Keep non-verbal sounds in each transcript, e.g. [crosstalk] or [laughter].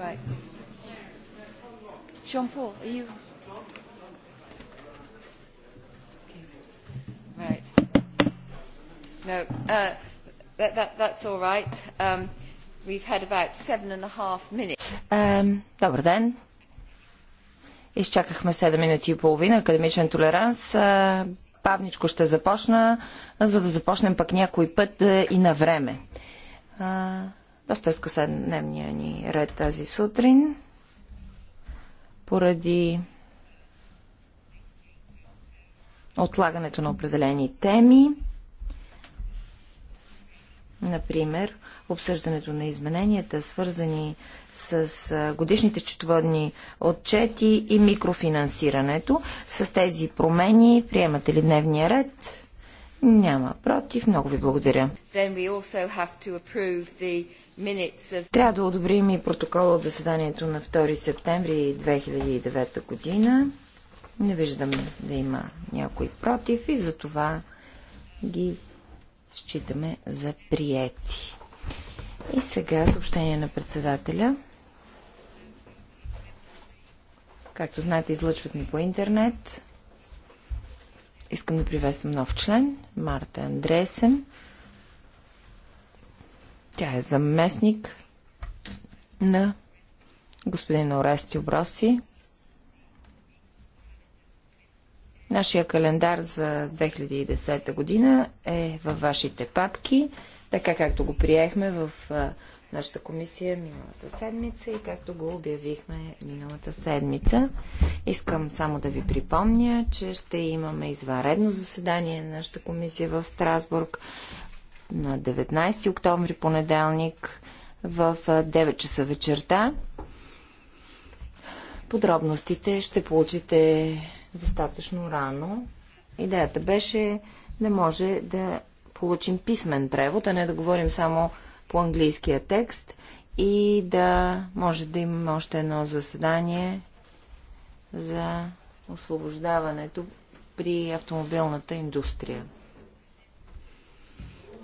Right. Jean-Paul, are you... Right. No, uh, that, that, that's all right. Um, we've had about seven and a half minutes. Um, добър ден. Изчакахме 7 минути и половина. Академичен толеранс. Павничко ще започна, за да започнем пък някой път е, и на време. Доста е скъсен дневния ни ред тази сутрин. Поради отлагането на определени теми, например, обсъждането на измененията, свързани с годишните четоводни отчети и микрофинансирането. С тези промени приемате ли дневния ред? Няма против. Много ви благодаря. Трябва да одобрим и протокола от заседанието на 2 септември 2009 година. Не виждам да има някой против и за това ги считаме за приети. И сега съобщение на председателя. Както знаете, излъчват ни по интернет. Искам да приветствам нов член, Марта Андресен. Тя е заместник на господин Орести Оброси. Нашия календар за 2010 година е във вашите папки, така както го приехме в нашата комисия миналата седмица и както го обявихме миналата седмица. Искам само да ви припомня, че ще имаме извънредно заседание на нашата комисия в Страсбург на 19 октомври понеделник в 9 часа вечерта. Подробностите ще получите достатъчно рано. Идеята беше да може да получим писмен превод, а не да говорим само по английския текст и да може да имаме още едно заседание за освобождаването при автомобилната индустрия.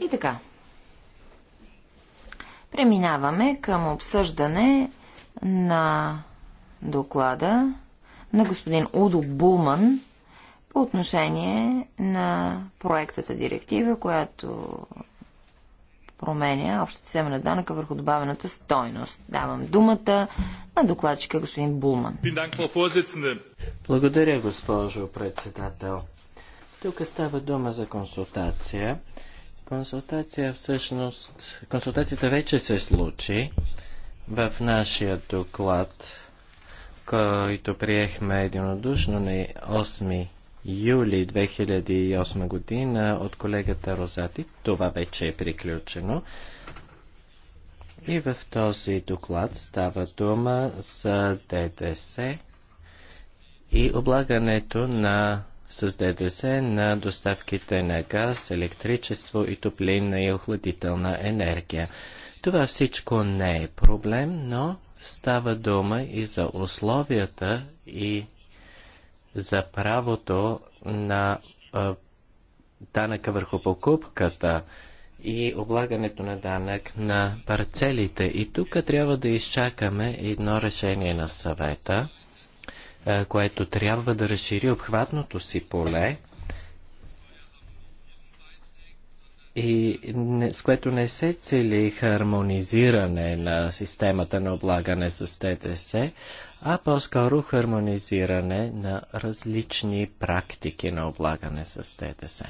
И така. Преминаваме към обсъждане на доклада на господин Удо Булман по отношение на проектата директива, която променя общата система на данъка върху добавената стойност. Давам думата на докладчика господин Булман. Благодаря, госпожо председател. Тук става дума за консултация Консултация всъщност, консултацията вече се случи в нашия доклад, който приехме единодушно на 8 юли 2008 година от колегата Розати. Това вече е приключено. И в този доклад става дума за ДДС и облагането на с ДДС на доставките на газ, електричество и топлинна и охладителна енергия. Това всичко не е проблем, но става дума и за условията и за правото на а, данъка върху покупката и облагането на данък на парцелите. И тук трябва да изчакаме едно решение на съвета е, което трябва да разшири обхватното си поле и не, с което не се цели хармонизиране на системата на облагане с ТДС, а по-скоро хармонизиране на различни практики на облагане с ТДС.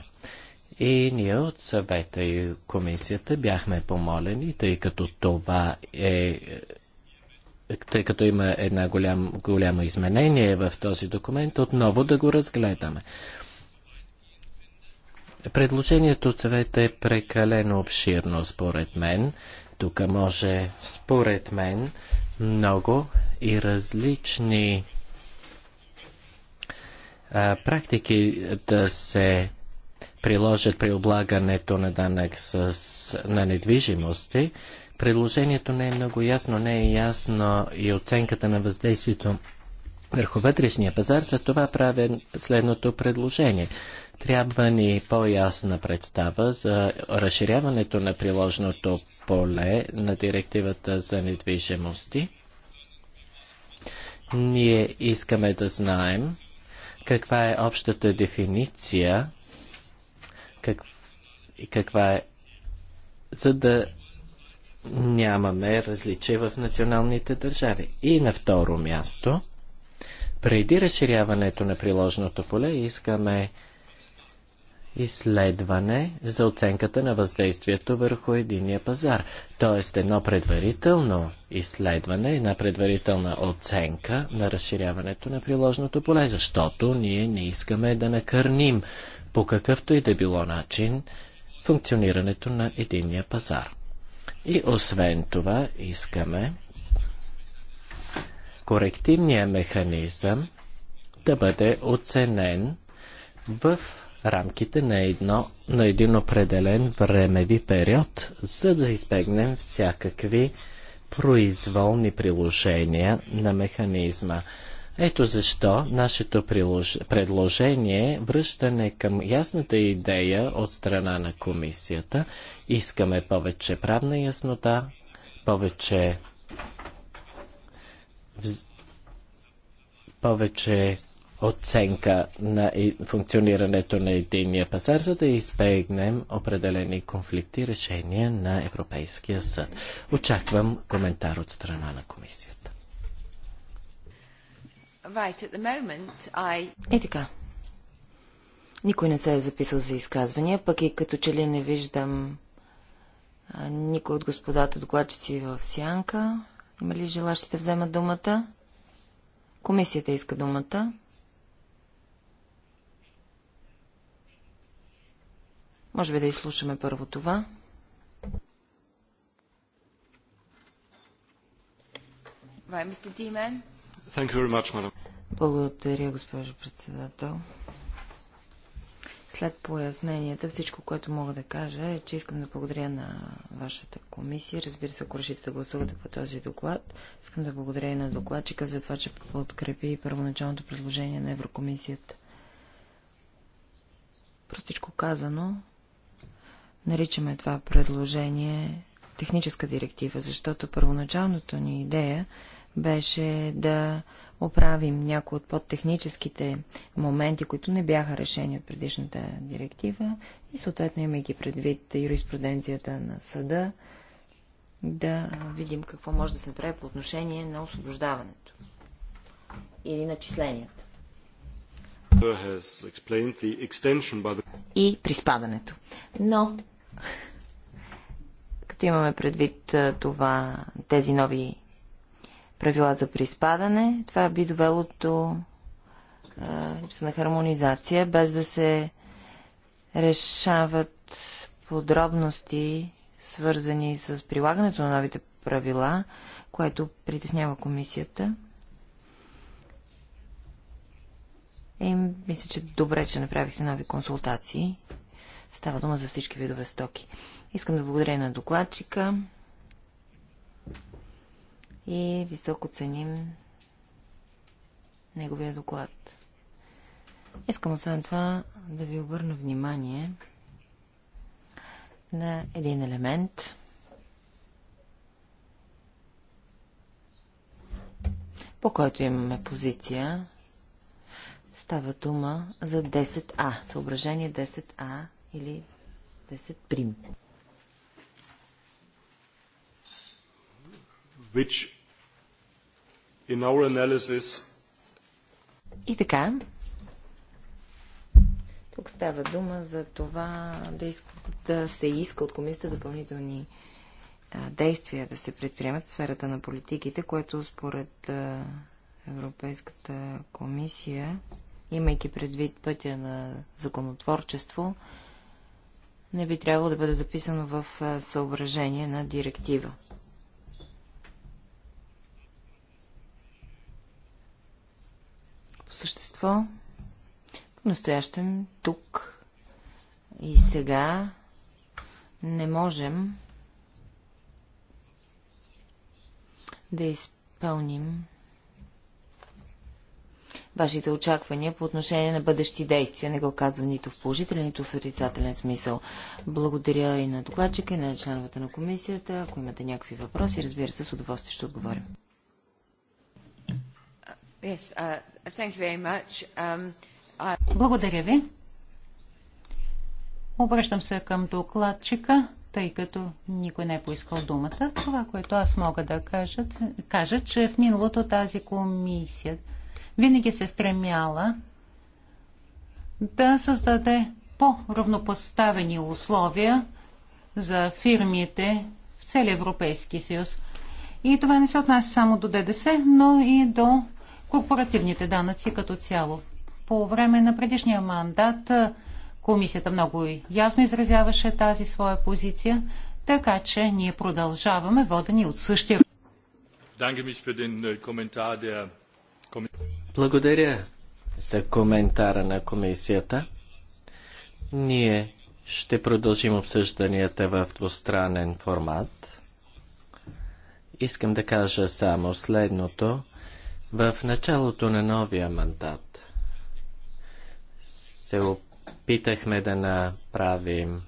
И ние от съвета и комисията бяхме помолени, тъй като това е тъй като има една голям, голямо изменение в този документ, отново да го разгледаме. Предложението от съвета е прекалено обширно, според мен. Тук може, според мен, много и различни а, практики да се приложат при облагането на данък с, на недвижимости. А, Предложението не е много ясно, не е ясно и оценката на въздействието върху вътрешния пазар, за това правя следното предложение. Трябва ни по-ясна представа за разширяването на приложното поле на директивата за недвижимости. Ние искаме да знаем каква е общата дефиниция, как, каква е, за да нямаме различия в националните държави. И на второ място, преди разширяването на приложното поле искаме изследване за оценката на въздействието върху единия пазар. Тоест едно предварително изследване, една предварителна оценка на разширяването на приложното поле, защото ние не искаме да накърним по какъвто и да било начин функционирането на единния пазар. И освен това искаме корективния механизъм да бъде оценен в рамките на, едно, на един определен времеви период, за да избегнем всякакви произволни приложения на механизма. Ето защо нашето предложение е връщане към ясната идея от страна на комисията. Искаме повече правна яснота, повече повече оценка на функционирането на единния пазар, за да избегнем определени конфликти решения на Европейския съд. Очаквам коментар от страна на комисията. И е, така. Никой не се е записал за изказвания, пък и като че ли не виждам а, никой от господата докладчици в сянка. Има ли желащи да вземат думата? Комисията иска думата. Може би да изслушаме първо това. Right, Mr. Demon. Much, Благодаря, госпожо председател. След поясненията, всичко, което мога да кажа е, че искам да благодаря на вашата комисия. Разбира се, ако решите да гласувате по този доклад, искам да благодаря и на докладчика за това, че подкрепи първоначалното предложение на Еврокомисията. Простичко казано, наричаме това предложение техническа директива, защото първоначалното ни идея е беше да оправим някои от подтехническите моменти, които не бяха решени от предишната директива и съответно имайки предвид юриспруденцията на съда, да видим какво може да се направи по отношение на освобождаването или начисленията. И приспадането. Но, като имаме предвид това, тези нови правила за приспадане, това би довело до липса на хармонизация, без да се решават подробности, свързани с прилагането на новите правила, което притеснява комисията. И мисля, че добре, че направихте нови консултации. Става дума за всички видове стоки. Искам да благодаря на докладчика и високо ценим неговия доклад. Искам освен това да ви обърна внимание на един елемент, по който имаме позиция. Става дума за 10А, съображение 10А или 10 прим. Which In our analysis... И така, тук става дума за това да, да се иска от комисията допълнителни а, действия да се предприемат в сферата на политиките, което според а, Европейската комисия, имайки предвид пътя на законотворчество, не би трябвало да бъде записано в съображение на директива. по същество. Настоящем, тук и сега не можем да изпълним вашите очаквания по отношение на бъдещи действия. Не го казвам нито в положителен, нито в отрицателен смисъл. Благодаря и на докладчика, и на членовете на комисията. Ако имате някакви въпроси, разбира се, с удоволствие ще отговорим. Uh, um, Благодаря ви. Обръщам се към докладчика, тъй като никой не е поискал думата. Това, което аз мога да кажа, кажа че в миналото тази комисия винаги се стремяла да създаде по-равнопоставени условия за фирмите в целия Европейски съюз. И това не се отнася само до ДДС, но и до корпоративните данъци като цяло. По време на предишния мандат комисията много ясно изразяваше тази своя позиция, така че ние продължаваме водени от същия. Äh, Благодаря за коментара на комисията. Ние ще продължим обсъжданията в двустранен формат. Искам да кажа само следното. В началото на новия мандат се опитахме да направим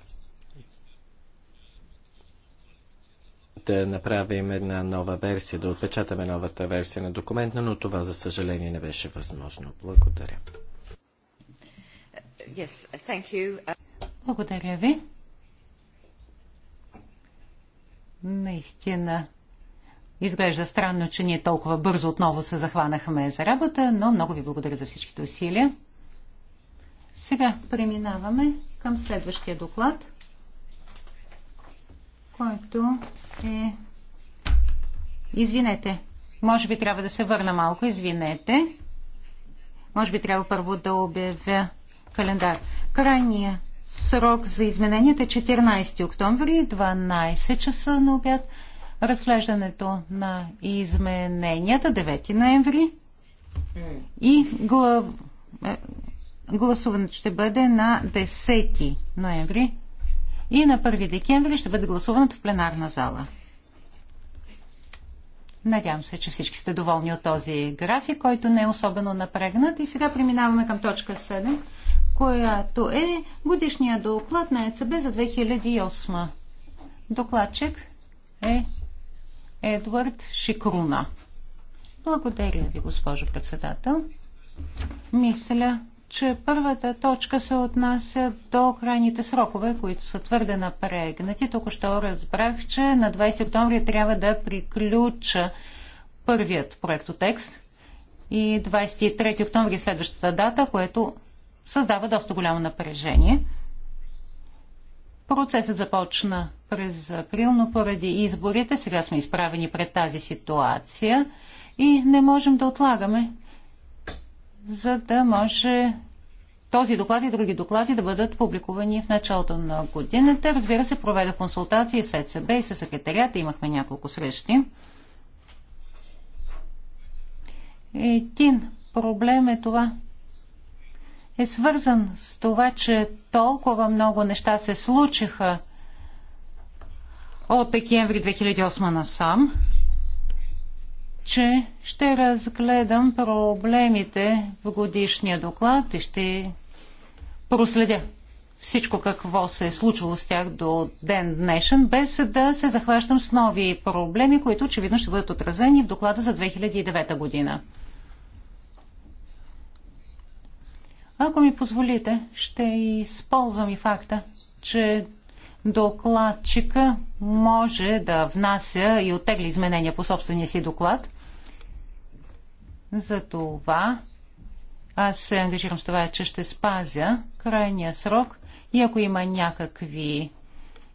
да направим една нова версия, да отпечатаме новата версия на документа, но това за съжаление не беше възможно. Благодаря. Yes, thank you. Благодаря ви. Наистина Изглежда странно, че ние толкова бързо отново се захванахме за работа, но много ви благодаря за всичките усилия. Сега преминаваме към следващия доклад, който е... Извинете, може би трябва да се върна малко, извинете. Може би трябва първо да обявя календар. Крайния срок за измененията е 14 октомври, 12 часа на обяд разглеждането на измененията 9 ноември и глав... Е, гласуването ще бъде на 10 ноември и на 1 декември ще бъде гласуването в пленарна зала. Надявам се, че всички сте доволни от този график, който не е особено напрегнат. И сега преминаваме към точка 7, която е годишния доклад на ЕЦБ за 2008. Докладчик е Едвард Шикруна. Благодаря ви, госпожо председател. Мисля, че първата точка се отнася до крайните срокове, които са твърде напрегнати. Току-що разбрах, че на 20 октомври трябва да приключа първият проектотекст и 23 октомври е следващата дата, което създава доста голямо напрежение. Процесът започна през април, но поради изборите сега сме изправени пред тази ситуация и не можем да отлагаме, за да може този доклад и други доклади да бъдат публикувани в началото на годината. Разбира се, проведа консултации с ЕЦБ и с секретарията. Имахме няколко срещи. Един проблем е това, е свързан с това, че толкова много неща се случиха от декември 2008 насам, че ще разгледам проблемите в годишния доклад и ще проследя всичко какво се е случило с тях до ден днешен, без да се захващам с нови проблеми, които очевидно ще бъдат отразени в доклада за 2009 година. Ако ми позволите, ще използвам и факта, че докладчика може да внася и оттегли изменения по собствения си доклад. За това аз се ангажирам с това, че ще спазя крайния срок и ако има някакви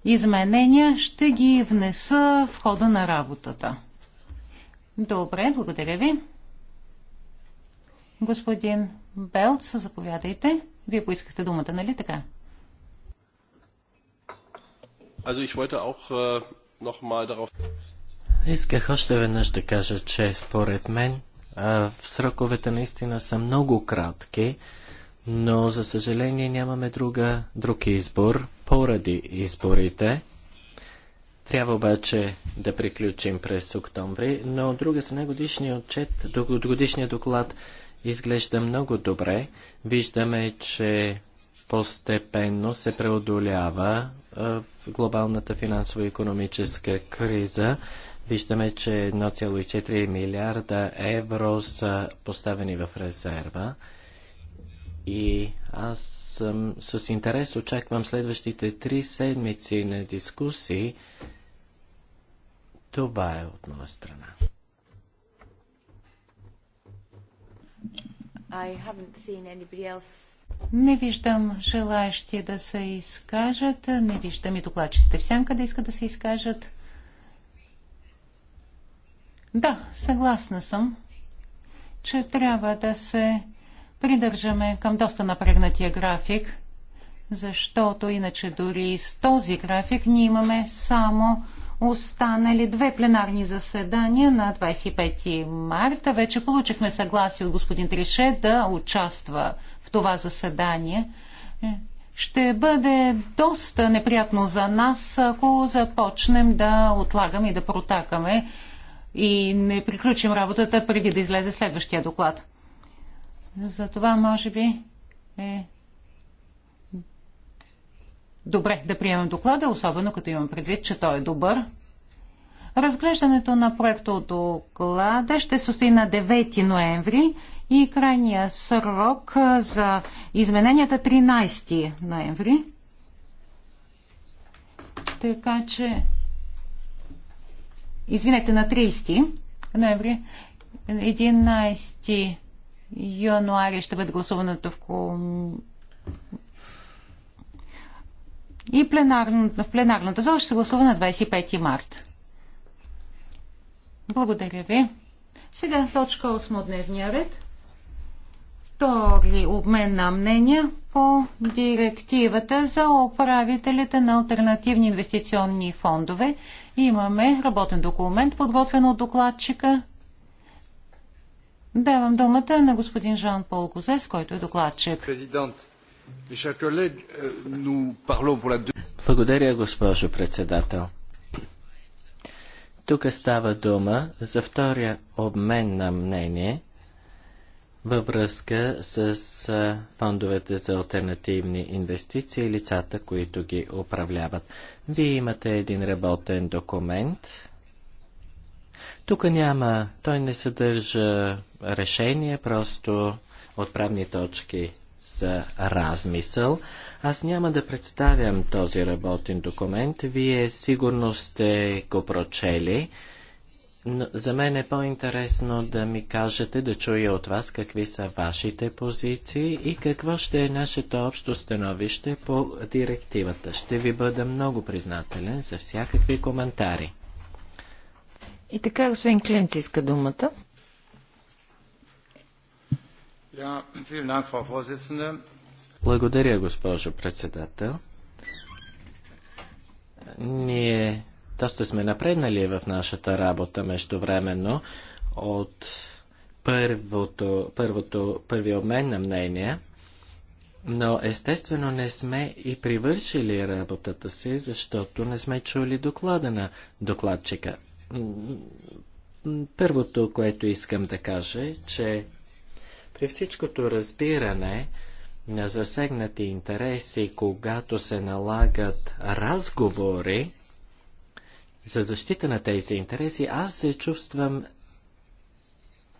изменения, ще ги внеса в хода на работата. Добре, благодаря ви. Господин Белц, заповядайте. Вие поискахте думата, нали така? Also ich wollte auch äh, noch mal darauf... Исках още веднъж да кажа, че според мен а, сроковете наистина са много кратки, но за съжаление нямаме друга, друг избор поради изборите. Трябва обаче да приключим през октомври, но друга с негодишния отчет, годишния доклад изглежда много добре. Виждаме, че постепенно се преодолява глобалната финансово економическа криза. Виждаме, че 1,4 милиарда евро са поставени в резерва. И аз съм, с интерес очаквам следващите три седмици на дискусии. Това е от моя страна. I haven't seen anybody else не виждам желаящи да се изкажат. Не виждам и докладчиците в сянка да искат да се изкажат. Да, съгласна съм, че трябва да се придържаме към доста напрегнатия график, защото иначе дори с този график ние имаме само останали две пленарни заседания на 25 марта. Вече получихме съгласие от господин Трише да участва това заседание, е, ще бъде доста неприятно за нас, ако започнем да отлагаме и да протакаме и не приключим работата преди да излезе следващия доклад. Затова, може би, е добре да приемем доклада, особено като имам предвид, че той е добър. Разглеждането на проекта от доклада ще състои на 9 ноември и крайния срок за измененията 13 ноември. Така че, извинете, на 30 ноември, 11 януари ще бъде гласуването в ком... И пленарна, в пленарната зала ще се гласува на 25 март. Благодаря ви. Сега точка 8 от дневния ред втори обмен на мнения по директивата за управителите на альтернативни инвестиционни фондове. Имаме работен документ, подготвен от докладчика. Давам думата на господин Жан-Пол Козес, който е докладчик. Euh, Благодаря, госпожо председател. Тук става дума за втория обмен на мнение – във връзка с фондовете за альтернативни инвестиции и лицата, които ги управляват. Вие имате един работен документ. Тук няма, той не съдържа решение, просто отправни точки за размисъл. Аз няма да представям този работен документ. Вие сигурно сте го прочели за мен е по-интересно да ми кажете, да чуя от вас какви са вашите позиции и какво ще е нашето общо становище по директивата. Ще ви бъда много признателен за всякакви коментари. И така, господин Кленци, иска думата. Благодаря, госпожо председател. Ние доста сме напреднали в нашата работа междувременно от първото, първото, първи обмен на мнение, но естествено не сме и привършили работата си, защото не сме чули доклада на докладчика. Първото, което искам да кажа, е, че при всичкото разбиране на засегнати интереси, когато се налагат разговори, за защита на тези интереси, аз се чувствам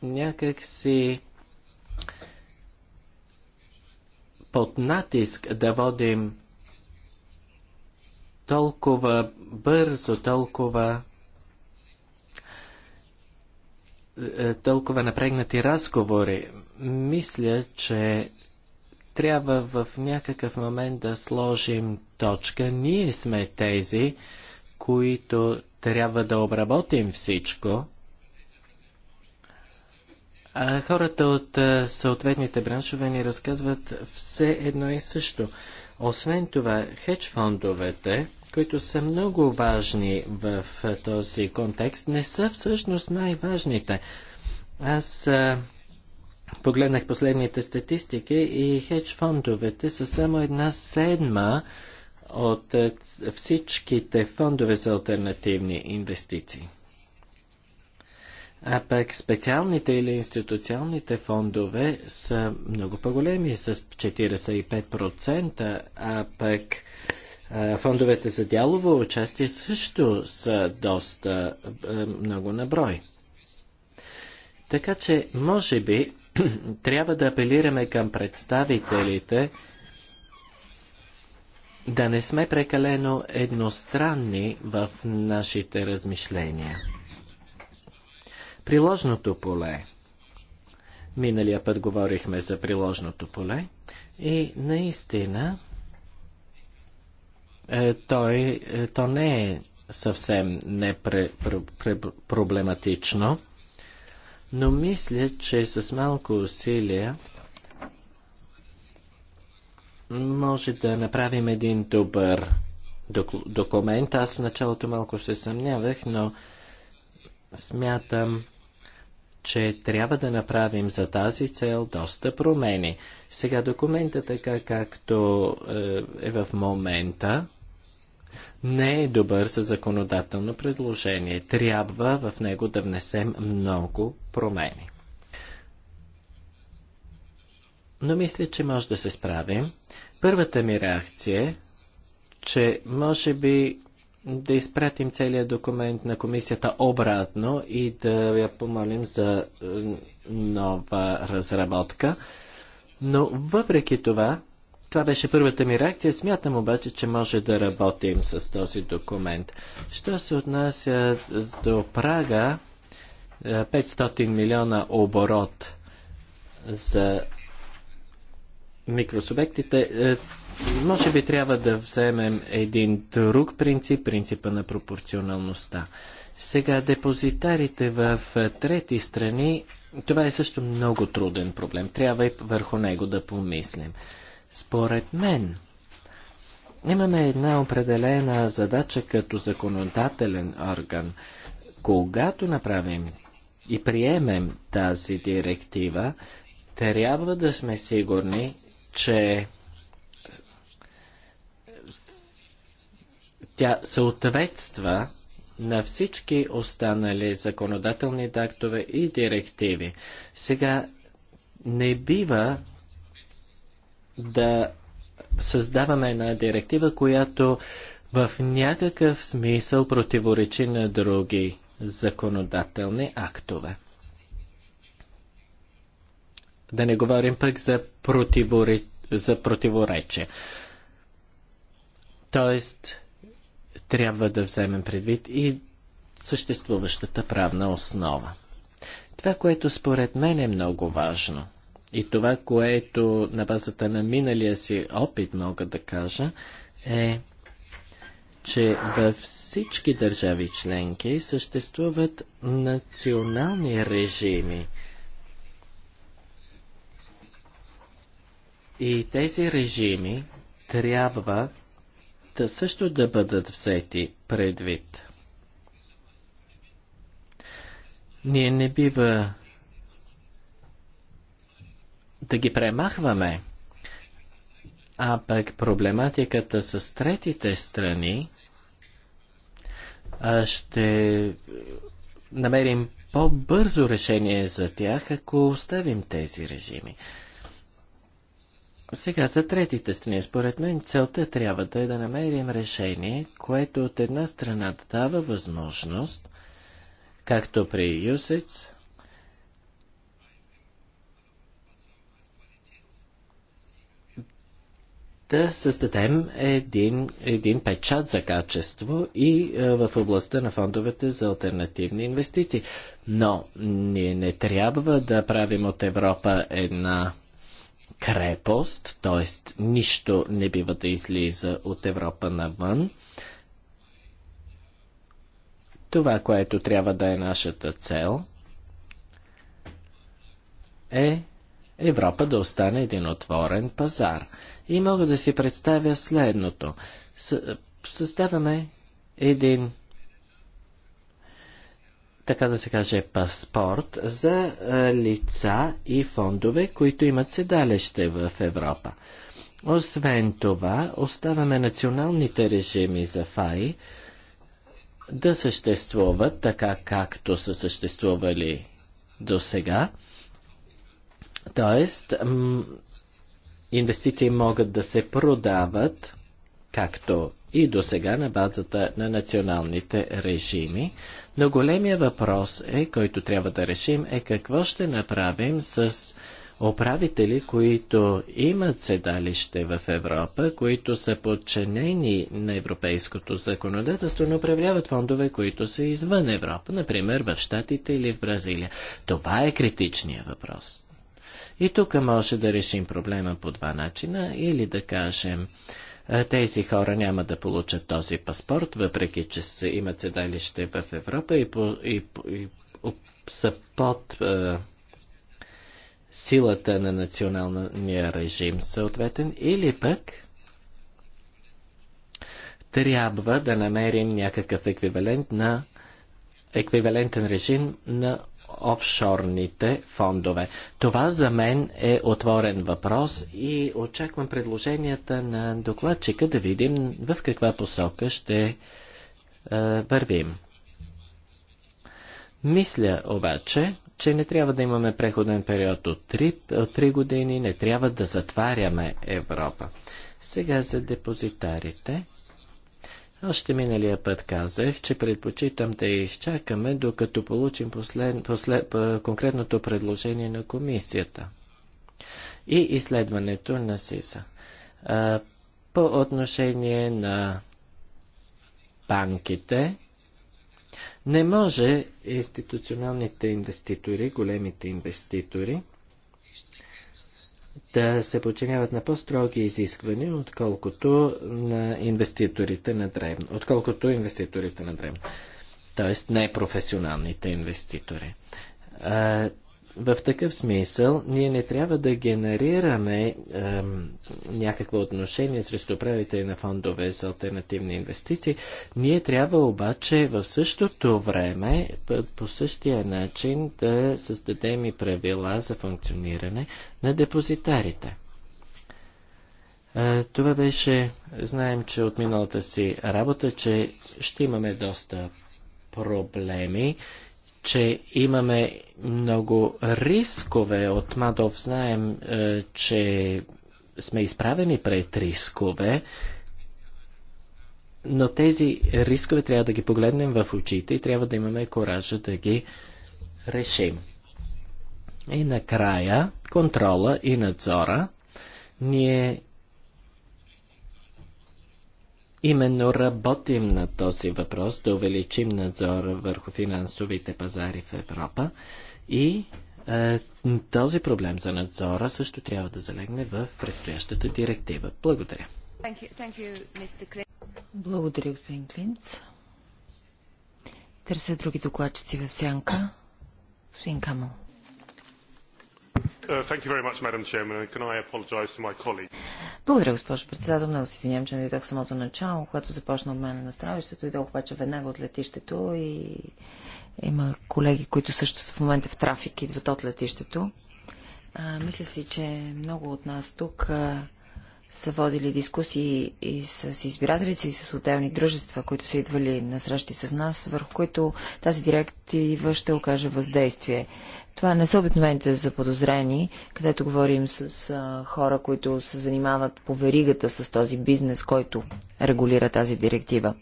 някак си под натиск да водим толкова бързо, толкова е, толкова напрегнати разговори. Мисля, че трябва в някакъв момент да сложим точка. Ние сме тези, които трябва да обработим всичко, а хората от съответните браншове ни разказват все едно и също. Освен това, хедж фондовете, които са много важни в този контекст, не са всъщност най-важните. Аз а, погледнах последните статистики и хедж фондовете са само една седма от е, всичките фондове за альтернативни инвестиции. А пък специалните или институционалните фондове са много по-големи, с 45%, а пък фондовете за дялово участие също са доста много на брой. Така че, може би, [clears throat] трябва да апелираме към представителите да не сме прекалено едностранни в нашите размишления. Приложното поле. Миналия път говорихме за приложното поле и наистина е, той, е, то не е съвсем непроблематично, непре, пр, пр, но мисля, че с малко усилия може да направим един добър документ. Аз в началото малко се съмнявах, но смятам, че трябва да направим за тази цел доста промени. Сега документа е така както е, е в момента не е добър за законодателно предложение. Трябва в него да внесем много промени. но мисля, че може да се справим. Първата ми реакция е, че може би да изпратим целият документ на комисията обратно и да я помолим за е, нова разработка. Но въпреки това, това беше първата ми реакция. Смятам обаче, че може да работим с този документ. Що се отнася до прага, 500 е, милиона оборот за микросубектите, е, може би трябва да вземем един друг принцип, принципа на пропорционалността. Сега депозитарите в е, трети страни, това е също много труден проблем. Трябва и върху него да помислим. Според мен, имаме една определена задача като законодателен орган. Когато направим и приемем тази директива, трябва да сме сигурни, че тя съответства на всички останали законодателни актове и директиви. Сега не бива да създаваме една директива, която в някакъв смисъл противоречи на други законодателни актове. Да не говорим пък за, противори... за противоречие. Тоест, трябва да вземем предвид и съществуващата правна основа. Това, което според мен е много важно и това, което на базата на миналия си опит мога да кажа, е, че във всички държави членки съществуват национални режими – И тези режими трябва да също да бъдат взети предвид. Ние не бива да ги премахваме, а пък проблематиката с третите страни ще намерим по-бързо решение за тях, ако оставим тези режими. Сега за третите страни. Според мен целта трябва да е да намерим решение, което от една страна дава възможност, както при Юсец, да създадем един, един печат за качество и е, в областта на фондовете за альтернативни инвестиции. Но ние не трябва да правим от Европа една крепост, т.е. нищо не бива да излиза от Европа навън. Това, което трябва да е нашата цел, е Европа да остане един отворен пазар. И мога да си представя следното. С- създаваме един така да се каже, паспорт за лица и фондове, които имат седалище в Европа. Освен това, оставаме националните режими за ФАИ да съществуват така, както са съществували до сега. Тоест, инвестиции могат да се продават, както и до сега, на базата на националните режими. Но големия въпрос е, който трябва да решим, е какво ще направим с управители, които имат седалище в Европа, които са подчинени на европейското законодателство, но управляват фондове, които са извън Европа, например в Штатите или в Бразилия. Това е критичният въпрос. И тук може да решим проблема по два начина или да кажем е, тези хора няма да получат този паспорт, въпреки че имат седалище в Европа и, по, и, и са под е, силата на националния режим съответен, или пък трябва да намерим някакъв еквивалент на еквивалентен режим на офшорните фондове. Това за мен е отворен въпрос и очаквам предложенията на докладчика да видим в каква посока ще е, вървим. Мисля обаче, че не трябва да имаме преходен период от 3, от 3 години, не трябва да затваряме Европа. Сега за депозитарите. Още миналия път казах, че предпочитам да изчакаме, докато получим послед, послед, конкретното предложение на комисията и изследването на СИСА. А, по отношение на банките, не може институционалните инвеститори, големите инвеститори, да се подчиняват на по-строги изисквания, отколкото на инвеститорите на древно, отколкото инвеститорите на древно, т.е. професионалните инвеститори. В такъв смисъл, ние не трябва да генерираме ем, някакво отношение срещу правители на фондове за альтернативни инвестиции. Ние трябва обаче в същото време, по същия начин, да създадем и правила за функциониране на депозитарите. Е, това беше, знаем, че от миналата си работа, че ще имаме доста проблеми че имаме много рискове. От Мадов знаем, е, че сме изправени пред рискове, но тези рискове трябва да ги погледнем в очите и трябва да имаме коража да ги решим. И накрая контрола и надзора. Ние Именно работим на този въпрос да увеличим надзора върху финансовите пазари в Европа и е, този проблем за надзора също трябва да залегне в предстоящата директива. Благодаря. Thank you, thank you, Благодаря, господин Клинц. Търся други докладчици в сянка. Господин Камъл. Благодаря, госпожо председател. Много се извинявам, че не дойдох самото начало, когато започна от мен на стравището. Дойдох обаче веднага от летището и има колеги, които също са в момента в трафик, идват от летището. А, мисля си, че много от нас тук а, са водили дискусии и с избирателици, и с отделни дружества, които са идвали на срещи с нас, върху които тази директива ще окаже въздействие. Това не са обикновените заподозрени, където говорим с а, хора, които се занимават по веригата с този бизнес, който регулира тази директива.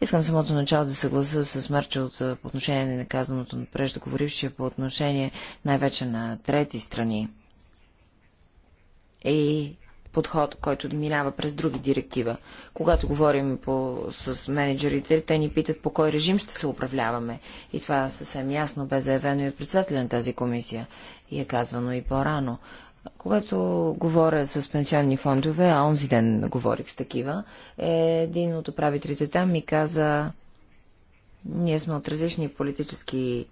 Искам самото начало да съгласа с Марчо по отношение на наказаното на преждоговорившия по отношение най-вече на трети страни. И подход, който минава през други директива. Когато говорим по, с менеджерите, те ни питат по кой режим ще се управляваме. И това е съвсем ясно бе заявено и от председателя на тази комисия. И е казвано и по-рано. Когато говоря с пенсионни фондове, а онзи ден говорих с такива, е един от управителите там ми каза, ние сме от различни политически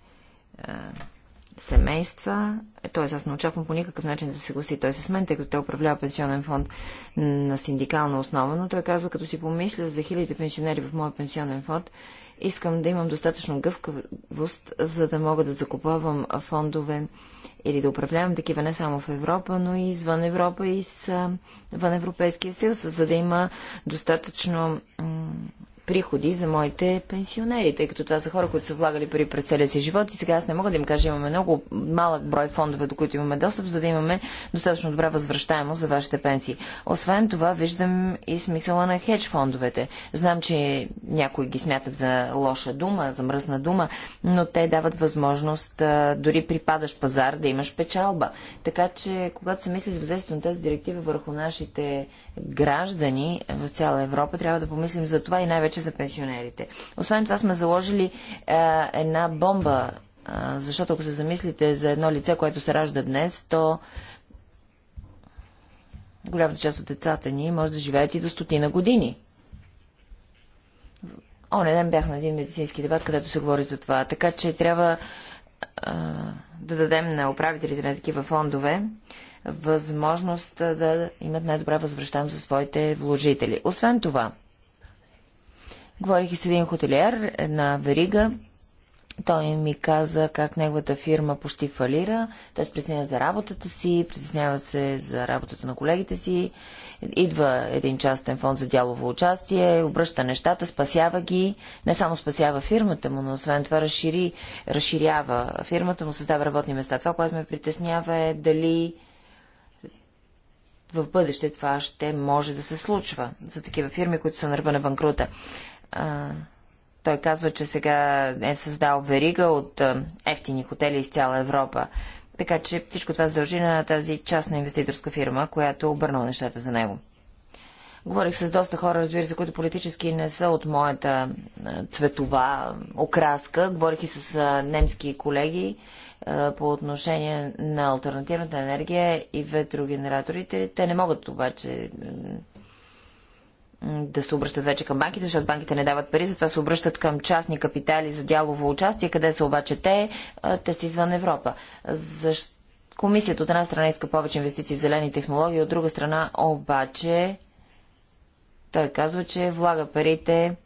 семейства, т.е. аз не очаквам по никакъв начин да се съгласи той с мен, тъй като той управлява пенсионен фонд на синдикална основа, но той казва, като си помисля за хилядите пенсионери в моя пенсионен фонд, искам да имам достатъчно гъвкавост, за да мога да закупавам фондове или да управлявам такива не само в Европа, но и извън Европа и с, вън Европейския съюз, за да има достатъчно приходи за моите пенсионери, тъй като това са хора, които са влагали пари през целия си живот и сега аз не мога да им кажа, имаме много малък брой фондове, до които имаме достъп, за да имаме достатъчно добра възвръщаемост за вашите пенсии. Освен това, виждам и смисъла на хедж фондовете. Знам, че някои ги смятат за лоша дума, за мръсна дума, но те дават възможност дори при падащ пазар да имаш печалба. Така че, когато се мисли за въздействието на тази директива върху нашите граждани в цяла Европа, трябва да помислим за това и най-вече за пенсионерите. Освен това сме заложили а, е, една бомба, а, е, защото ако се замислите за едно лице, което се ражда днес, то голямата част от децата ни може да живеят и до стотина години. О, не ден бях на един медицински дебат, където се говори за това. Така че трябва а, е, да дадем на управителите на такива фондове възможност да имат най-добра възвръщаемост за своите вложители. Освен това, Говорих и с един хотелиер на Верига. Той ми каза как неговата фирма почти фалира. Той се притеснява за работата си, притеснява се за работата на колегите си. Идва един частен фонд за дялово участие, обръща нещата, спасява ги. Не само спасява фирмата му, но освен това разшири, разширява фирмата му, създава работни места. Това, което ме притеснява е дали в бъдеще това ще може да се случва за такива фирми, които са на ръба на банкрута той казва, че сега е създал верига от ефтини хотели из цяла Европа. Така че всичко това се дължи на тази частна инвеститорска фирма, която обърнала нещата за него. Говорих с доста хора, разбира се, които политически не са от моята цветова окраска. Говорих и с немски колеги по отношение на альтернативната енергия и ветрогенераторите. Те не могат обаче да се обръщат вече към банките, защото банките не дават пари, затова се обръщат към частни капитали за дялово участие, къде са обаче те, те са извън Европа. Защо? Комисията от една страна иска повече инвестиции в зелени технологии, от друга страна обаче той казва, че влага парите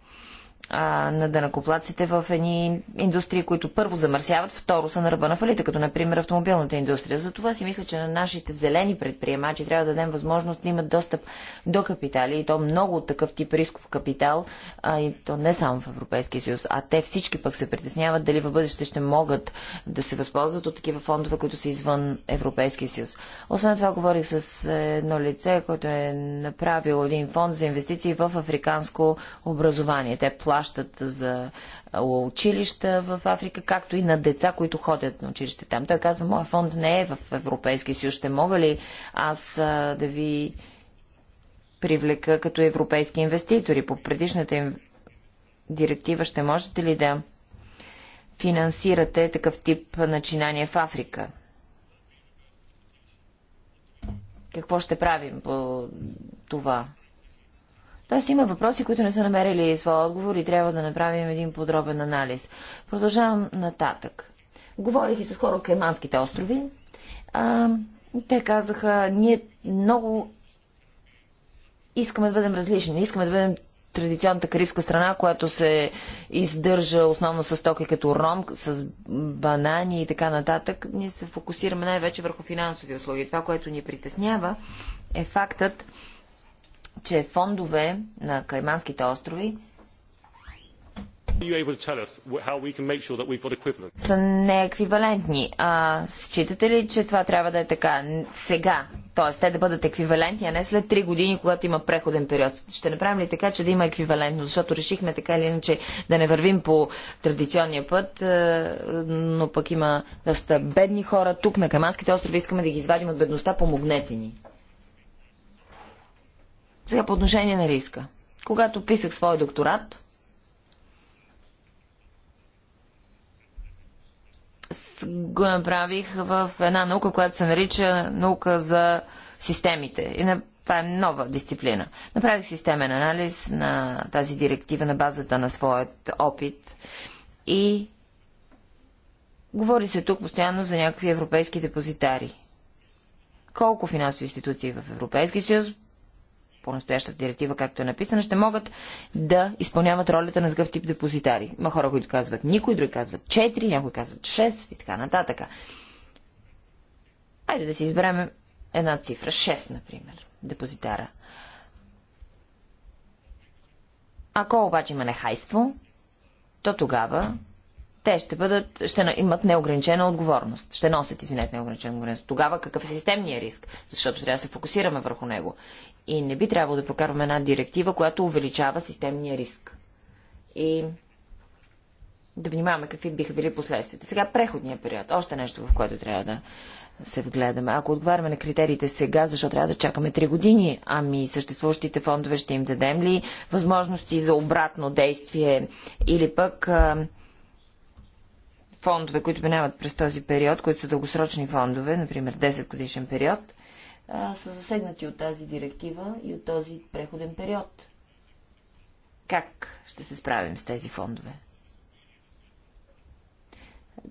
а, на дънакоплаците в едни индустрии, които първо замърсяват, второ са на ръба на фалита, като например автомобилната индустрия. За това си мисля, че на нашите зелени предприемачи трябва да дадем възможност да имат достъп до капитали и то много от такъв тип рисков капитал, а и то не само в Европейския съюз, а те всички пък се притесняват дали в бъдеще ще могат да се възползват от такива фондове, които са извън Европейския съюз. Освен това говорих с е, едно лице, което е направил един фонд за инвестиции в африканско образование. Те плащат за училища в Африка, както и на деца, които ходят на училище там. Той казва, моя фонд не е в Европейския съюз. Ще мога ли аз да ви привлека като европейски инвеститори? По предишната им директива ще можете ли да финансирате такъв тип начинания в Африка? Какво ще правим по това? Тоест има въпроси, които не са намерили своя отговор и трябва да направим един подробен анализ. Продължавам нататък. Говорих и с хора от Кайманските острови. А, те казаха, ние много искаме да бъдем различни, искаме да бъдем традиционната карибска страна, която се издържа основно с токи като ром, с банани и така нататък, ние се фокусираме най-вече върху финансови услуги. Това, което ни притеснява, е фактът, че фондове на Кайманските острови са нееквивалентни. А, считате ли, че това трябва да е така сега? Т.е. те да бъдат еквивалентни, а не след 3 години, когато има преходен период. Ще направим ли така, че да има еквивалентно? Защото решихме така или иначе да не вървим по традиционния път, но пък има доста бедни хора тук на Каманските острови. Искаме да ги извадим от бедността. Помогнете ни. Сега по отношение на риска. Когато писах своя докторат, го направих в една наука, която се нарича наука за системите. И на... това е нова дисциплина. Направих системен анализ на тази директива на базата на своят опит и говори се тук постоянно за някакви европейски депозитари. Колко финансови институции в Европейски съюз по настоящата директива, както е написана, ще могат да изпълняват ролята на такъв тип депозитари. Има хора, които казват никой, други казват 4, някои казват 6 и така нататък. Айде да си изберем една цифра, 6, например, депозитара. Ако обаче има нехайство, то тогава те ще, бъдат, ще имат неограничена отговорност. Ще носят, извинете, неограничена отговорност. Тогава какъв е системният риск? Защото трябва да се фокусираме върху него. И не би трябвало да прокарваме една директива, която увеличава системния риск. И да внимаваме какви биха били последствията. Сега преходния период. Още нещо, в което трябва да се вгледаме. Ако отговаряме на критериите сега, защо трябва да чакаме 3 години? Ами съществуващите фондове ще им дадем ли възможности за обратно действие или пък а, фондове, които минават през този период, които са дългосрочни фондове, например 10 годишен период – а, са засегнати от тази директива и от този преходен период. Как ще се справим с тези фондове?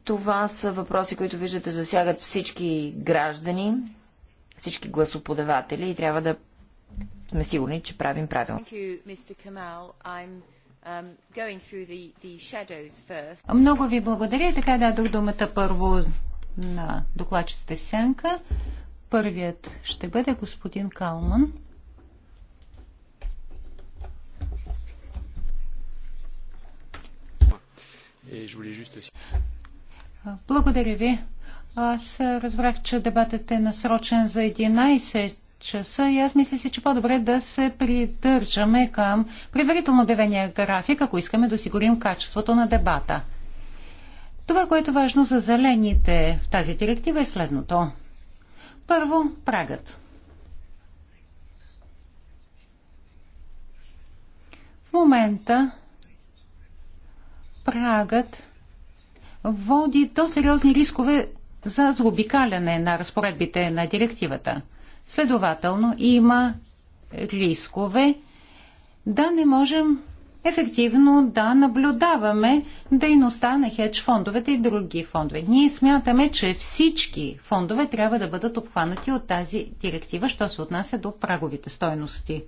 Това са въпроси, които виждате засягат всички граждани, всички гласоподаватели и трябва да сме сигурни, че правим правилно. Um, Много ви благодаря. Така дадох думата първо на докладчиците в сянка. Първият ще бъде господин Калман. Благодаря ви. Аз разбрах, че дебатът е насрочен за 11 часа и аз мисля си, че по-добре да се придържаме към предварително обявения график, ако искаме да осигурим качеството на дебата. Това, което е важно за зелените в тази директива е следното. Първо, прагът. В момента прагът води до сериозни рискове за злобикаляне на разпоредбите на директивата. Следователно, има рискове да не можем ефективно да наблюдаваме дейността на хедж фондовете и други фондове. Ние смятаме, че всички фондове трябва да бъдат обхванати от тази директива, що се отнася до праговите стойности.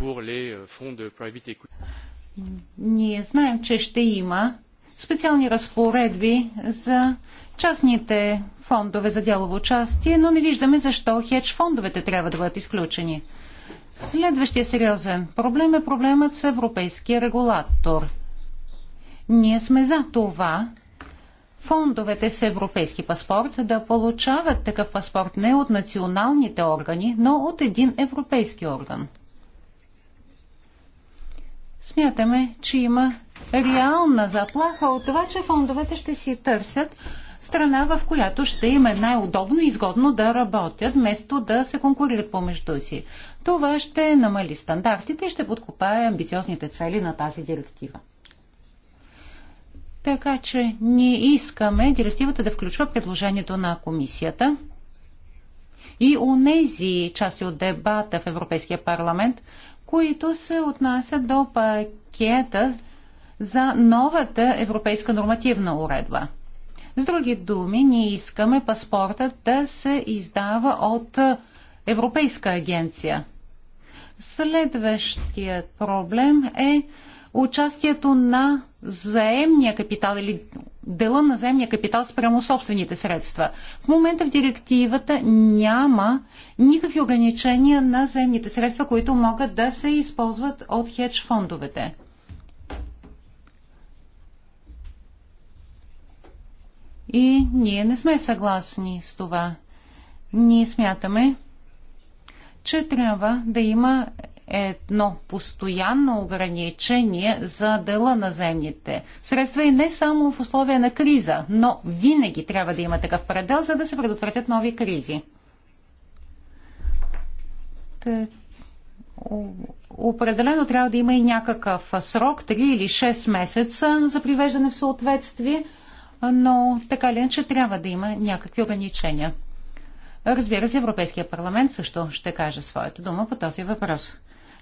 Э, Ние знаем, че ще има специални разпоредби за частните фондове за дялово участие, но не виждаме защо хедж фондовете трябва да бъдат изключени. Следващия сериозен проблем е проблемът с европейския регулатор. Ние сме за това фондовете с европейски паспорт да получават такъв паспорт не от националните органи, но от един европейски орган. Смятаме, че има реална заплаха от това, че фондовете ще си търсят страна, в която ще им е най-удобно и изгодно да работят, вместо да се конкурират помежду си. Това ще намали стандартите и ще подкопае амбициозните цели на тази директива. Така че ние искаме директивата да включва предложението на комисията и онези части от дебата в Европейския парламент, които се отнасят до пакета за новата европейска нормативна уредба. С други думи, ние искаме паспортът да се издава от Европейска агенция. Следващият проблем е участието на заемния капитал или дела на заемния капитал спрямо собствените средства. В момента в директивата няма никакви ограничения на заемните средства, които могат да се използват от хедж фондовете. И ние не сме съгласни с това. Ние смятаме, че трябва да има едно постоянно ограничение за дела на земните средства и не само в условия на криза, но винаги трябва да има такъв предел, за да се предотвратят нови кризи. Определено трябва да има и някакъв срок, 3 или 6 месеца за привеждане в съответствие – но така ли, че трябва да има някакви ограничения? Разбира се, Европейския парламент също ще каже своята дума по този въпрос.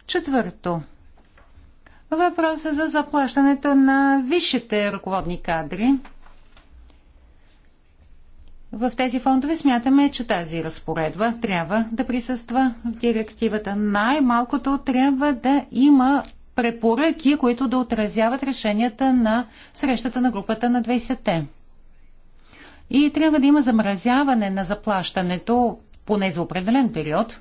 Четвърто. Въпрос е за заплащането на висшите ръководни кадри. В тези фондове смятаме, че тази разпоредба трябва да присъства в директивата. Най-малкото трябва да има препоръки, които да отразяват решенията на срещата на групата на 20-те. И трябва да има замразяване на заплащането поне за определен период,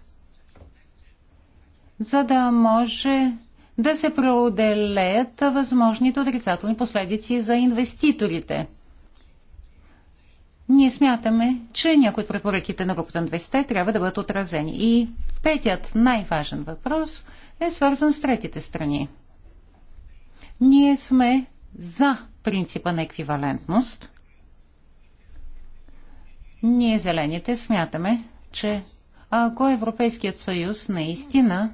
за да може да се преоделеят възможните отрицателни последици за инвеститорите. Ние смятаме, че някои от препоръките на групата на 20 трябва да бъдат отразени. И петият най-важен въпрос – е свързан с третите страни. Ние сме за принципа на еквивалентност. Ние, зелените, смятаме, че ако Европейският съюз наистина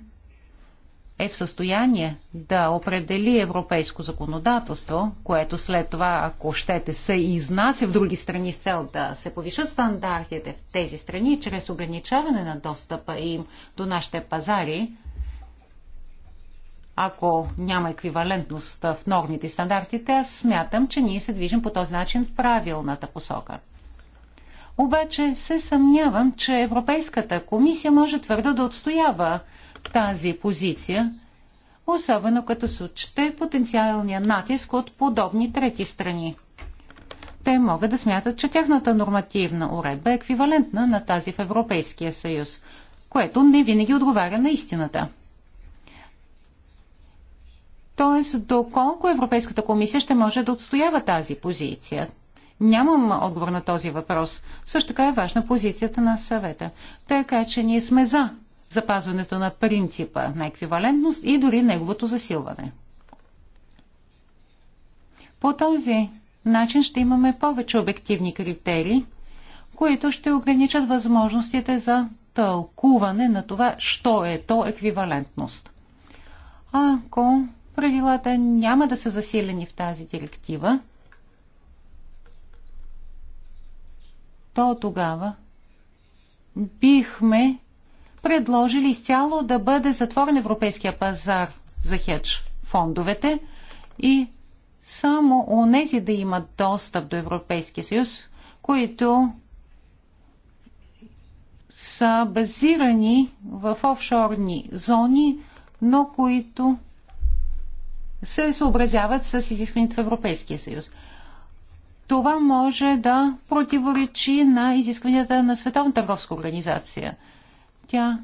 е в състояние да определи европейско законодателство, което след това, ако щете, се изнася в други страни с цел да се повишат стандартите в тези страни чрез ограничаване на достъпа им до нашите пазари, ако няма еквивалентност в нормите и стандартите, аз смятам, че ние се движим по този начин в правилната посока. Обаче се съмнявам, че Европейската комисия може твърдо да отстоява тази позиция, особено като се отчете потенциалния натиск от подобни трети страни. Те могат да смятат, че тяхната нормативна уредба е еквивалентна на тази в Европейския съюз, което не винаги отговаря на истината. Тоест, доколко Европейската комисия ще може да отстоява тази позиция? Нямам отговор на този въпрос. Също така е важна позицията на съвета. Така че ние сме за запазването на принципа на еквивалентност и дори неговото засилване. По този начин ще имаме повече обективни критерии, които ще ограничат възможностите за тълкуване на това, що е то еквивалентност. Ако правилата няма да са засилени в тази директива, то тогава бихме предложили изцяло да бъде затворен европейския пазар за хедж фондовете и само онези да имат достъп до Европейския съюз, които са базирани в офшорни зони, но които се съобразяват с изискването в Европейския съюз. Това може да противоречи на изискванията на Световната търговска организация. Тя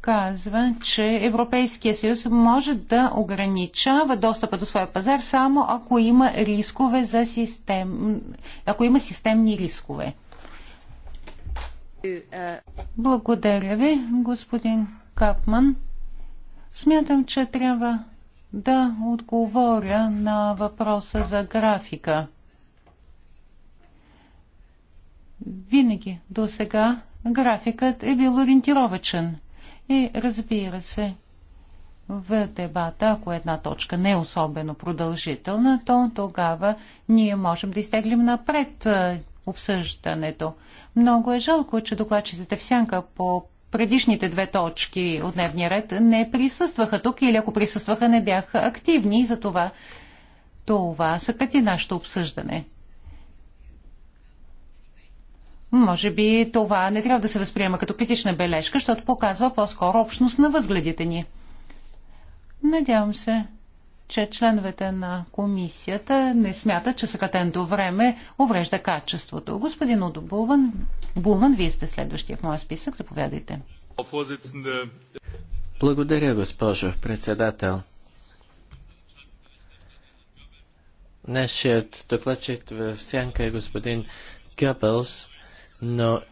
казва, че Европейския съюз може да ограничава достъпа до своя пазар само ако има рискове за систем... ако има системни рискове. Благодаря ви, господин Капман. Смятам, че трябва да отговоря на въпроса за графика. Винаги до сега графикът е бил ориентировачен. И разбира се, в дебата, ако една точка не е особено продължителна, то тогава ние можем да изтеглим напред обсъждането. Много е жалко, че докладчиците в сянка по предишните две точки от дневния ред не присъстваха тук или ако присъстваха не бяха активни и затова това съкрати нашето обсъждане. Може би това не трябва да се възприема като критична бележка, защото показва по-скоро общност на възгледите ни. Надявам се, че членовете на комисията не смятат, че съкратеното време уврежда качеството. Господин Удо Булман, Булман, вие сте следващия в моя списък. Заповядайте. Благодаря, госпожо председател. Нашият докладчик в сянка е господин Гъбълс, но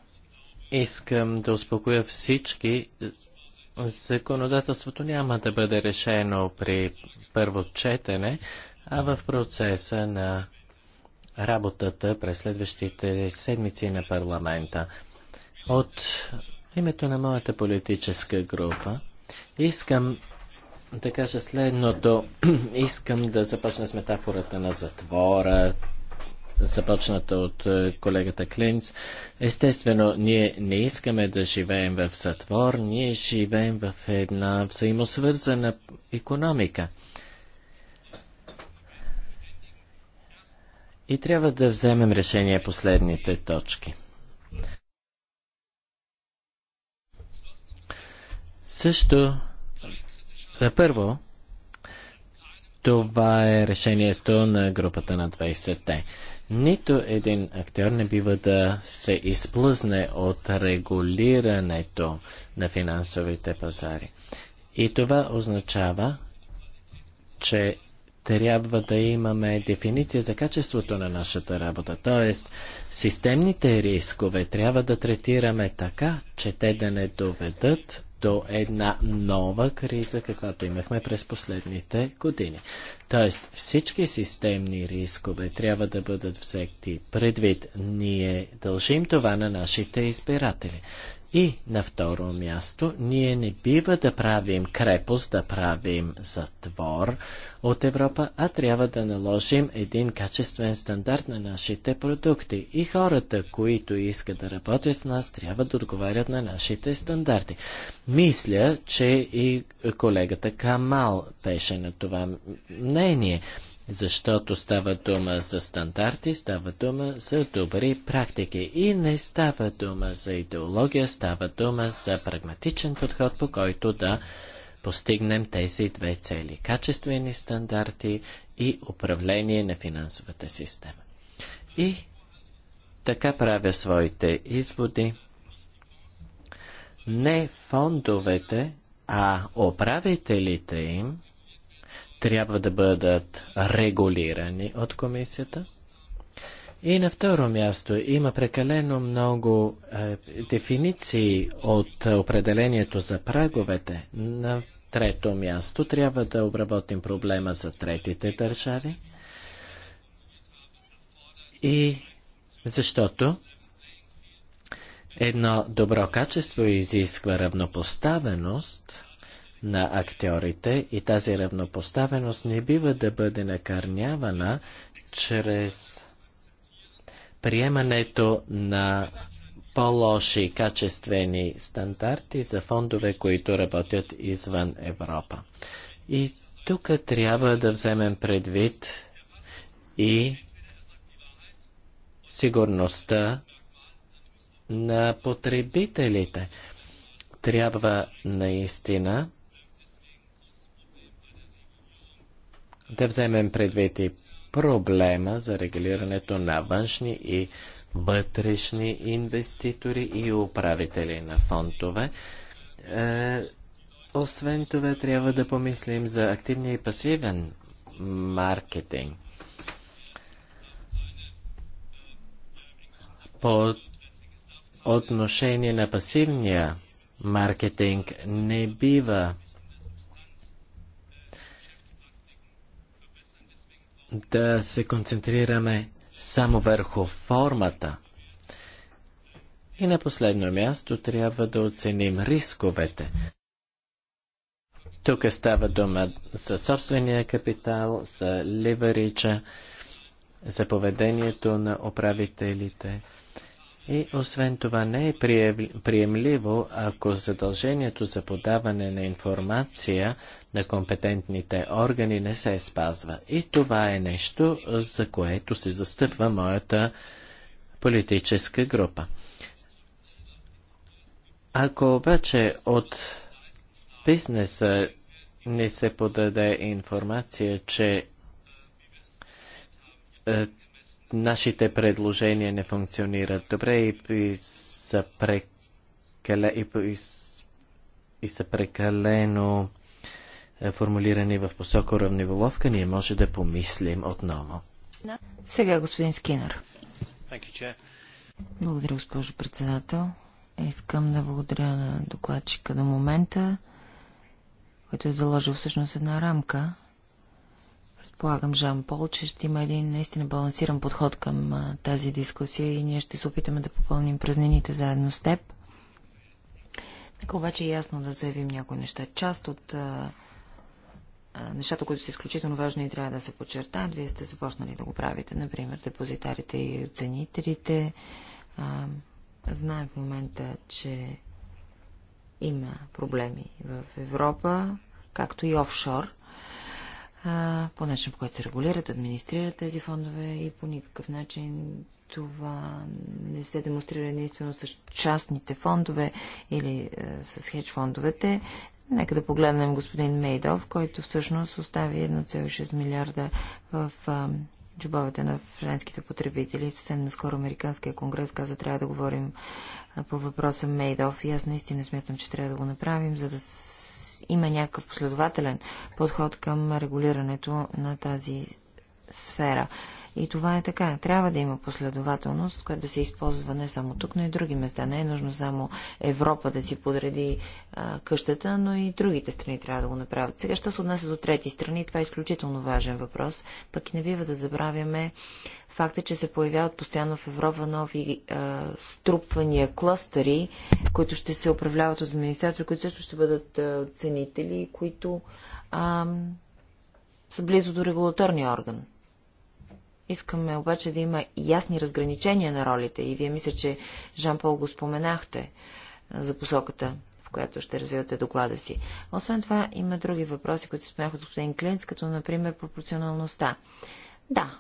искам да успокоя всички законодателството няма да бъде решено при първо четене, а в процеса на работата през следващите седмици на парламента. От името на моята политическа група искам да кажа следното. [clears throat] искам да започна с метафората на затвора, започната от е, колегата Клинц. Естествено, ние не искаме да живеем в затвор, ние живеем в една взаимосвързана економика. И трябва да вземем решение последните точки. Също, е, първо, това е решението на групата на 20-те. Нито един актьор не бива да се изплъзне от регулирането на финансовите пазари. И това означава, че трябва да имаме дефиниция за качеството на нашата работа. Тоест, системните рискове трябва да третираме така, че те да не доведат до една нова криза, каквато имахме през последните години. Тоест всички системни рискове трябва да бъдат взети предвид. Ние дължим това на нашите избиратели. И на второ място, ние не бива да правим крепост, да правим затвор от Европа, а трябва да наложим един качествен стандарт на нашите продукти. И хората, които искат да работят с нас, трябва да отговарят на нашите стандарти. Мисля, че и колегата Камал беше на това мнение защото става дума за стандарти, става дума за добри практики и не става дума за идеология, става дума за прагматичен подход, по който да постигнем тези две цели – качествени стандарти и управление на финансовата система. И така правя своите изводи. Не фондовете, а управителите им – трябва да бъдат регулирани от комисията. И на второ място има прекалено много е, дефиниции от определението за праговете. На трето място трябва да обработим проблема за третите държави. И защото едно добро качество изисква равнопоставеност – на актьорите и тази равнопоставеност не бива да бъде накърнявана чрез приемането на по-лоши качествени стандарти за фондове, които работят извън Европа. И тук трябва да вземем предвид и сигурността на потребителите. Трябва наистина да вземем предвид и проблема за регулирането на външни и вътрешни инвеститори и управители на фондове. Е, освен това, трябва да помислим за активния и пасивен маркетинг. По отношение на пасивния маркетинг не бива да се концентрираме само върху формата. И на последно място трябва да оценим рисковете. Тук става дума за собствения капитал, за ливерича, за поведението на управителите. И освен това не е приемливо, ако задължението за подаване на информация на компетентните органи не се спазва. И това е нещо, за което се застъпва моята политическа група. Ако обаче от бизнеса не се подаде информация, че е, нашите предложения не функционират добре и, и, са, прекале, и, и, и са прекалено е, формулирани в посока равниволовка, ние може да помислим отново. Сега господин Скинър. Благодаря, госпожо председател. Искам да благодаря на докладчика до момента, който е заложил всъщност една рамка Предполагам, Жан Пол, че ще има един наистина балансиран подход към а, тази дискусия и ние ще се опитаме да попълним празнините заедно с теб. Така обаче е ясно да заявим някои неща. Част от а, а, нещата, които са изключително важни и трябва да се подчертаят, вие сте започнали да го правите. Например, депозитарите и оценителите. А, знаем в момента, че има проблеми в Европа, както и офшор а, по начин, по който се регулират, администрират тези фондове и по никакъв начин това не се демонстрира единствено с частните фондове или а, е, с хедж фондовете. Нека да погледнем господин Мейдов, който всъщност остави 1,6 милиарда в а, е, джобовете на френските потребители. Съвсем наскоро Американския конгрес каза, трябва да говорим е, по въпроса Мейдов и аз наистина смятам, че трябва да го направим, за да има някакъв последователен подход към регулирането на тази сфера. И това е така. Трябва да има последователност, която да се използва не само тук, но и други места. Не е нужно само Европа да си подреди а, къщата, но и другите страни трябва да го направят. Сега, що се отнася до трети страни, това е изключително важен въпрос. Пък и не бива да забравяме Факт е, че се появяват постоянно в Европа нови а, струпвания, клъстери, които ще се управляват от администратори, които също ще бъдат а, които а, са близо до регулаторния орган. Искаме обаче да има ясни разграничения на ролите и вие мисля, че Жан-Пол го споменахте за посоката, в която ще развивате доклада си. Освен това, има други въпроси, които споменах от господин Клинц, като например пропорционалността. Да,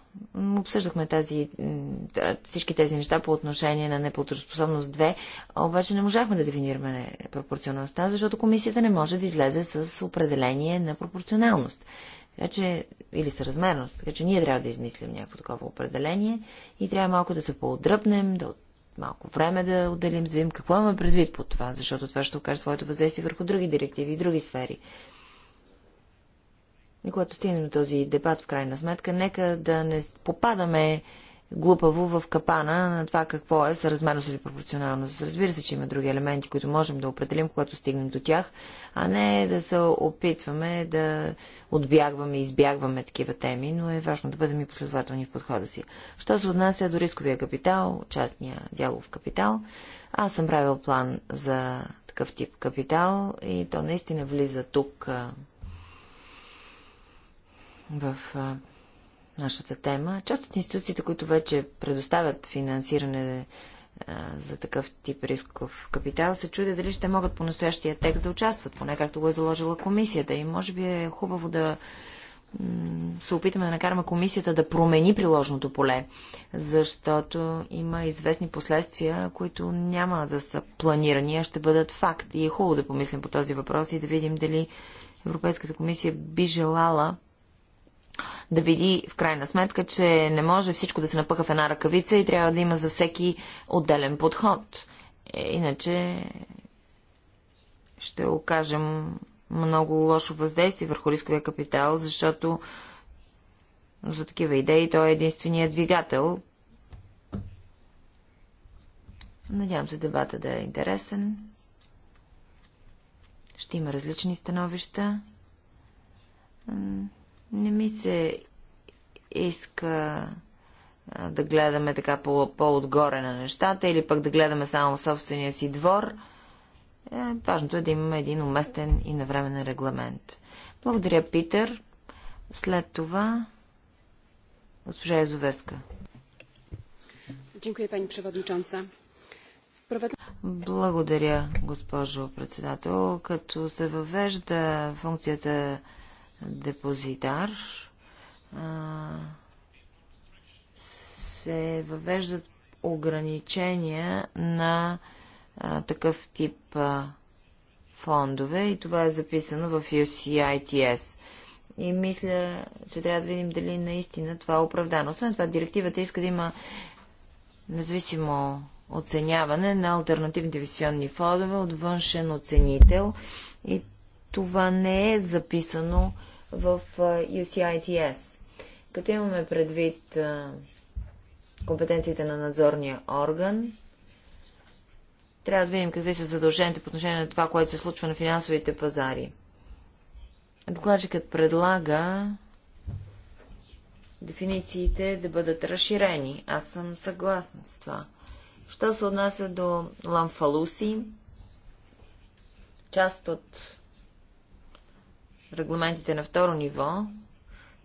обсъждахме тази, всички тези неща по отношение на неплатежоспособност 2, обаче не можахме да дефинираме пропорционалността, защото комисията не може да излезе с определение на пропорционалност. Така че, или съразмерност, така че ние трябва да измислим някакво такова определение и трябва малко да се поотдръпнем, да малко време да отделим, за да видим какво имаме предвид под това, защото това ще окаже своето въздействие върху други директиви и други сфери. И когато стигнем до този дебат, в крайна сметка, нека да не попадаме глупаво в капана на това какво е съразмерност или пропорционалност. Разбира се, че има други елементи, които можем да определим, когато стигнем до тях, а не да се опитваме да отбягваме, избягваме такива теми, но е важно да бъдем и последователни в подхода си. Що се отнася до рисковия капитал, частния дялов капитал, аз съм правил план за такъв тип капитал и то наистина влиза тук в нашата тема. Част от институциите, които вече предоставят финансиране за такъв тип рисков капитал, се чудят дали ще могат по настоящия текст да участват, поне както го е заложила комисията. И може би е хубаво да се опитаме да накараме комисията да промени приложното поле, защото има известни последствия, които няма да са планирани, а ще бъдат факт. И е хубаво да помислим по този въпрос и да видим дали Европейската комисия би желала да види в крайна сметка, че не може всичко да се напъха в една ръкавица и трябва да има за всеки отделен подход. Е, иначе ще окажем много лошо въздействие върху рисковия капитал, защото за такива идеи той е единственият двигател. Надявам се дебата да е интересен. Ще има различни становища. Не ми се иска да гледаме така по-отгоре на нещата или пък да гледаме само собствения си двор. Е, важното е да имаме един уместен и навременен регламент. Благодаря, Питър. След това госпожа Езовеска. Благодаря, госпожо председател. Като се въвежда функцията депозитар се въвеждат ограничения на а, такъв тип а, фондове и това е записано в UCITS. И мисля, че трябва да видим дали наистина това е оправдано. Освен това, директивата иска да има независимо оценяване на альтернативните инвестиционни фондове от външен оценител и това не е записано в UCITS. Като имаме предвид компетенциите на надзорния орган, трябва да видим какви са задълженията по отношение на това, което се случва на финансовите пазари. Докладчикът предлага дефинициите да бъдат разширени. Аз съм съгласна с това. Що се отнася до ламфалуси, част от регламентите на второ ниво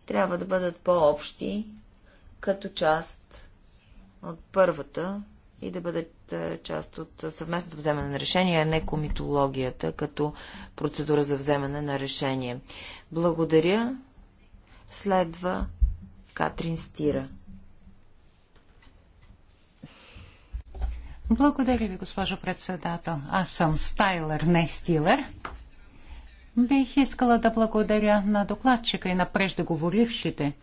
трябва да бъдат по-общи, като част от първата и да бъдат е, част от съвместното вземане на решение, а не комитологията като процедура за вземане на решение. Благодаря. Следва Катрин Стира. Благодаря ви, госпожо председател. Аз съм стайлер, не стилер. Бих искала да благодаря на докладчика и на преждеговорившите.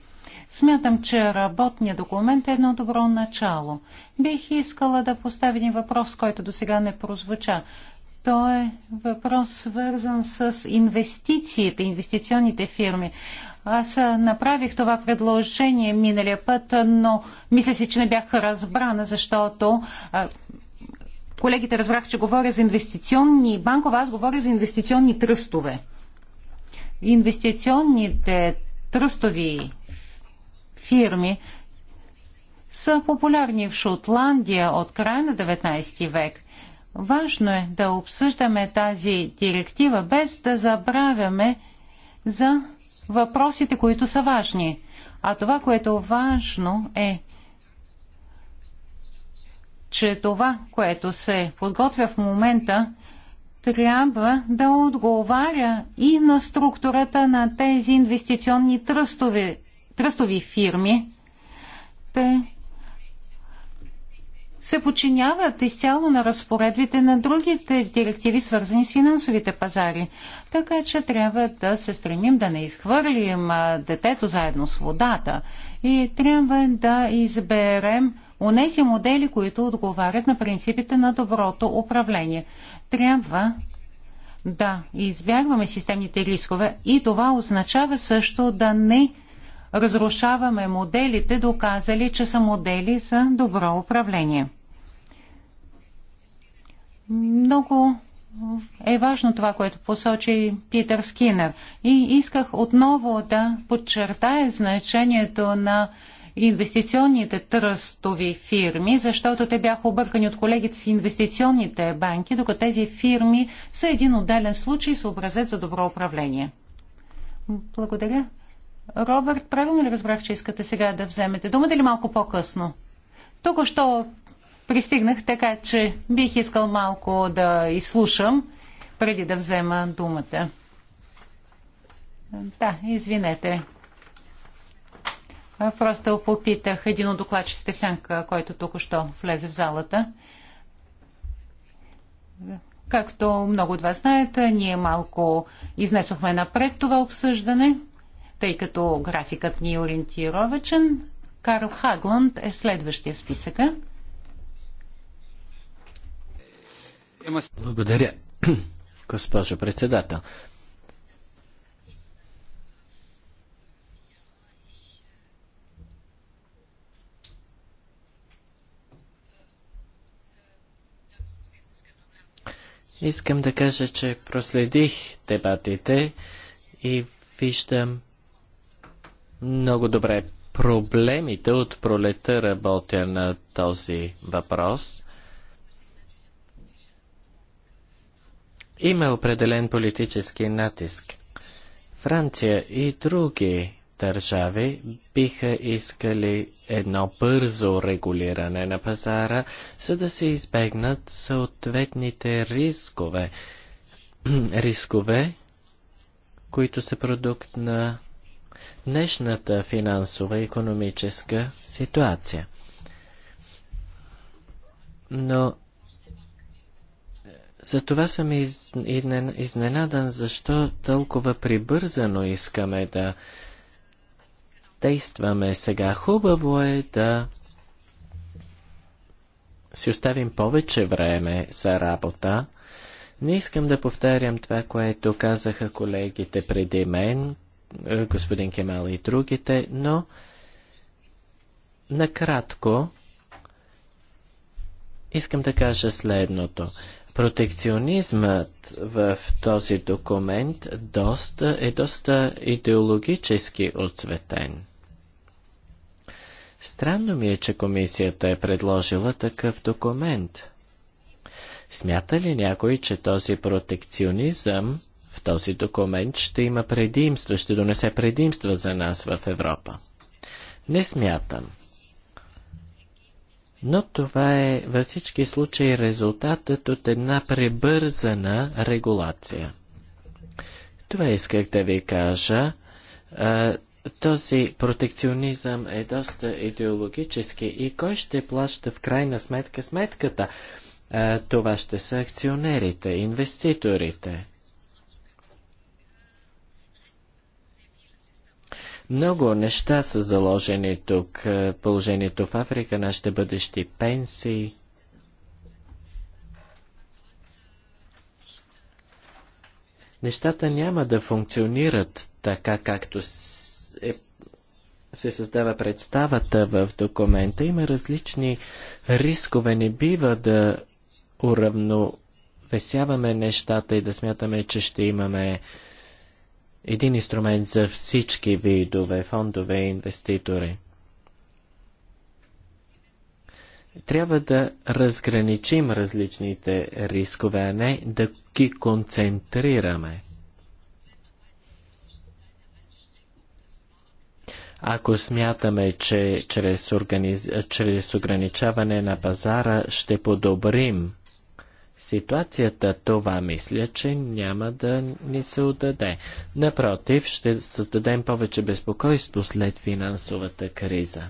Смятам, че работният документ е едно добро начало. Бих искала да поставя един въпрос, който до сега не прозвуча. Той е въпрос свързан с инвестициите, инвестиционните фирми. Аз направих това предложение миналия път, но мисля си, че не бях разбрана, защото колегите разбрах, че говоря за инвестиционни банкова, аз говоря за инвестиционни тръстове. Инвестиционните тръстови фирми са популярни в Шотландия от края на 19 век. Важно е да обсъждаме тази директива, без да забравяме за въпросите, които са важни. А това, което е важно е че това, което се подготвя в момента, трябва да отговаря и на структурата на тези инвестиционни тръстови, тръстови фирми. Те се подчиняват изцяло на разпоредбите на другите директиви, свързани с финансовите пазари. Така че трябва да се стремим да не изхвърлим детето заедно с водата и трябва да изберем онези модели, които отговарят на принципите на доброто управление. Трябва да избягваме системните рискове и това означава също да не разрушаваме моделите, доказали, че са модели за добро управление. Много е важно това, което посочи Питър Скинер. И исках отново да подчертая значението на инвестиционните тръстови фирми, защото те бяха объркани от колегите с инвестиционните банки, докато тези фирми са един отделен случай с образец за добро управление. Благодаря. Робърт, правилно ли разбрах, че искате сега да вземете думата или малко по-късно? Тук що пристигнах, така че бих искал малко да изслушам преди да взема думата. Да, извинете. Просто попитах един от докладчиците в сянка, който току-що влезе в залата. Както много от вас знаете, ние малко изнесохме напред това обсъждане, тъй като графикът ни е ориентировачен. Карл Хагланд е следващия списъка. Благодаря, [clears throat] госпожо председател. Искам да кажа, че проследих дебатите и виждам много добре проблемите. От пролета работя на този въпрос. Има определен политически натиск. Франция и други държави биха искали едно бързо регулиране на пазара, за да се избегнат съответните рискове. [clears throat] рискове, които са продукт на днешната финансова и економическа ситуация. Но е, за това съм изненадан, защо толкова прибързано искаме да действаме сега. Хубаво е да си оставим повече време за работа. Не искам да повтарям това, което казаха колегите преди мен, е, господин Кемал и другите, но накратко искам да кажа следното. Протекционизмът в този документ доста, е доста идеологически отцветен. Странно ми е, че комисията е предложила такъв документ. Смята ли някой, че този протекционизъм в този документ ще има предимства, ще донесе предимства за нас в Европа? Не смятам. Но това е във всички случаи резултатът от една пребързана регулация. Това исках да ви кажа. Този протекционизъм е доста идеологически и кой ще плаща в крайна сметка сметката? Това ще са акционерите, инвеститорите. Много неща са заложени тук. Положението в Африка, нашите бъдещи пенсии. Нещата няма да функционират така, както е, се създава представата в документа. Има различни рискове. Не бива да уравновесяваме нещата и да смятаме, че ще имаме един инструмент за всички видове фондове и инвеститори. Трябва да разграничим различните рискове, а не да ги концентрираме. Ако смятаме, че чрез, организ... чрез ограничаване на пазара ще подобрим ситуацията, това мисля, че няма да ни се отдаде. Напротив, ще създадем повече безпокойство след финансовата криза.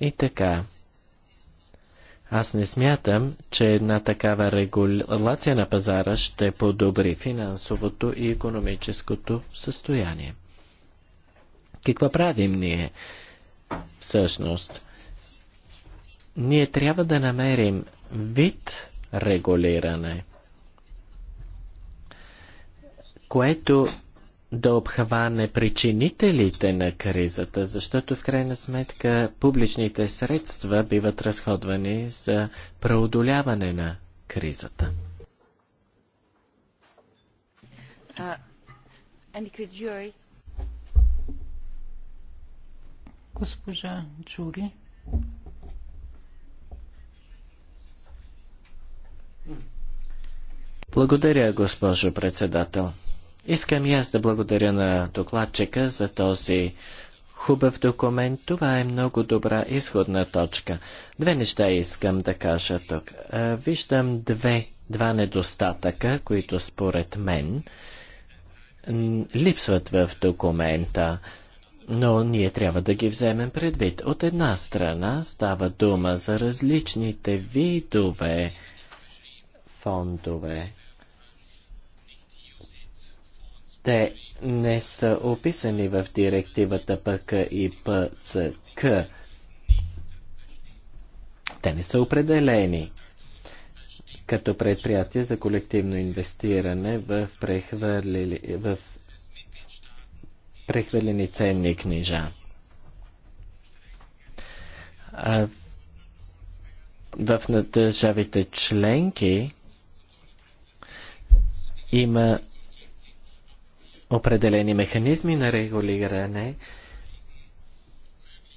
И така, аз не смятам, че една такава регулация на пазара ще подобри финансовото и економическото състояние. Какво правим ние? Всъщност, ние трябва да намерим вид регулиране, което да обхване причинителите на кризата, защото в крайна сметка публичните средства биват разходвани за преодоляване на кризата. Uh, Госпожа Джури. Благодаря, госпожо председател. Искам и аз да благодаря на докладчика за този хубав документ. Това е много добра изходна точка. Две неща искам да кажа тук. Виждам две, два недостатъка, които според мен липсват в документа, но ние трябва да ги вземем предвид. От една страна става дума за различните видове фондове, те не са описани в директивата ПК и ПЦК. Те не са определени като предприятие за колективно инвестиране в, прехвърлили, в прехвърлени ценни книжа. А в държавите членки има определени механизми на регулиране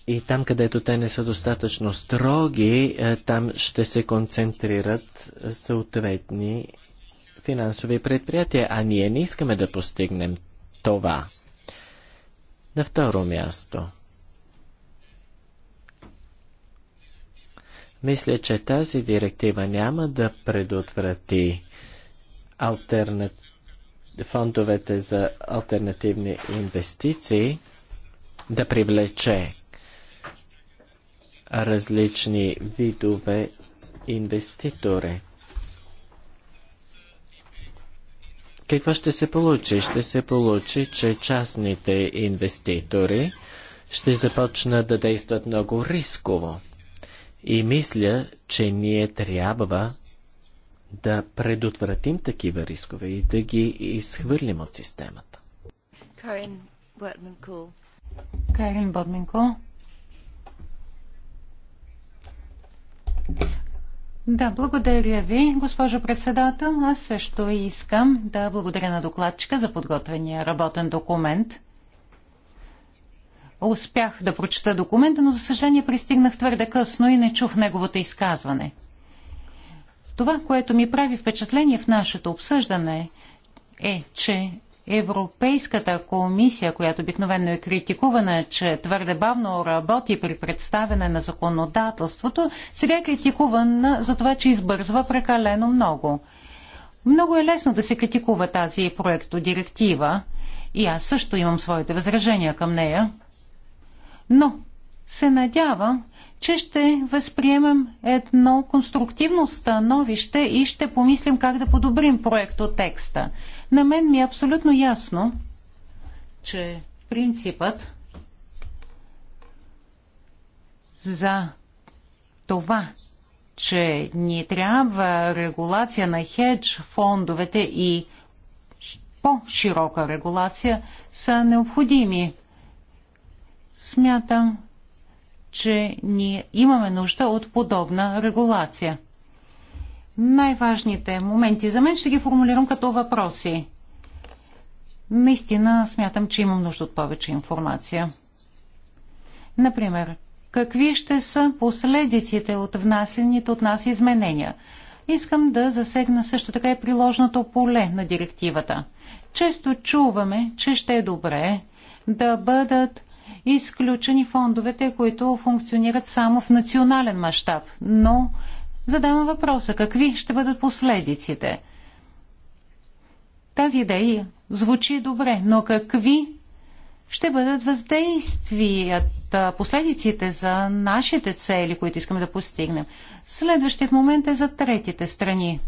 и там, където те не са достатъчно строги, е, там ще се концентрират съответни финансови предприятия, а ние не искаме да постигнем това. На второ място. Мисля, че тази директива няма да предотврати алтернат фондовете за альтернативни инвестиции да привлече различни видове инвеститори. Какво ще се получи? Ще се получи, че частните инвеститори ще започнат да действат много рисково. И мисля, че ние трябва да предотвратим такива рискове и да ги изхвърлим от системата. Карин Бодминко. Да, благодаря ви, госпожо председател. Аз също искам да благодаря на докладчика за подготвения работен документ. Успях да прочета документа, но за съжаление пристигнах твърде късно и не чух неговото изказване. Това, което ми прави впечатление в нашето обсъждане е, че Европейската комисия, която обикновено е критикувана, че твърде бавно работи при представяне на законодателството, сега е критикувана за това, че избързва прекалено много. Много е лесно да се критикува тази проектодиректива и аз също имам своите възражения към нея. Но се надявам, че ще възприемем едно конструктивно становище и ще помислим как да подобрим проекто текста. На мен ми е абсолютно ясно, че принципът за това, че ни трябва регулация на хедж фондовете и по-широка регулация са необходими. Смятам, че ние имаме нужда от подобна регулация. Най-важните моменти за мен ще ги формулирам като въпроси. Наистина смятам, че имам нужда от повече информация. Например, какви ще са последиците от внасените от нас изменения? Искам да засегна също така и приложното поле на директивата. Често чуваме, че ще е добре да бъдат изключени фондовете, които функционират само в национален мащаб. Но задавам въпроса, какви ще бъдат последиците? Тази идея звучи добре, но какви ще бъдат въздействията, последиците за нашите цели, които искаме да постигнем? Следващият момент е за третите страни.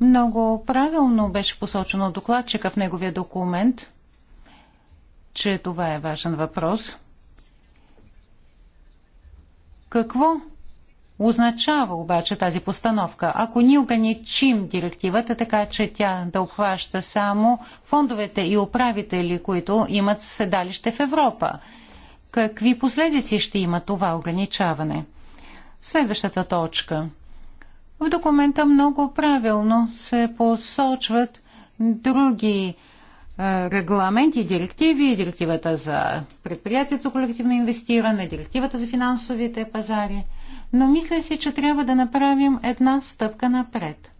Много правилно беше посочено докладчика в неговия документ, че това е важен въпрос. Какво означава обаче тази постановка? Ако ние ограничим директивата така, че тя да обхваща само фондовете и управители, които имат седалище в Европа, какви последици ще има това ограничаване? Следващата точка. В документа много правилно се посочват други регламенти директиви, директивата за предприятието за колективно инвестиране, директивата за финансовите пазари. Но мисля си, че трябва да направим една стъпка напред.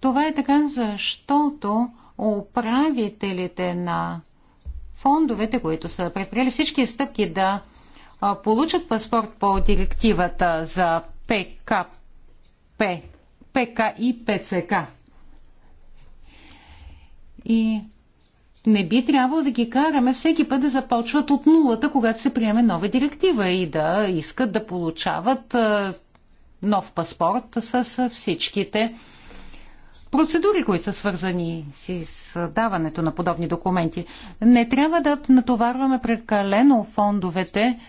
Това е така, защото управителите на фондовете, които са предприели всички стъпки да получат паспорт по директивата за ПКП, ПК и ПЦК, и не би трябвало да ги караме всеки път да започват от нулата, когато се приеме нова директива и да искат да получават нов паспорт с всичките процедури, които са свързани с даването на подобни документи. Не трябва да натоварваме прекалено фондовете,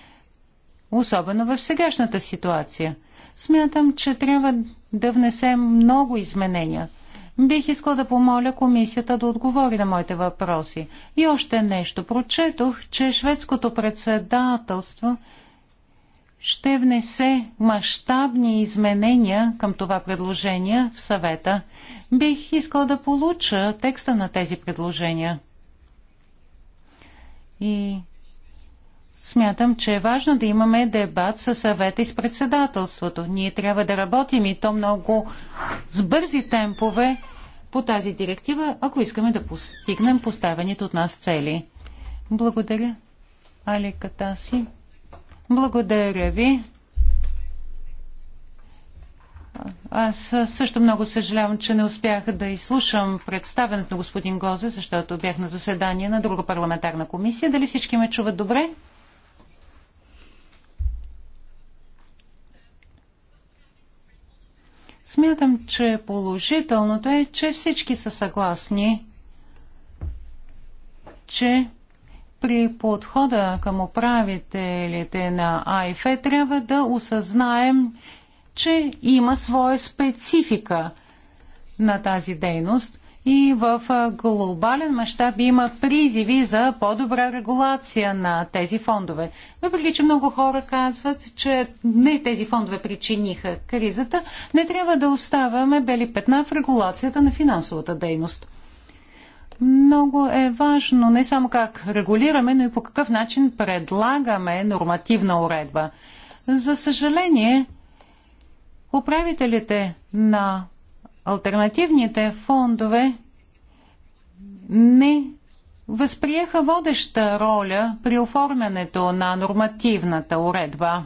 особено в сегашната ситуация. Смятам, че трябва да внесем много изменения – Бих искал да помоля комисията да отговори на моите въпроси. И още нещо. Прочетох, че шведското председателство ще внесе мащабни изменения към това предложение в съвета. Бих искал да получа текста на тези предложения. И Смятам, че е важно да имаме дебат със съвета и с председателството. Ние трябва да работим и то много с бързи темпове по тази директива, ако искаме да постигнем поставените от нас цели. Благодаря. Али Катаси. Благодаря ви. Аз също много съжалявам, че не успях да изслушам представенето на господин Гозе, защото бях на заседание на друга парламентарна комисия. Дали всички ме чуват добре? Смятам, че положителното е, че всички са съгласни, че при подхода към управителите на АИФ трябва да осъзнаем, че има своя специфика на тази дейност и в глобален мащаб има призиви за по-добра регулация на тези фондове. Въпреки, че много хора казват, че не тези фондове причиниха кризата, не трябва да оставяме бели петна в регулацията на финансовата дейност. Много е важно не само как регулираме, но и по какъв начин предлагаме нормативна уредба. За съжаление, управителите на Альтернативните фондове не възприеха водеща роля при оформянето на нормативната уредба.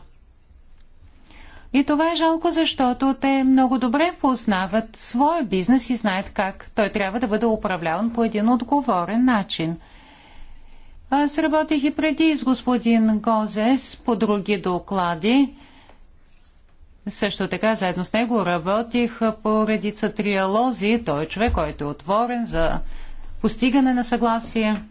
И това е жалко, защото те много добре познават своя бизнес и знаят как той трябва да бъде управляван по един отговорен начин. Аз работих и преди с господин Гозес по други доклади също така, заедно с него работих по редица триалози. Той е човек, който е отворен за постигане на съгласие,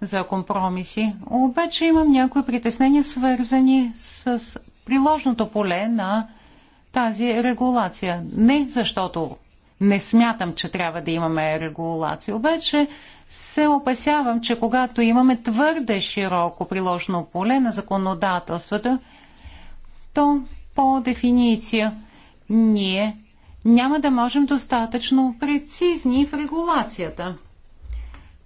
за компромиси. Обаче имам някои притеснения, свързани с приложното поле на тази регулация. Не защото не смятам, че трябва да имаме регулация, обаче се опасявам, че когато имаме твърде широко приложно поле на законодателството, то по дефиниция ние няма да можем достатъчно прецизни в регулацията.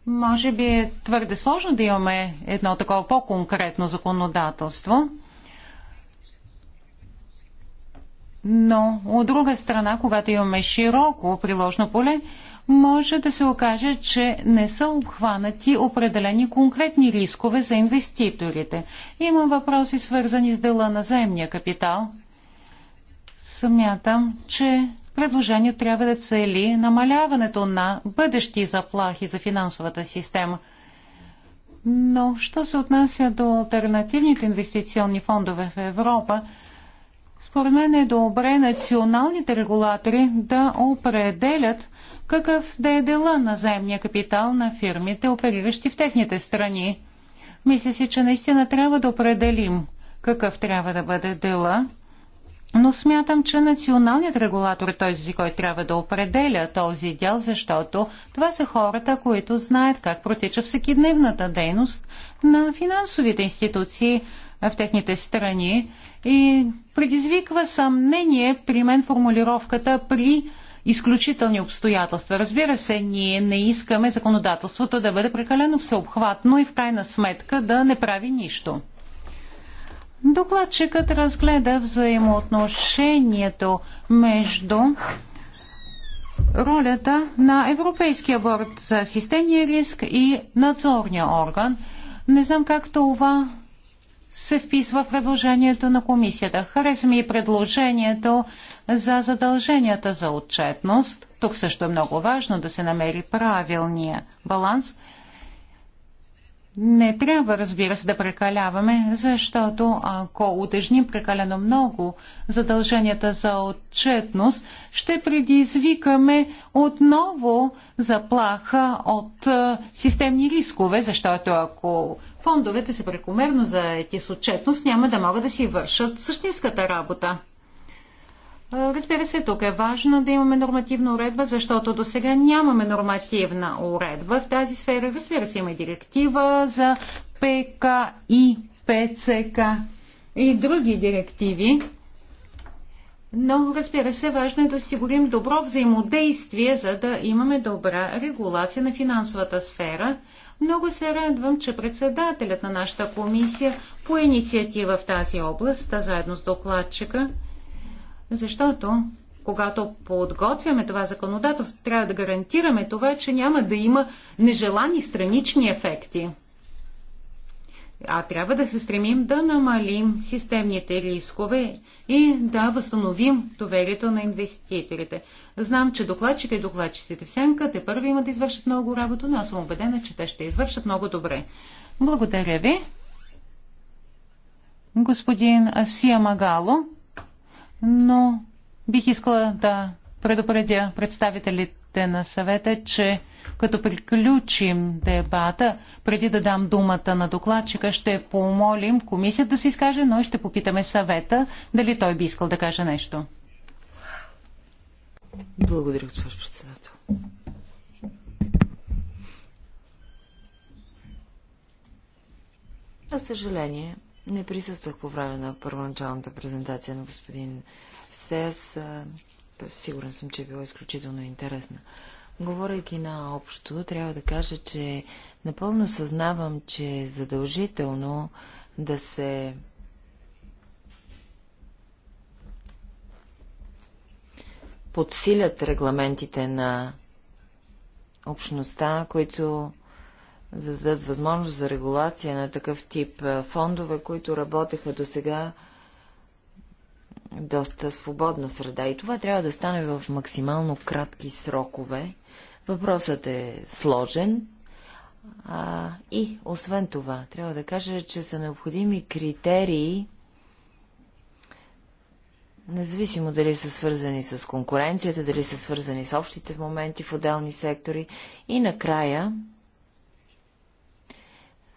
Може би е твърде сложно да имаме едно такова по-конкретно законодателство. Но от друга страна, когато имаме широко приложно поле, може да се окаже, че не са обхванати определени конкретни рискове за инвеститорите. Има въпроси свързани с дела на земния капитал. Смятам, че предложението трябва да цели намаляването на бъдещи заплахи за финансовата система. Но, що се отнася до альтернативните инвестиционни фондове в Европа, според мен е добре националните регулатори да определят какъв да е дела на заемния капитал на фирмите, опериращи в техните страни. Мисля си, че наистина трябва да определим какъв трябва да бъде дела, но смятам, че националният регулатор е този, който трябва да определя този дял, защото това са хората, които знаят как протича всекидневната дейност на финансовите институции в техните страни и предизвиква съмнение при мен формулировката при изключителни обстоятелства. Разбира се, ние не искаме законодателството да бъде прекалено всеобхватно и в крайна сметка да не прави нищо. Докладчикът разгледа взаимоотношението между ролята на Европейския борт за системния риск и надзорния орган. Не знам как това се вписва в предложението на комисията. Хареса ми и предложението за задълженията за отчетност. Тук също е много важно да се намери правилния баланс. Не трябва, разбира се, да прекаляваме, защото ако утежним прекалено много задълженията за отчетност, ще предизвикаме отново заплаха от системни рискове, защото ако фондовете се прекомерно заети с отчетност, няма да могат да си вършат същинската работа. Разбира се, тук е важно да имаме нормативна уредба, защото до сега нямаме нормативна уредба в тази сфера. Разбира се, има и директива за ПК и ПЦК и други директиви. Но, разбира се, важно е да осигурим добро взаимодействие, за да имаме добра регулация на финансовата сфера много се радвам, че председателят на нашата комисия по инициатива в тази област, заедно с докладчика, защото когато подготвяме това законодателство, трябва да гарантираме това, че няма да има нежелани странични ефекти. А трябва да се стремим да намалим системните рискове и да възстановим доверието на инвеститорите. Знам, че докладчика и докладчиците в сянка те първи имат да извършат много работа, но аз съм убедена, че те ще извършат много добре. Благодаря ви. Господин Асия Магало, но бих искала да предупредя представителите на съвета, че като приключим дебата, преди да дам думата на докладчика, ще помолим комисията да се изкаже, но ще попитаме съвета дали той би искал да каже нещо. Благодаря, госпожо председател. За съжаление, не присъствах по време на първоначалната презентация на господин Сес. Сигурен съм, че е била изключително интересна. Говорейки на общо, трябва да кажа, че напълно съзнавам, че е задължително да се подсилят регламентите на общността, които да дадат възможност за регулация на такъв тип фондове, които работеха до сега доста свободна среда. И това трябва да стане в максимално кратки срокове. Въпросът е сложен. А, и, освен това, трябва да кажа, че са необходими критерии Независимо дали са свързани с конкуренцията, дали са свързани с общите моменти в отделни сектори. И накрая,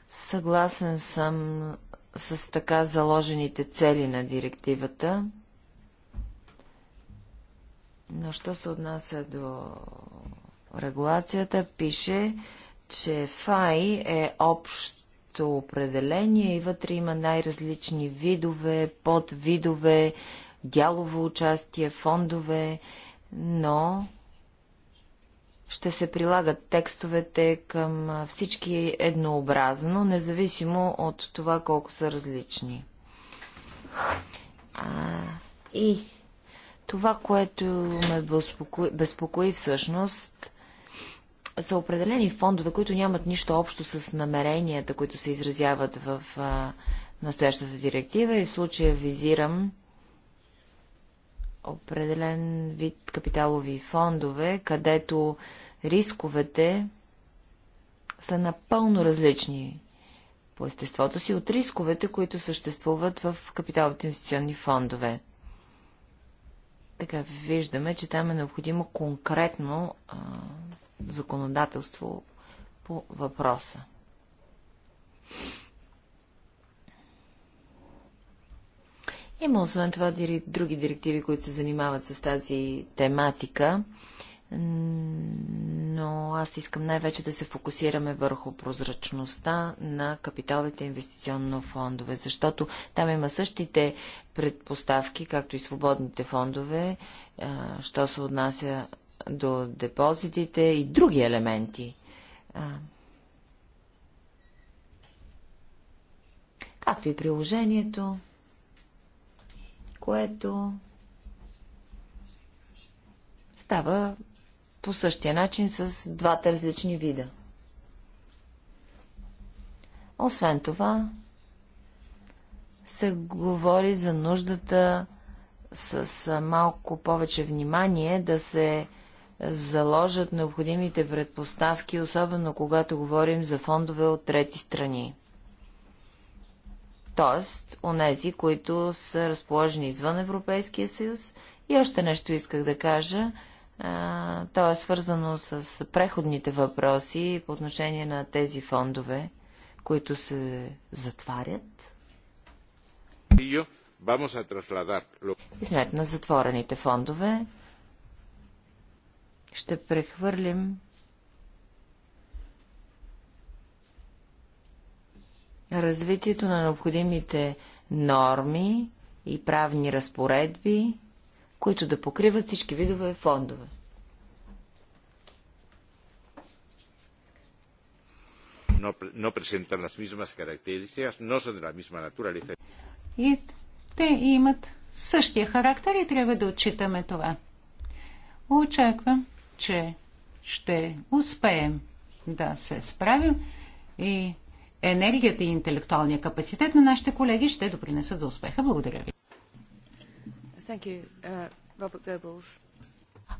съгласен съм с така заложените цели на директивата. Но що се отнася до регулацията, пише, че ФАИ е общо определение и вътре има най-различни видове, подвидове дялово участие, фондове, но ще се прилагат текстовете към всички еднообразно, независимо от това колко са различни. А, и това, което ме безпокои, безпокои всъщност, са определени фондове, които нямат нищо общо с намеренията, които се изразяват в а, настоящата директива и в случая визирам определен вид капиталови фондове, където рисковете са напълно различни по естеството си от рисковете, които съществуват в капиталовите инвестиционни фондове. Така виждаме, че там е необходимо конкретно а, законодателство по въпроса. Има освен това други директиви, които се занимават с тази тематика, но аз искам най-вече да се фокусираме върху прозрачността на капиталните инвестиционно фондове, защото там има същите предпоставки, както и свободните фондове, що се отнася до депозитите и други елементи. Както и приложението което става по същия начин с двата различни вида. Освен това, се говори за нуждата с малко повече внимание да се заложат необходимите предпоставки, особено когато говорим за фондове от трети страни т.е. онези, които са разположени извън Европейския съюз. И още нещо исках да кажа. то е свързано с преходните въпроси по отношение на тези фондове, които се затварят. Извинете, на затворените фондове ще прехвърлим развитието на необходимите норми и правни разпоредби, които да покриват всички видове фондове. No, no las mismas no son de la misma naturaleza. И те имат същия характер и трябва да отчитаме това. Очаквам, че ще успеем да се справим и енергията и интелектуалния капацитет на нашите колеги ще допринесат за успеха. Благодаря ви. Uh,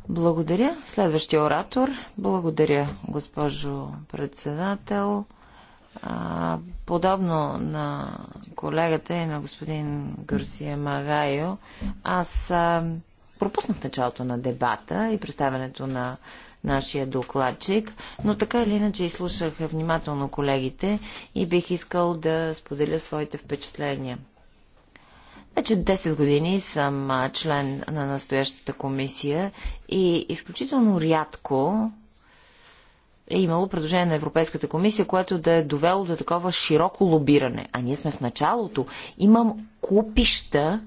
Благодаря. Следващия оратор. Благодаря, госпожо председател. Подобно на колегата и на господин Гарсия Магайо, аз пропуснах началото на дебата и представянето на нашия докладчик, но така или иначе изслушах внимателно колегите и бих искал да споделя своите впечатления. Вече 10 години съм член на настоящата комисия и изключително рядко е имало предложение на Европейската комисия, което да е довело до такова широко лобиране. А ние сме в началото. Имам купища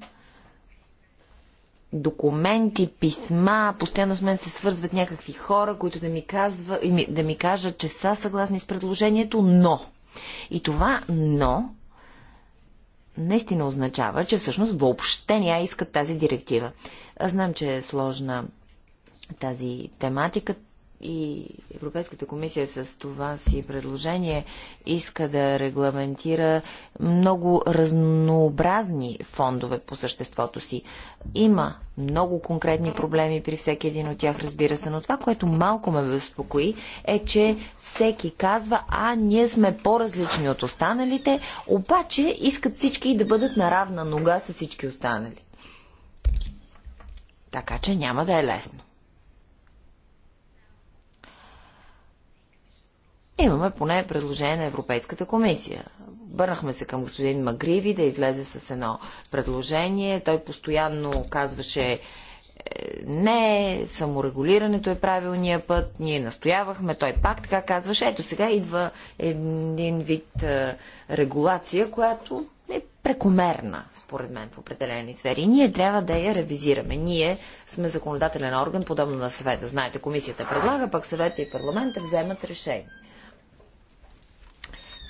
документи, писма, постоянно с мен се свързват някакви хора, които да ми, казва, да ми кажат, че са съгласни с предложението, но. И това но наистина означава, че всъщност въобще не я искат тази директива. Аз знам, че е сложна тази тематика и Европейската комисия с това си предложение иска да регламентира много разнообразни фондове по съществото си. Има много конкретни проблеми при всеки един от тях, разбира се, но това, което малко ме безпокои, е, че всеки казва, а ние сме по-различни от останалите, обаче искат всички да бъдат на равна нога с всички останали. Така че няма да е лесно. Имаме поне предложение на Европейската комисия. Бърнахме се към господин Магриви да излезе с едно предложение. Той постоянно казваше е, не, саморегулирането е правилния път, ние настоявахме, той пак така казваше. Ето сега идва един вид е, регулация, която е прекомерна, според мен, в определени сфери. И ние трябва да я ревизираме. Ние сме законодателен орган, подобно на съвета. Знаете, комисията предлага, пък съвета и парламента вземат решение.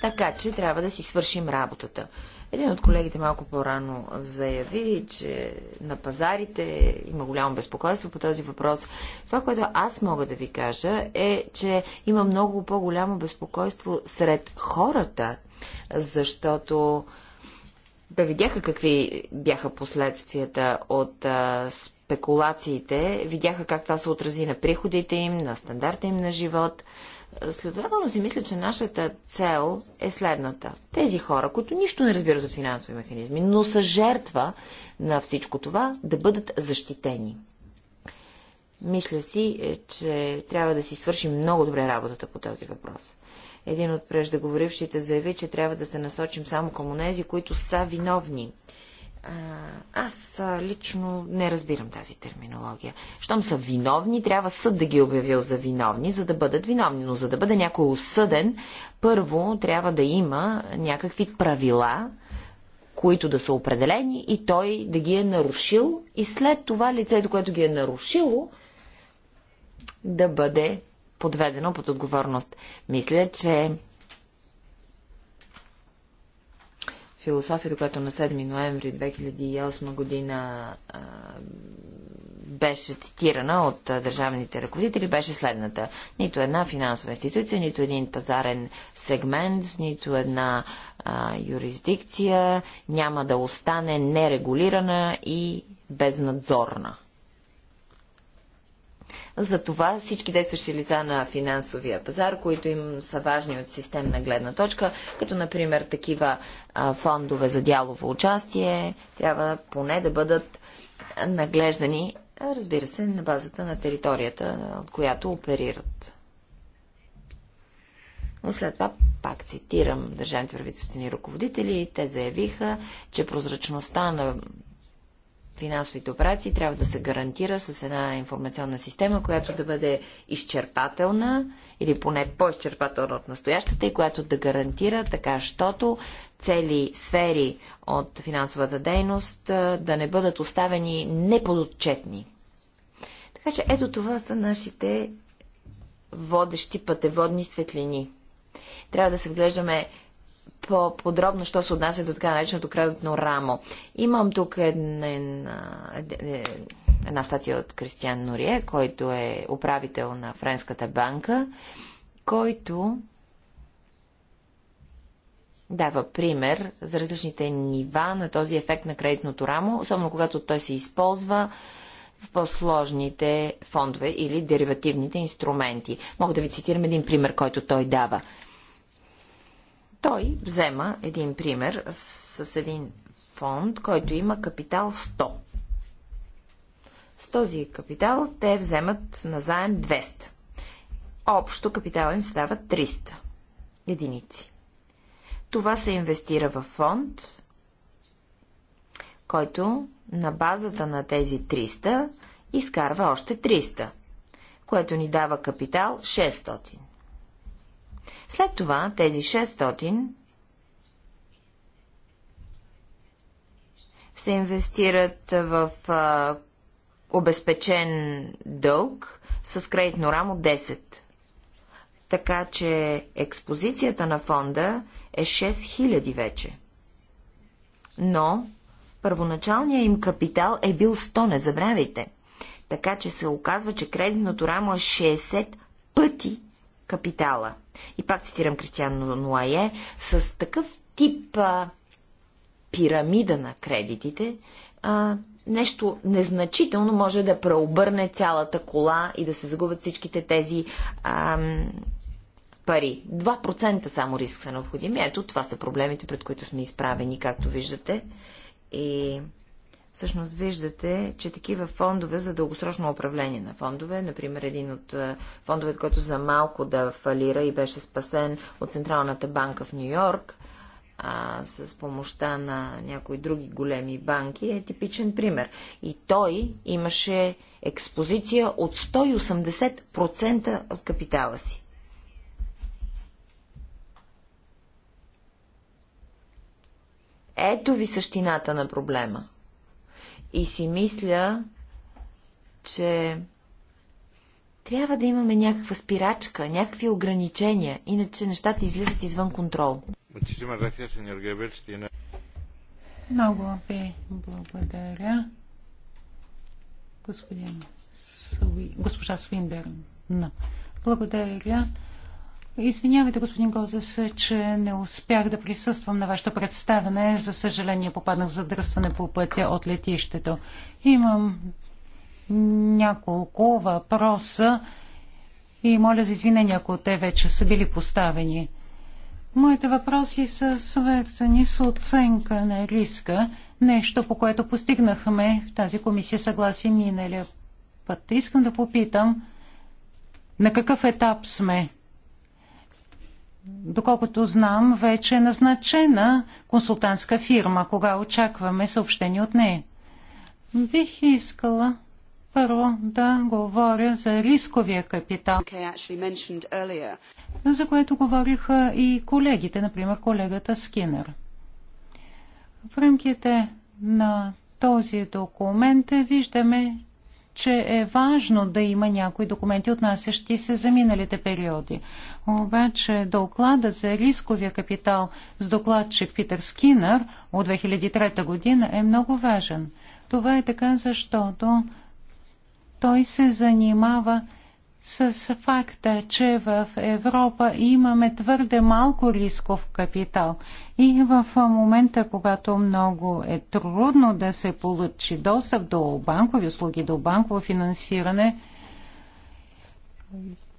Така че трябва да си свършим работата. Един от колегите малко по-рано заяви, че на пазарите има голямо безпокойство по този въпрос. Това, което аз мога да ви кажа е, че има много по-голямо безпокойство сред хората, защото да видяха какви бяха последствията от спекулациите, видяха как това се отрази на приходите им, на стандарта им на живот – Следователно си мисля, че нашата цел е следната. Тези хора, които нищо не разбират от финансови механизми, но са жертва на всичко това, да бъдат защитени. Мисля си, е, че трябва да си свършим много добре работата по този въпрос. Един от преждеговорившите заяви, че трябва да се насочим само към онези, които са виновни. Аз лично не разбирам тази терминология. Щом са виновни, трябва съд да ги е обявил за виновни, за да бъдат виновни. Но за да бъде някой осъден, първо трябва да има някакви правила, които да са определени и той да ги е нарушил и след това лицето, което ги е нарушило, да бъде подведено под отговорност. Мисля, че философията, която на 7 ноември 2008 година а, беше цитирана от а, държавните ръководители, беше следната. Нито една финансова институция, нито един пазарен сегмент, нито една а, юрисдикция няма да остане нерегулирана и безнадзорна. За това всички действащи лица на финансовия пазар, които им са важни от системна гледна точка, като например такива фондове за дялово участие, трябва поне да бъдат наглеждани, разбира се, на базата на територията, от която оперират. Но след това пак цитирам държавните правителствени ръководители. Те заявиха, че прозрачността на финансовите операции трябва да се гарантира с една информационна система, която да бъде изчерпателна или поне по-изчерпателна от настоящата и която да гарантира така, щото цели сфери от финансовата дейност да не бъдат оставени неподотчетни. Така че ето това са нашите водещи пътеводни светлини. Трябва да се вглеждаме по-подробно, що се отнася до така нареченото кредитно рамо. Имам тук една, една статия от Кристиан Норие, който е управител на Френската банка, който дава пример за различните нива на този ефект на кредитното рамо, особено когато той се използва в по-сложните фондове или деривативните инструменти. Мога да ви цитирам един пример, който той дава. Той взема един пример с, с един фонд, който има капитал 100. С този капитал те вземат назаем 200. Общо капитал им става 300 единици. Това се инвестира в фонд, който на базата на тези 300 изкарва още 300, което ни дава капитал 600. След това тези 600 се инвестират в а, обезпечен дълг с кредитно рамо 10. Така че експозицията на фонда е 6000 вече. Но първоначалният им капитал е бил 100, не забравяйте. Така че се оказва, че кредитното рамо е 60 пъти капитала. И пак цитирам Кристиан Нуае, с такъв тип а, пирамида на кредитите, а, нещо незначително може да преобърне цялата кола и да се загубят всичките тези а, пари. 2% само риск са необходими. Ето, това са проблемите, пред които сме изправени, както виждате. И всъщност виждате, че такива фондове за дългосрочно управление на фондове, например един от е, фондовете, който за малко да фалира и беше спасен от Централната банка в Нью Йорк, а, с помощта на някои други големи банки, е типичен пример. И той имаше експозиция от 180% от капитала си. Ето ви същината на проблема – и си мисля, че трябва да имаме някаква спирачка, някакви ограничения, иначе нещата излизат извън контрол. Много ви благодаря, господин госпожа Свинберн. Благодаря. Извинявайте, господин Гозес, че не успях да присъствам на вашето представене. За съжаление, попаднах за дръстване по пътя от летището. Имам няколко въпроса и моля за извинения, ако те вече са били поставени. Моите въпроси са свързани с оценка на риска, нещо по което постигнахме в тази комисия съгласие миналия път. Искам да попитам на какъв етап сме доколкото знам, вече е назначена консултантска фирма. Кога очакваме съобщение от нея? Бих искала първо да говоря за рисковия капитал, за което говориха и колегите, например колегата Скинер. В рамките на този документ виждаме, че е важно да има някои документи, отнасящи се за миналите периоди. Обаче докладът за рисковия капитал с докладчик Питър Скинър от 2003 година е много важен. Това е така, защото той се занимава с факта, че в Европа имаме твърде малко рисков капитал. И в момента, когато много е трудно да се получи достъп до банкови услуги, до банково финансиране,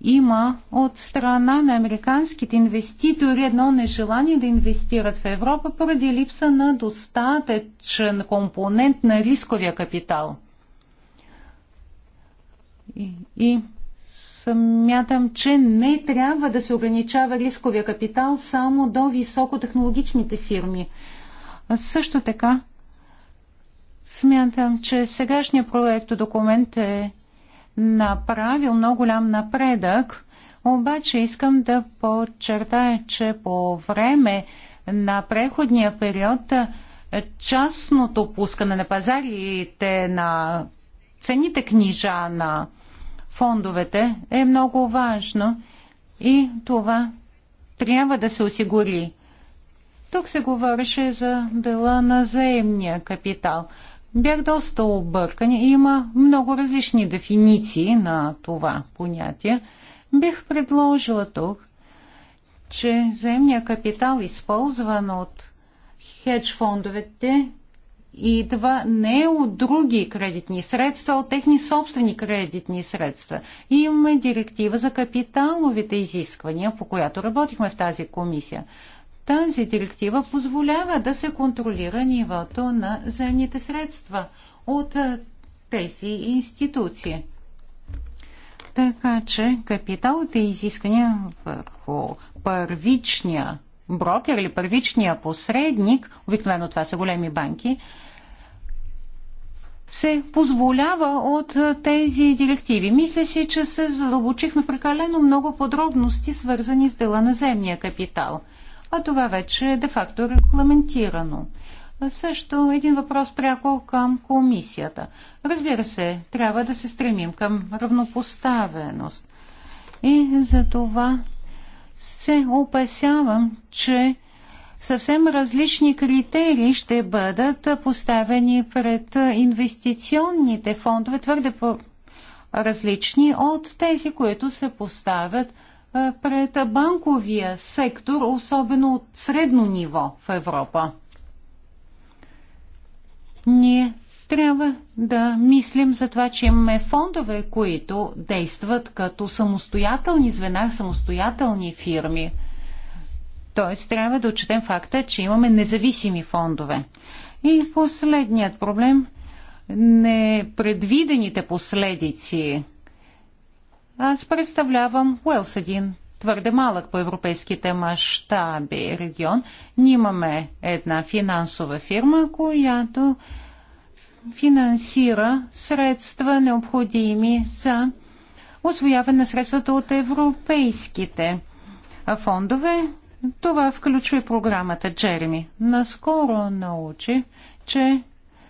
има от страна на американските инвеститори едно нежелание да инвестират в Европа поради липса на достатъчен компонент на рисковия капитал. И, и смятам, че не трябва да се ограничава рисковия капитал само до високотехнологичните фирми. Също така, смятам, че сегашният проект документ е направил много голям напредък, обаче искам да подчертая, че по време на преходния период е, частното пускане на пазарите на цените книжа на фондовете е много важно и това трябва да се осигури. Тук се говореше за дела на заемния капитал. Бях доста объркан и има много различни дефиниции на това понятие. Бих предложила тук, че заемния капитал, използван от хедж фондовете, идва не е от други кредитни средства, а от техни собствени кредитни средства. И имаме директива за капиталовите изисквания, по която работихме в тази комисия. Тази директива позволява да се контролира нивото на заемните средства от тези институции. Така че капиталовите изисквания върху първичния брокер или първичния посредник, обикновено това са големи банки, се позволява от е, тези директиви. Мисля си, че се задълбочихме прекалено много подробности, свързани с дела на земния капитал. А това вече е де-факто регламентирано. Също един въпрос пряко към комисията. Разбира се, трябва да се стремим към равнопоставеност. И за това се опасявам, че съвсем различни критерии ще бъдат поставени пред инвестиционните фондове, твърде различни от тези, които се поставят пред банковия сектор, особено от средно ниво в Европа. Ние трябва да мислим за това, че имаме фондове, които действат като самостоятелни звена, самостоятелни фирми – Тоест, трябва да отчетем факта, че имаме независими фондове. И последният проблем непредвидените последици. Аз представлявам Уелс един твърде малък по европейските мащаби регион. Ние имаме една финансова фирма, която финансира средства необходими за освояване на средствата от европейските фондове това включва и програмата Джереми. Наскоро научи, че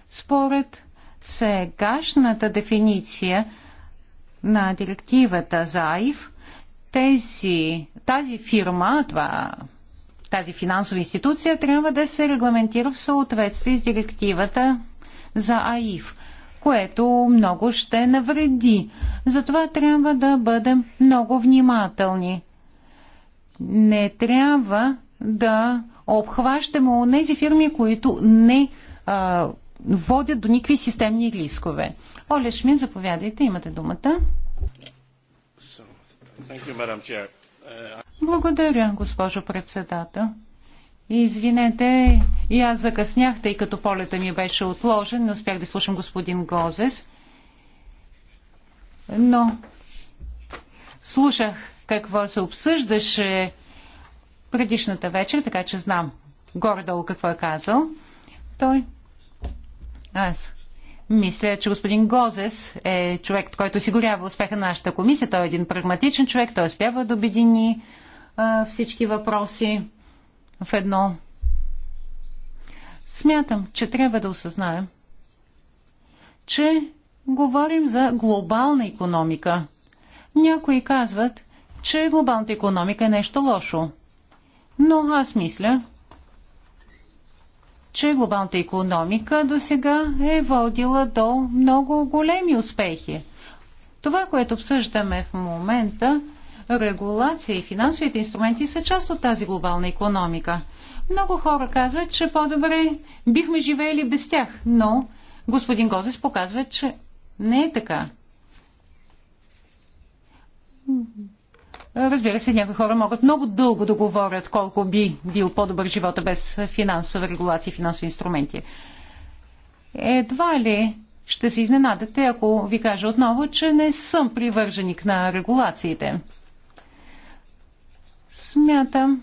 според сегашната дефиниция на директивата за АИФ, тези, тази фирма, това, тази финансова институция трябва да се регламентира в съответствие с директивата за АИФ, което много ще навреди. Затова трябва да бъдем много внимателни не трябва да обхващаме от тези фирми, които не а, водят до никакви системни рискове. Оле Шмин, заповядайте, имате думата. Благодаря, госпожо председател. Извинете, и аз закъснях, тъй като полета ми беше отложен, не успях да слушам господин Гозес. Но слушах какво се обсъждаше предишната вечер, така че знам горе-долу какво е казал. Той. Аз. Мисля, че господин Гозес е човек, който осигурява успеха на нашата комисия. Той е един прагматичен човек. Той успява да обедини а, всички въпроси в едно. Смятам, че трябва да осъзнаем, че говорим за глобална економика. Някои казват, че глобалната економика е нещо лошо. Но аз мисля, че глобалната економика до сега е водила до много големи успехи. Това, което обсъждаме в момента, регулация и финансовите инструменти са част от тази глобална економика. Много хора казват, че по-добре бихме живеели без тях, но господин Гозес показва, че не е така. Разбира се, някои хора могат много дълго да говорят колко би бил по-добър живота без финансова регулация и финансови инструменти. Едва ли ще се изненадате, ако ви кажа отново, че не съм привърженик на регулациите. Смятам,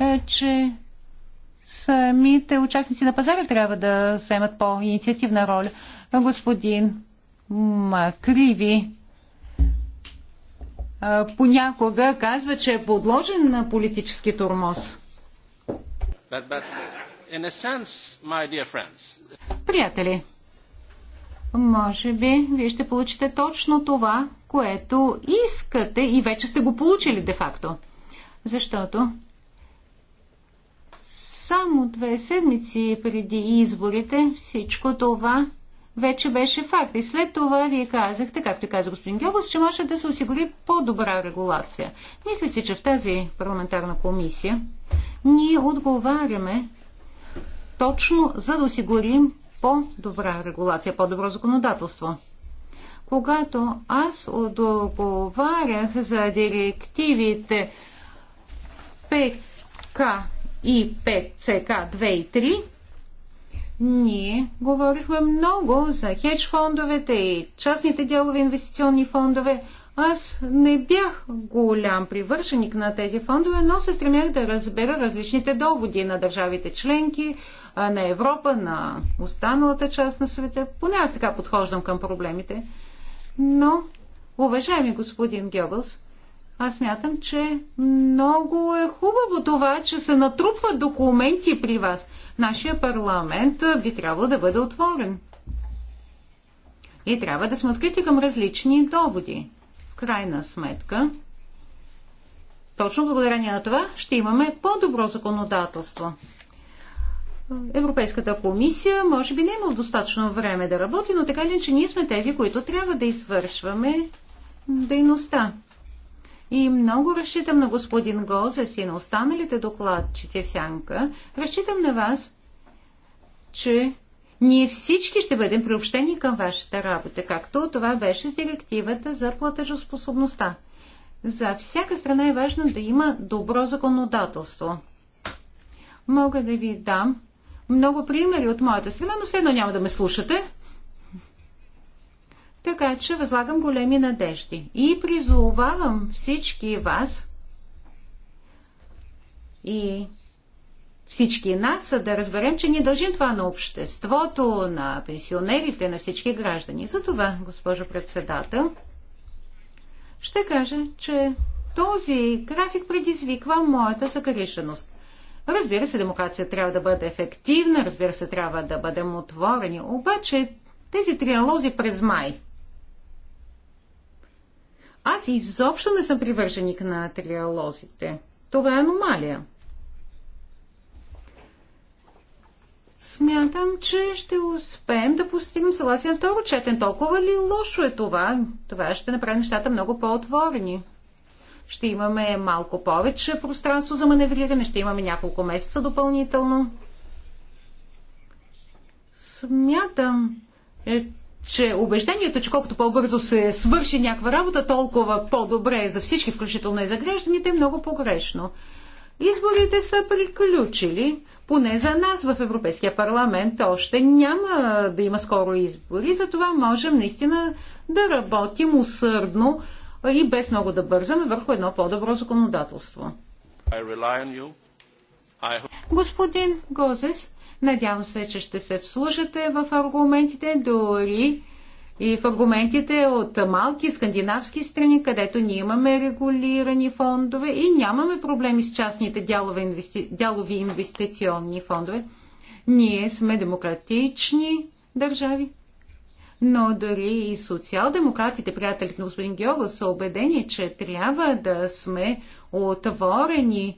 е, че самите участници на пазара трябва да вземат по-инициативна роля. Господин Макриви понякога казва, че е подложен на политически тормоз. Приятели, може би вие ще получите точно това, което искате и вече сте го получили де-факто. Защото само две седмици преди изборите всичко това вече беше факт. И след това вие казахте, както каза господин Геобус, че може да се осигури по-добра регулация. Мисля си, че в тази парламентарна комисия ние отговаряме точно за да осигурим по-добра регулация, по-добро законодателство. Когато аз отговарях за директивите ПК и ПЦК 2 и 3, ние говорихме много за хедж фондовете и частните делови инвестиционни фондове. Аз не бях голям привършеник на тези фондове, но се стремях да разбера различните доводи на държавите членки, на Европа, на останалата част на света. Поне аз така подхождам към проблемите. Но, уважаеми господин Гебълс, аз мятам, че много е хубаво това, че се натрупват документи при вас – нашия парламент би трябвало да бъде отворен. И трябва да сме открити към различни доводи. В крайна сметка, точно благодарение на това ще имаме по-добро законодателство. Европейската комисия може би не е имала достатъчно време да работи, но така ли, че ние сме тези, които трябва да извършваме дейността. И много разчитам на господин Голза, и на останалите докладчици в сянка. Разчитам на вас, че ние всички ще бъдем приобщени към вашата работа, както това беше с директивата за платежоспособността. За всяка страна е важно да има добро законодателство. Мога да ви дам много примери от моята страна, но все едно няма да ме слушате. Така че възлагам големи надежди и призовавам всички вас и всички нас да разберем, че ние дължим това на обществото, на пенсионерите, на всички граждани. Затова, госпожо председател, ще кажа, че този график предизвиква моята загрешеност. Разбира се, демокрация трябва да бъде ефективна, разбира се, трябва да бъдем отворени, обаче тези триалози през май аз изобщо не съм привърженик на триалозите. Това е аномалия. Смятам, че ще успеем да постигнем съгласие на второ четен. Толкова ли лошо е това? Това ще направи нещата много по-отворени. Ще имаме малко повече пространство за маневриране, ще имаме няколко месеца допълнително. Смятам, е, че убеждението, че колкото по-бързо се свърши някаква работа, толкова по-добре е за всички, включително и за гражданите, е много погрешно. Изборите са приключили. Поне за нас в Европейския парламент още няма да има скоро избори, затова можем наистина да работим усърдно и без много да бързаме върху едно по-добро законодателство. Господин Гозес, Надявам се, че ще се вслушате в аргументите, дори и в аргументите от малки скандинавски страни, където ние имаме регулирани фондове и нямаме проблеми с частните дялови, инвести... дялови инвестиционни фондове. Ние сме демократични държави. Но дори и социал-демократите, приятелите на господин Георгов, са убедени, че трябва да сме отворени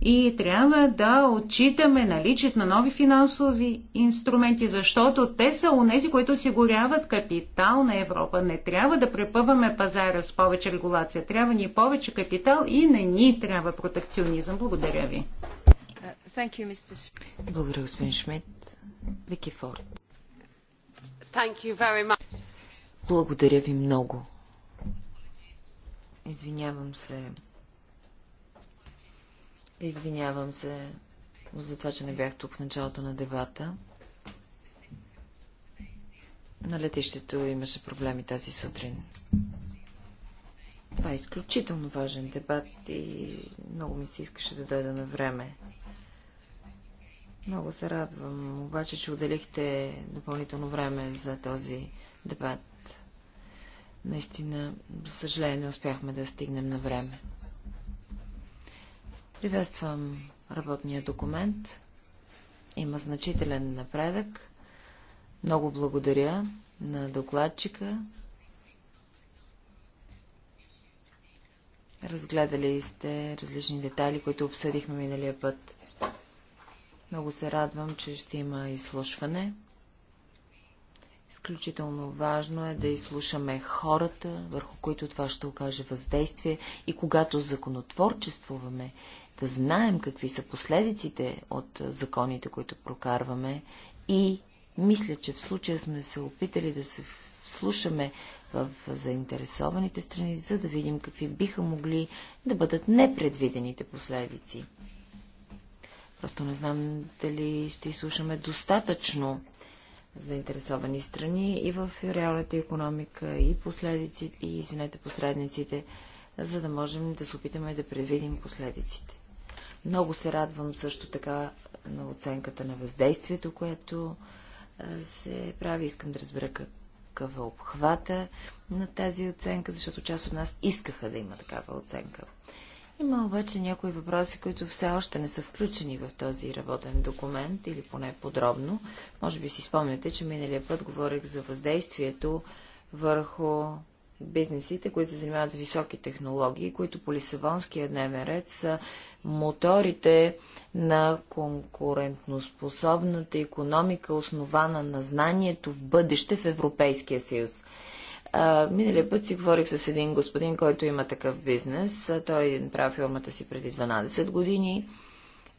и трябва да отчитаме наличието на нови финансови инструменти, защото те са унези, които осигуряват капитал на Европа. Не трябва да препъваме пазара с повече регулация. Трябва ни повече капитал и не ни трябва протекционизъм. Благодаря ви. You, Благодаря, господин Шмидт. Вики Форд. Благодаря ви много. Извинявам се Извинявам се за това, че не бях тук в началото на дебата. На летището имаше проблеми тази сутрин. Това е изключително важен дебат и много ми се искаше да дойда на време. Много се радвам, обаче, че отделихте допълнително време за този дебат. Наистина, за съжаление, не успяхме да стигнем на време. Приветствам работния документ. Има значителен напредък. Много благодаря на докладчика. Разгледали сте различни детайли, които обсъдихме миналия път. Много се радвам, че ще има изслушване. Изключително важно е да изслушаме хората, върху които това ще окаже въздействие и когато законотворчествуваме да знаем какви са последиците от законите, които прокарваме и мисля, че в случая сме се опитали да се вслушаме в заинтересованите страни, за да видим какви биха могли да бъдат непредвидените последици. Просто не знам дали ще изслушаме достатъчно заинтересовани страни и в реалната економика, и последиците, и извинете, посредниците, за да можем да се опитаме да предвидим последиците. Много се радвам също така на оценката на въздействието, което се прави. Искам да разбера какъв е обхвата на тази оценка, защото част от нас искаха да има такава оценка. Има обаче някои въпроси, които все още не са включени в този работен документ или поне подробно. Може би си спомняте, че миналия път говорих за въздействието върху бизнесите, които се занимават с високи технологии, които по Лисавонския дневен ред са моторите на конкурентноспособната економика, основана на знанието в бъдеще в Европейския съюз. миналия път си говорих с един господин, който има такъв бизнес. Той прави фирмата си преди 12 години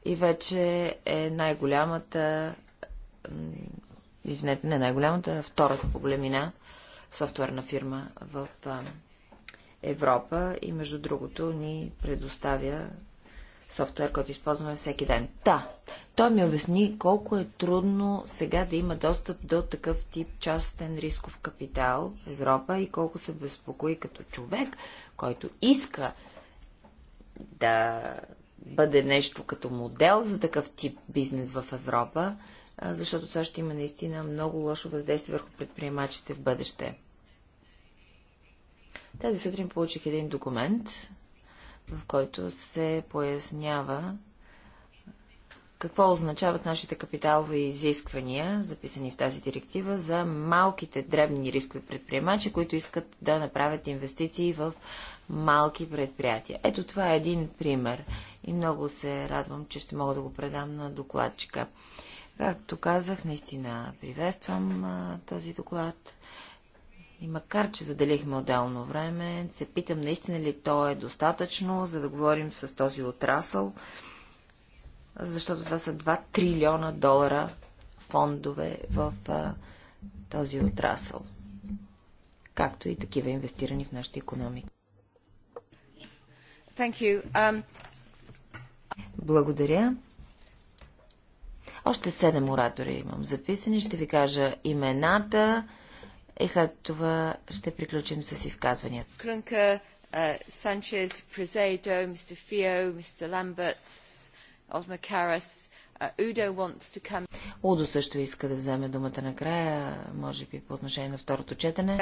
и вече е най-голямата, извинете, не най-голямата, втората по големина софтуерна фирма в Европа и между другото ни предоставя софтуер, който използваме всеки ден. Да, той ми обясни колко е трудно сега да има достъп до такъв тип частен рисков капитал в Европа и колко се безпокои като човек, който иска да бъде нещо като модел за такъв тип бизнес в Европа защото това ще има наистина много лошо въздействие върху предприемачите в бъдеще. Тази сутрин получих един документ, в който се пояснява какво означават нашите капиталови изисквания, записани в тази директива, за малките дребни рискови предприемачи, които искат да направят инвестиции в малки предприятия. Ето това е един пример и много се радвам, че ще мога да го предам на докладчика. Както казах, наистина приветствам а, този доклад. И макар, че заделихме отделно време, се питам наистина ли то е достатъчно, за да говорим с този отрасъл, защото това са 2 трилиона долара фондове в а, този отрасъл, както и такива инвестирани в нашата економика. Um... Благодаря. Още седем оратори имам записани. Ще ви кажа имената и след това ще приключим с изказванията. Клънка, е, Санчес, Презейдо, мистер Фио, мистер Ламбъртс, Осма Карас, е, Удо wants to come. Удо също иска да вземе думата накрая, може би по отношение на второто четене.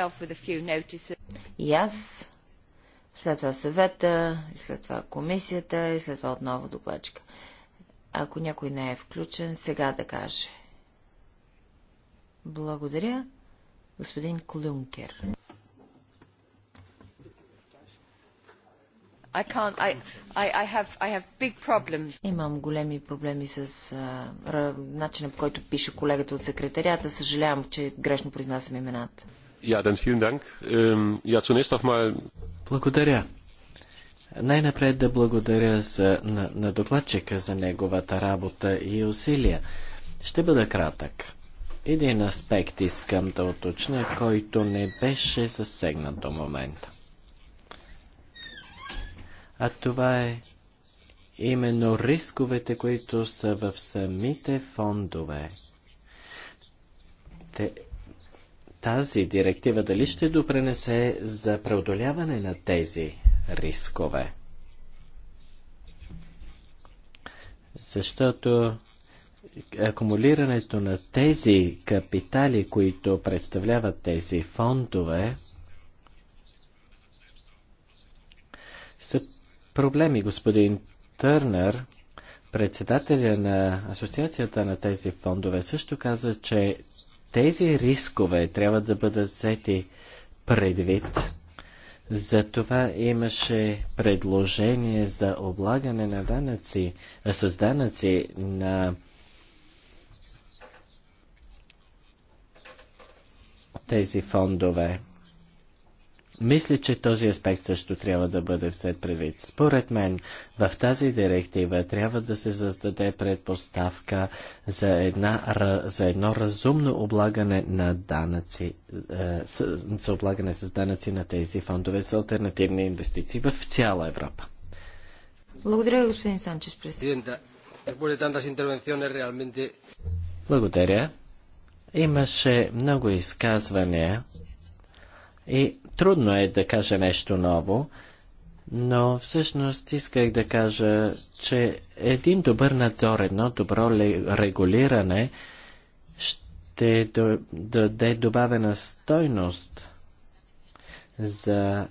И аз, след това съвета, и след това комисията, и след това отново докладчика. Ако някой не е включен, сега да каже. Благодаря, господин Клюнкер. I can't, I, I have, I have Имам големи проблеми с а, начина по който пише колегата от секретарията. Съжалявам, че грешно произнасям имената. Yeah, ähm, yeah, mal... Благодаря. Най-напред да благодаря за, на, на докладчика за неговата работа и усилия. Ще бъда кратък. Един аспект искам да уточня, който не беше засегнат до момента. А това е именно рисковете, които са в самите фондове. Те, тази директива дали ще допренесе за преодоляване на тези рискове. Защото акумулирането на тези капитали, които представляват тези фондове, са проблеми. Господин Търнър, председателя на Асоциацията на тези фондове, също каза, че тези рискове трябва да бъдат взети предвид затова имаше предложение за облагане на данъци, с данъци на тези фондове. Мисля, че този аспект също трябва да бъде взет предвид. Според мен, в тази директива трябва да се създаде предпоставка за, една, за едно разумно облагане на данъци, е, с, облагане с данъци на тези фондове за альтернативни инвестиции в цяла Европа. Благодаря, господин Санчес Президент. Благодаря. Имаше много изказвания и Трудно е да кажа нещо ново, но всъщност исках да кажа, че един добър надзор, едно добро регулиране ще даде добавена стойност за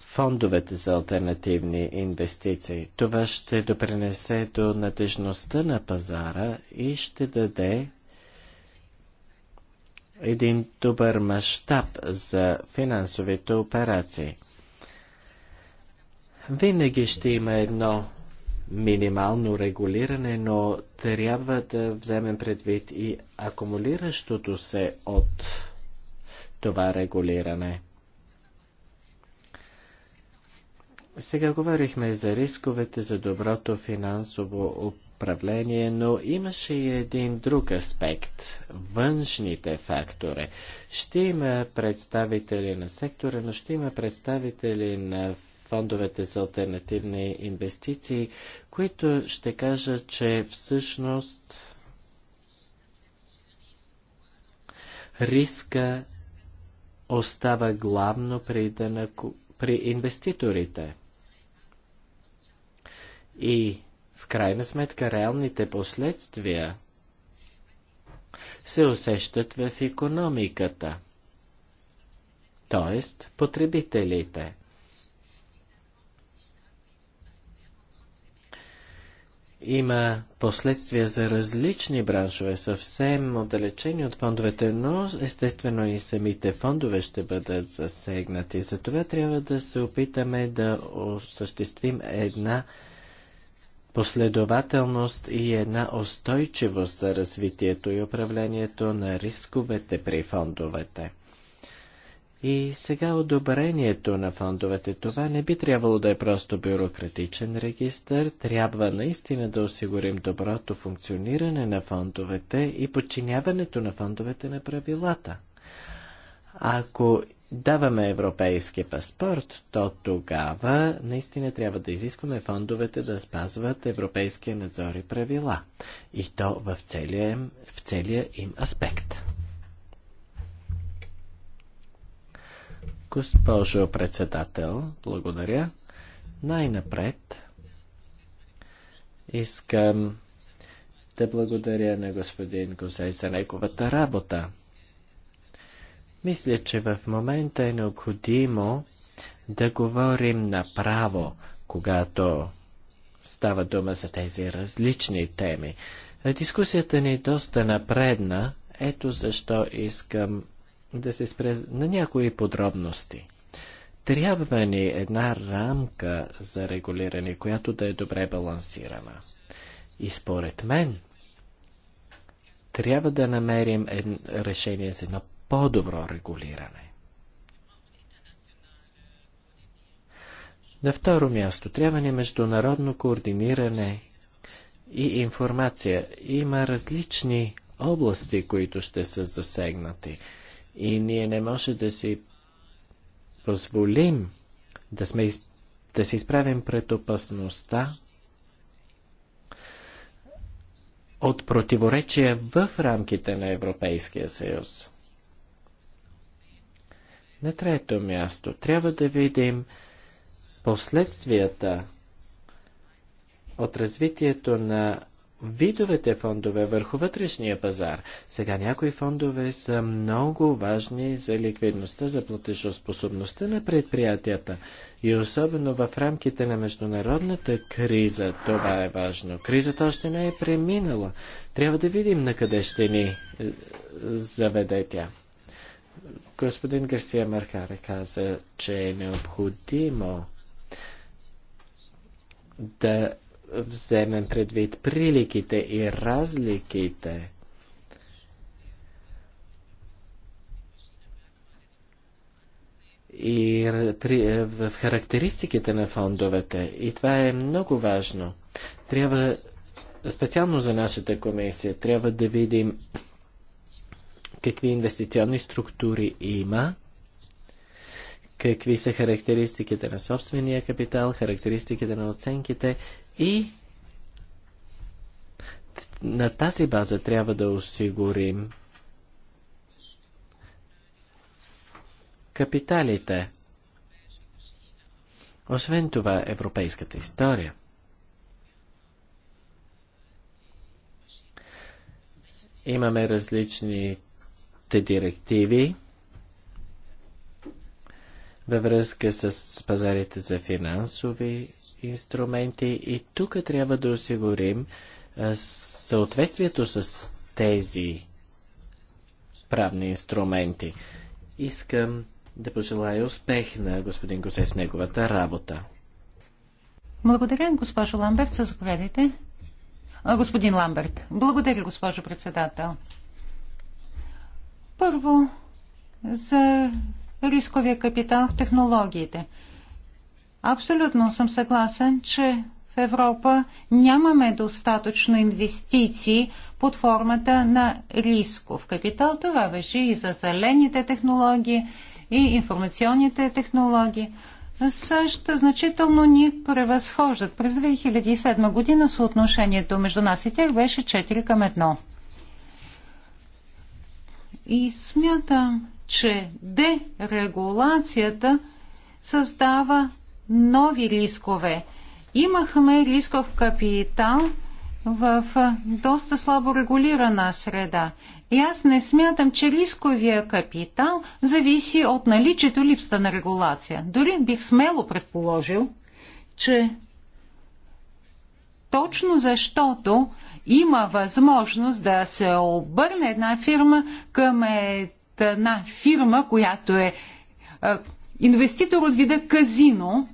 фондовете за альтернативни инвестиции. Това ще допринесе до надежността на пазара и ще даде един добър мащаб за финансовите операции. Винаги ще има едно минимално регулиране, но трябва да вземем предвид и акумулиращото се от това регулиране. Сега говорихме за рисковете за доброто финансово управление, но имаше и един друг аспект – външните фактори. Ще има представители на сектора, но ще има представители на фондовете за альтернативни инвестиции, които ще кажат, че всъщност риска остава главно при, дънаку... при инвеститорите. И крайна сметка реалните последствия се усещат в економиката, т.е. потребителите. Има последствия за различни браншове, съвсем отдалечени от фондовете, но естествено и самите фондове ще бъдат засегнати. Затова трябва да се опитаме да осъществим една последователност и една устойчивост за развитието и управлението на рисковете при фондовете. И сега одобрението на фондовете това не би трябвало да е просто бюрократичен регистр, трябва наистина да осигурим доброто функциониране на фондовете и подчиняването на фондовете на правилата. Ако даваме европейски паспорт, то тогава наистина трябва да изискваме фондовете да спазват европейския надзор и правила. И то в целия, в целия им аспект. Госпожо председател, благодаря. Най-напред искам да благодаря на господин Гусей за неговата работа. Мисля, че в момента е необходимо да говорим направо, когато става дума за тези различни теми. Дискусията ни е доста напредна, ето защо искам да се спре на някои подробности. Трябва ни една рамка за регулиране, която да е добре балансирана. И според мен, трябва да намерим едно решение за едно по-добро регулиране. На второ място трябва ни международно координиране и информация. Има различни области, които ще са засегнати. И ние не може да си позволим да, сме, да се изправим пред опасността от противоречия в рамките на Европейския съюз. На трето място трябва да видим последствията от развитието на видовете фондове върху вътрешния пазар. Сега някои фондове са много важни за ликвидността, за платежоспособността на предприятията и особено в рамките на международната криза. Това е важно. Кризата още не е преминала. Трябва да видим на къде ще ни е, заведе тя. Господин Гарсия Маркаре каза, че е необходимо да вземем предвид приликите и разликите. И при, в характеристиките на фондовете. И това е много важно. Трябва, специално за нашата комисия, трябва да видим какви инвестиционни структури има, какви са характеристиките на собствения капитал, характеристиките на оценките и на тази база трябва да осигурим капиталите. Освен това, европейската история. Имаме различни новите директиви във връзка с пазарите за финансови инструменти и тук трябва да осигурим съответствието с тези правни инструменти. Искам да пожелая успех на господин Госе с неговата работа. Благодаря, госпожо Ламберт. Заповядайте. Господин Ламберт. Благодаря, госпожо председател. Първо, за рисковия капитал в технологиите. Абсолютно съм съгласен, че в Европа нямаме достатъчно инвестиции под формата на рисков капитал. Това беше и за зелените технологии, и информационните технологии. САЩ значително ни превъзхождат. През 2007 година съотношението между нас и тях беше 4 към 1. И смятам, че дерегулацията създава нови рискове. Имахме рисков капитал в доста слабо регулирана среда. И аз не смятам, че рисковия капитал зависи от наличието липста на регулация. Дори бих смело предположил, че точно защото има възможност да се обърне една фирма към една фирма, която е инвеститор от вида казино.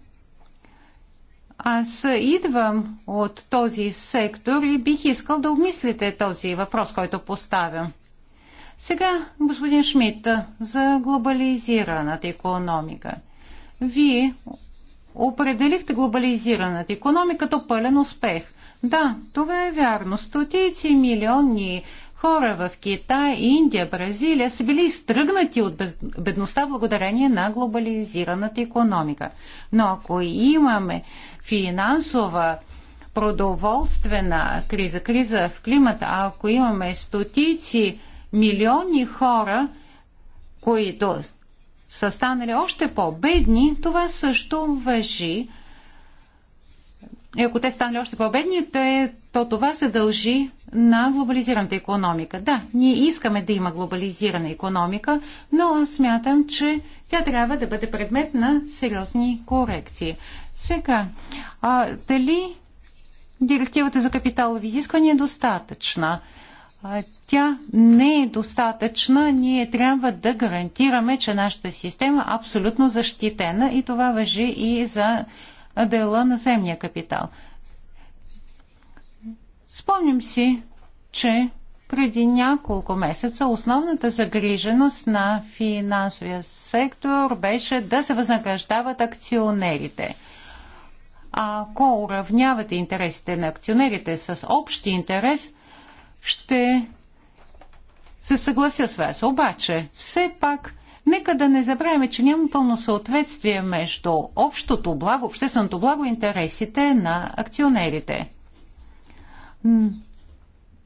Аз идвам от този сектор и бих искал да обмислите този въпрос, който поставям. Сега, господин Шмидт, за глобализираната економика. Вие определихте глобализираната економика като пълен успех. Да, това е вярно. Стотици милиони хора в Китай, Индия, Бразилия са били изтръгнати от бедността благодарение на глобализираната економика. Но ако имаме финансова продоволствена криза, криза в климата, а ако имаме стотици милиони хора, които са станали още по-бедни, това също въжи и ако те станали още по-бедни, то, то това се дължи на глобализираната економика. Да, ние искаме да има глобализирана економика, но смятам, че тя трябва да бъде предмет на сериозни корекции. Сега, а, дали директивата за капиталови изисквания е достатъчна? А, тя не е достатъчна. Ние трябва да гарантираме, че нашата система е абсолютно защитена и това въжи и за дела на земния капитал. Спомним си, че преди няколко месеца основната загриженост на финансовия сектор беше да се възнаграждават акционерите. Ако уравнявате интересите на акционерите с общи интерес, ще се съглася с вас. Обаче, все пак Нека да не забравяме, че няма пълно съответствие между общото благо, общественото благо и интересите на акционерите.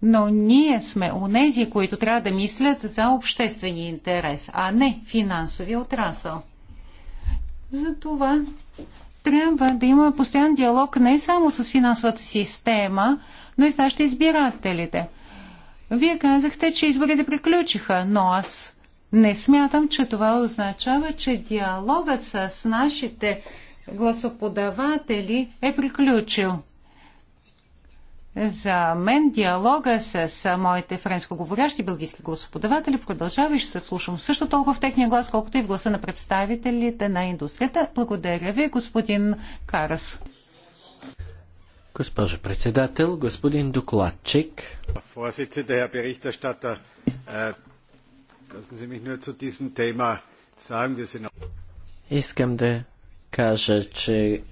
Но ние сме онези, които трябва да мислят за обществения интерес, а не финансови отрасъл. Затова трябва да имаме постоянен диалог не само с финансовата система, но и с нашите избирателите. Вие казахте, че изборите приключиха, но аз не смятам, че това означава, че диалогът с нашите гласоподаватели е приключил. За мен диалога с моите френскоговорящи бългийски гласоподаватели продължава и ще се слушам също толкова в техния глас, колкото и в гласа на представителите на индустрията. Благодаря ви, господин Карас. Госпожо председател, господин докладчик. Искам да кажа, че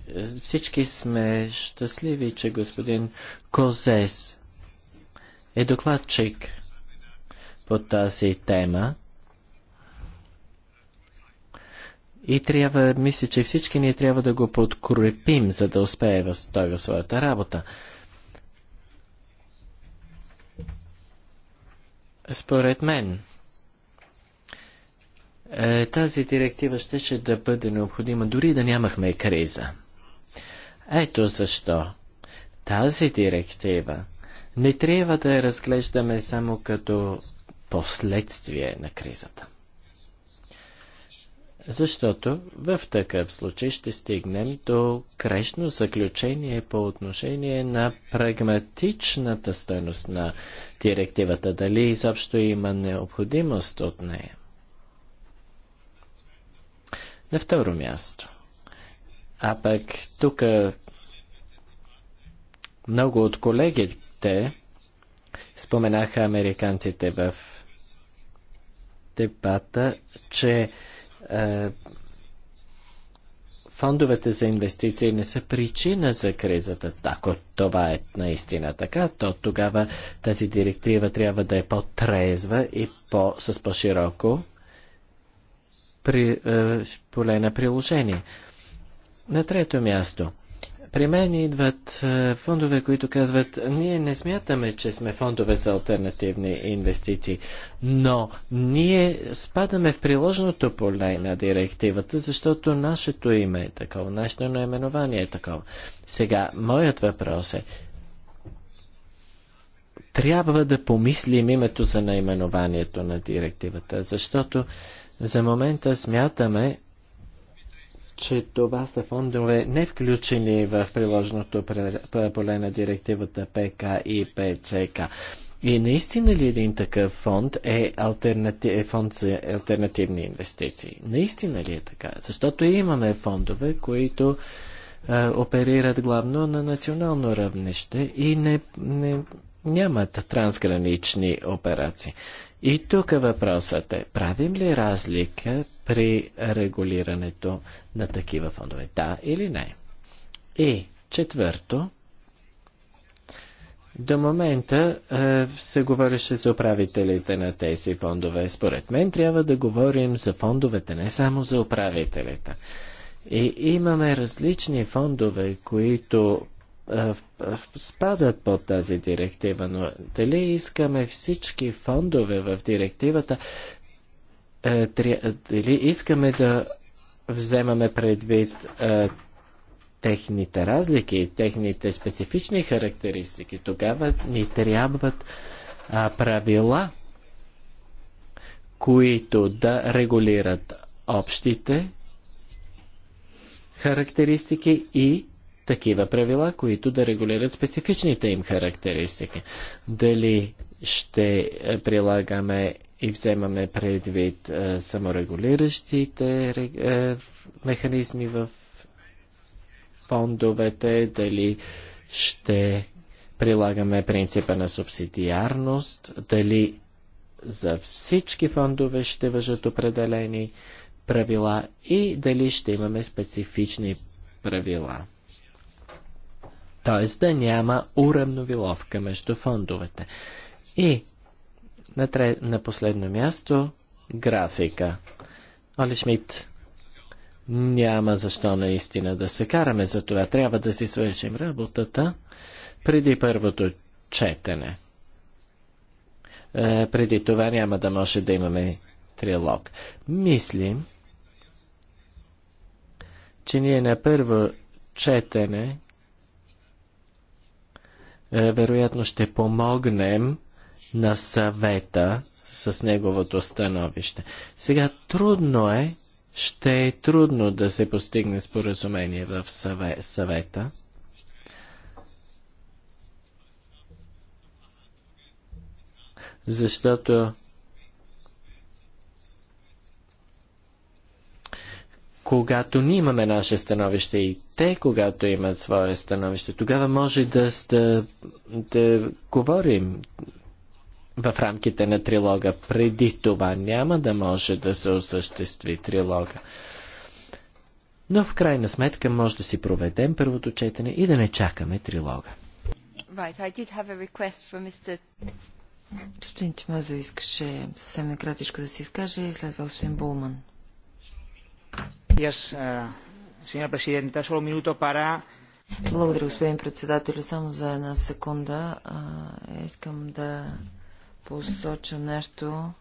всички сме щастливи, че господин Козес е докладчик по тази тема. И трябва, мисля, че всички ние трябва да го подкрепим, за да успее в, той в своята работа. Според мен, е, тази директива щеше да бъде необходима дори да нямахме криза. Ето защо тази директива не трябва да я разглеждаме само като последствие на кризата. Защото в такъв случай ще стигнем до крешно заключение по отношение на прагматичната стойност на директивата, дали изобщо има необходимост от нея. На второ място. А пък тук е, много от колегите споменаха американците в дебата, че е, фондовете за инвестиции не са причина за кризата. Ако това е наистина така, то тогава тази директива трябва да е по-трезва и по, с по-широко при, е, поле на приложение. На трето място. При мен идват е, фондове, които казват, ние не смятаме, че сме фондове за альтернативни инвестиции, но ние спадаме в приложеното поле на директивата, защото нашето име е такова, нашето наименование е такова. Сега, моят въпрос е, трябва да помислим името за наименованието на директивата, защото за момента смятаме, че това са фондове не включени в приложеното поле на директивата ПК и ПЦК. И наистина ли един такъв фонд е, альтернатив, е фонд за альтернативни инвестиции? Наистина ли е така? Защото имаме фондове, които е, оперират главно на национално равнище и не, не, нямат трансгранични операции. И тук е въпросът е, правим ли разлика при регулирането на такива фондове? Да или не? И четвърто, до момента е, се говореше за управителите на тези фондове. Според мен трябва да говорим за фондовете, не само за управителите. И имаме различни фондове, които е, е, спадат под тази директива, но дали искаме всички фондове в директивата, е, дали искаме да вземаме предвид техните разлики, техните специфични характеристики, тогава ни трябват правила, които да регулират общите характеристики и такива правила, които да регулират специфичните им характеристики. Дали ще е, прилагаме и вземаме предвид е, саморегулиращите е, механизми в фондовете, дали ще прилагаме принципа на субсидиарност, дали за всички фондове ще въжат определени правила и дали ще имаме специфични правила т.е. да няма уравновиловка между фондовете. И на, тре... на последно място графика. Оли Шмидт, няма защо наистина да се караме за това. Трябва да си свършим работата преди първото четене. Е, преди това няма да може да имаме трилог. Мислим, че ние на първо четене е, вероятно ще помогнем на съвета с неговото становище. Сега трудно е, ще е трудно да се постигне споразумение в съвета. Защото когато ние имаме наше становище и те, когато имат свое становище, тогава може да, да, да говорим в рамките на трилога. Преди това няма да може да се осъществи трилога. Но в крайна сметка може да си проведем първото четене и да не чакаме трилога. Right, I did have a request Mr. Господин Тимазо искаше съвсем накратичко да се изкаже и следва това господин Булман. Eh, Благодаря, господин председател. Само за една секунда искам да посоча нещо.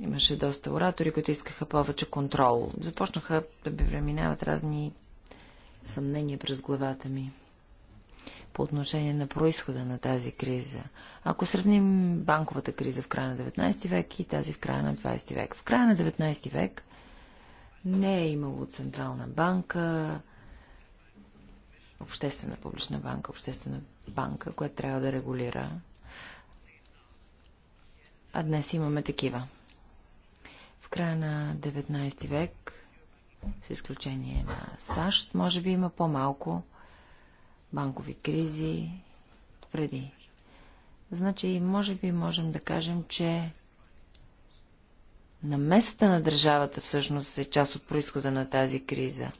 Имаше доста оратори, които искаха повече контрол. Започнаха да ми преминават разни съмнения през главата ми по отношение на происхода на тази криза. Ако сравним банковата криза в края на 19 век и тази в края на 20 век. В края на 19 век не е имало централна банка, обществена публична банка, обществена банка, която трябва да регулира. А днес имаме такива. В края на 19 век, с изключение на САЩ, може би има по-малко банкови кризи преди. Значи, може би можем да кажем, че намесата на държавата всъщност е част от происхода на тази криза.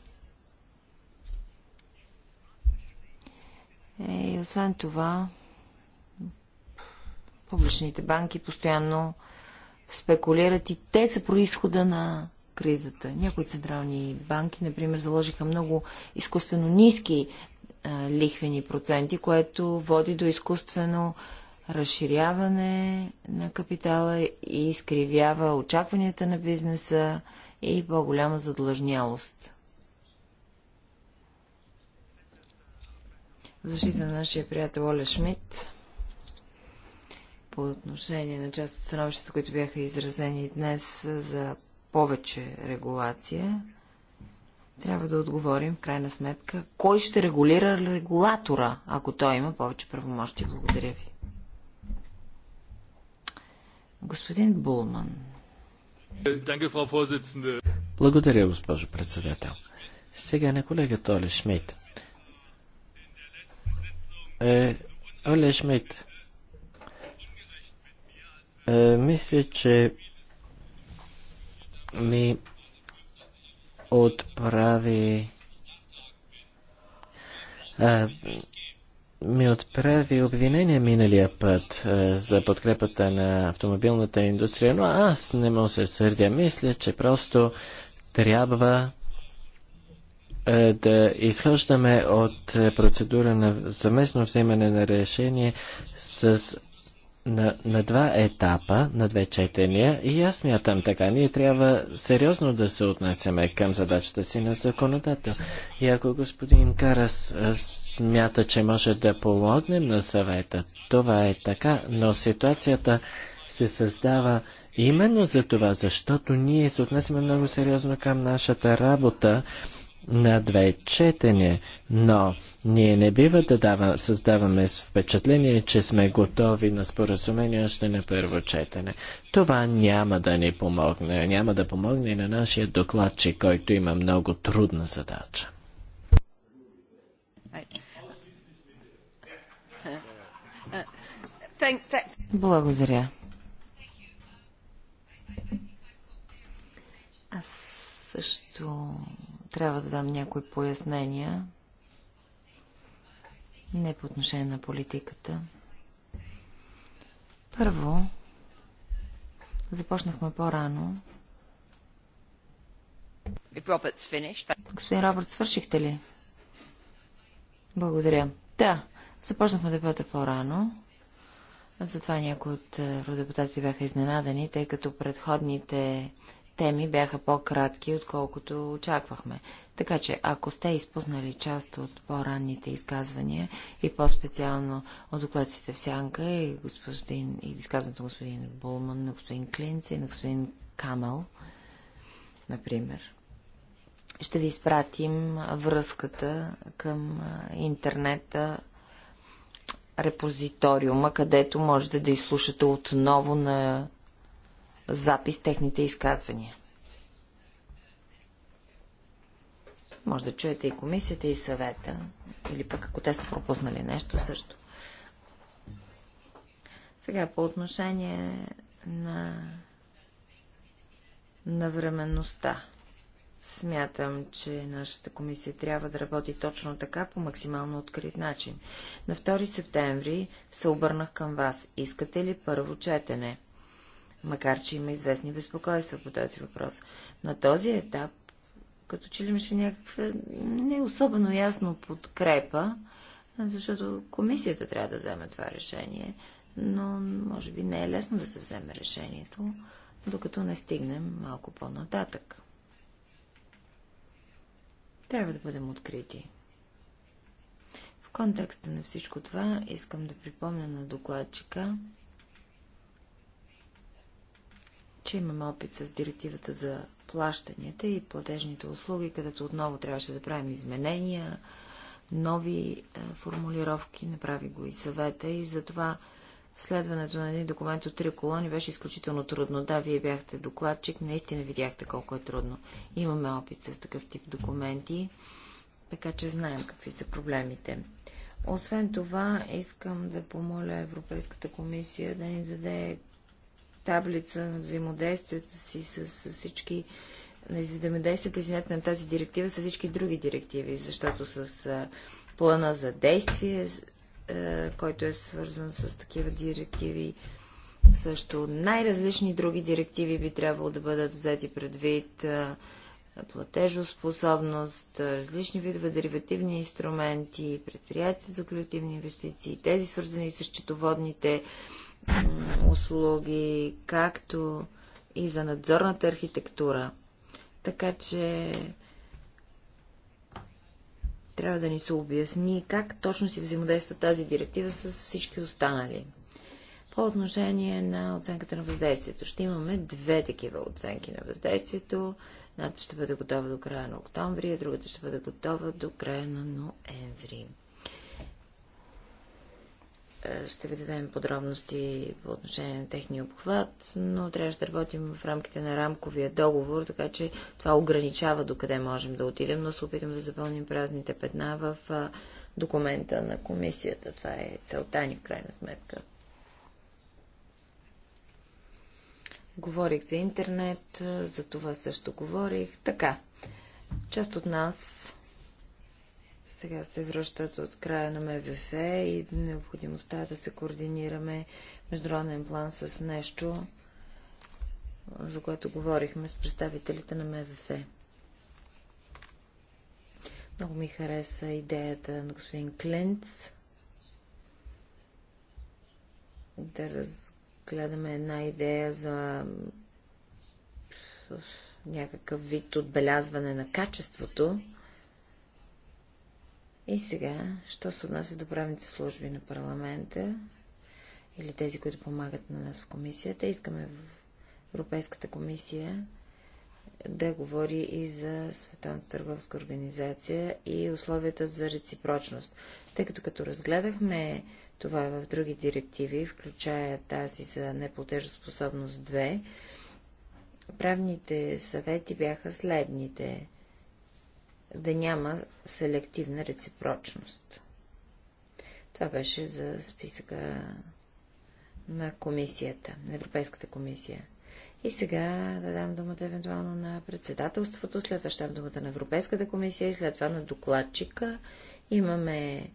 Е, и освен това, публичните банки постоянно спекулират и те са происхода на кризата. Някои централни банки, например, заложиха много изкуствено ниски лихвени проценти, което води до изкуствено разширяване на капитала и изкривява очакванията на бизнеса и по-голяма задлъжнялост. Защита на нашия приятел Оля Шмидт по отношение на част от становищата, които бяха изразени днес за повече регулация трябва да отговорим в крайна сметка, кой ще регулира регулатора, ако той има повече правомощи. Благодаря ви. Господин Булман. Благодаря, госпожо председател. Сега на колегата Оле Шмейт. Е, Оле Шмейт. е, мисля, че ми отправи а, ми отправи обвинение миналия път а, за подкрепата на автомобилната индустрия, но аз не му се сърдя. Мисля, че просто трябва да изхождаме от процедура на съместно вземане на решение с на, на два етапа, на две четения и аз мятам така. Ние трябва сериозно да се отнесеме към задачата си на законодател. И ако господин Карас смята, че може да полуднем на съвета, това е така, но ситуацията се създава именно за това, защото ние се отнесеме много сериозно към нашата работа на две четения, но ние не бива да дава, създаваме впечатление, че сме готови на споразумение още на първо четене. Това няма да ни помогне, няма да помогне и на нашия докладчик, който има много трудна задача. Благодаря. Аз също трябва да дам някои пояснения. Не по отношение на политиката. Първо, започнахме по-рано. Господин Робърт, свършихте ли? Благодаря. Да, започнахме дебата по-рано. Затова някои от родепутати бяха изненадани, тъй като предходните теми бяха по-кратки, отколкото очаквахме. Така че, ако сте изпуснали част от по-ранните изказвания и по-специално от докладците в Сянка и, господин, и изказването господин Булман, на господин Клинц и на господин Камел, например, ще ви изпратим връзката към интернета репозиториума, където можете да изслушате отново на запис техните изказвания. Може да чуете и комисията, и съвета, или пък ако те са пропуснали нещо също. Сега по отношение на, на временността. Смятам, че нашата комисия трябва да работи точно така, по максимално открит начин. На 2 септември се обърнах към вас. Искате ли първо четене? макар че има известни безпокойства по този въпрос. На този етап, като че ли имаше някаква не особено ясно подкрепа, защото комисията трябва да вземе това решение, но може би не е лесно да се вземе решението, докато не стигнем малко по-нататък. Трябва да бъдем открити. В контекста на всичко това искам да припомня на докладчика, че имаме опит с директивата за плащанията и платежните услуги, където отново трябваше да правим изменения, нови е, формулировки, направи го и съвета и затова следването на един документ от три колони беше изключително трудно. Да, вие бяхте докладчик, наистина видяхте колко е трудно. Имаме опит с такъв тип документи, така че знаем какви са проблемите. Освен това, искам да помоля Европейската комисия да ни даде таблица на взаимодействието си с, с всички на взаимодействията, извинете, на тази директива с всички други директиви, защото с а, плана за действие, а, който е свързан с такива директиви, също най-различни други директиви би трябвало да бъдат взети предвид а, платежоспособност, различни видове деривативни инструменти, предприятия за колективни инвестиции, тези свързани с счетоводните услуги, както и за надзорната архитектура. Така че трябва да ни се обясни как точно си взаимодейства тази директива с всички останали. По отношение на оценката на въздействието. Ще имаме две такива оценки на въздействието. Едната ще бъде готова до края на октомври, а другата ще бъде готова до края на ноември ще ви дадем подробности по отношение на техния обхват, но трябваше да работим в рамките на рамковия договор, така че това ограничава докъде можем да отидем, но се опитам да запълним празните петна в документа на комисията. Това е целта ни в крайна сметка. Говорих за интернет, за това също говорих. Така, част от нас сега се връщат от края на МВФ и необходимостта е да се координираме международен план с нещо, за което говорихме с представителите на МВФ. Много ми хареса идеята на господин Клинц да разгледаме една идея за някакъв вид отбелязване на качеството и сега, що се отнася до правните служби на парламента или тези, които помагат на нас в комисията, искаме в Европейската комисия да говори и за Световната търговска организация и условията за реципрочност. Тъй като като разгледахме това в други директиви, включая тази за неплатежоспособност 2, правните съвети бяха следните – да няма селективна реципрочност. Това беше за списъка на комисията, на Европейската комисия. И сега да дам думата евентуално на председателството, след това ще дам думата на Европейската комисия и след това на докладчика. Имаме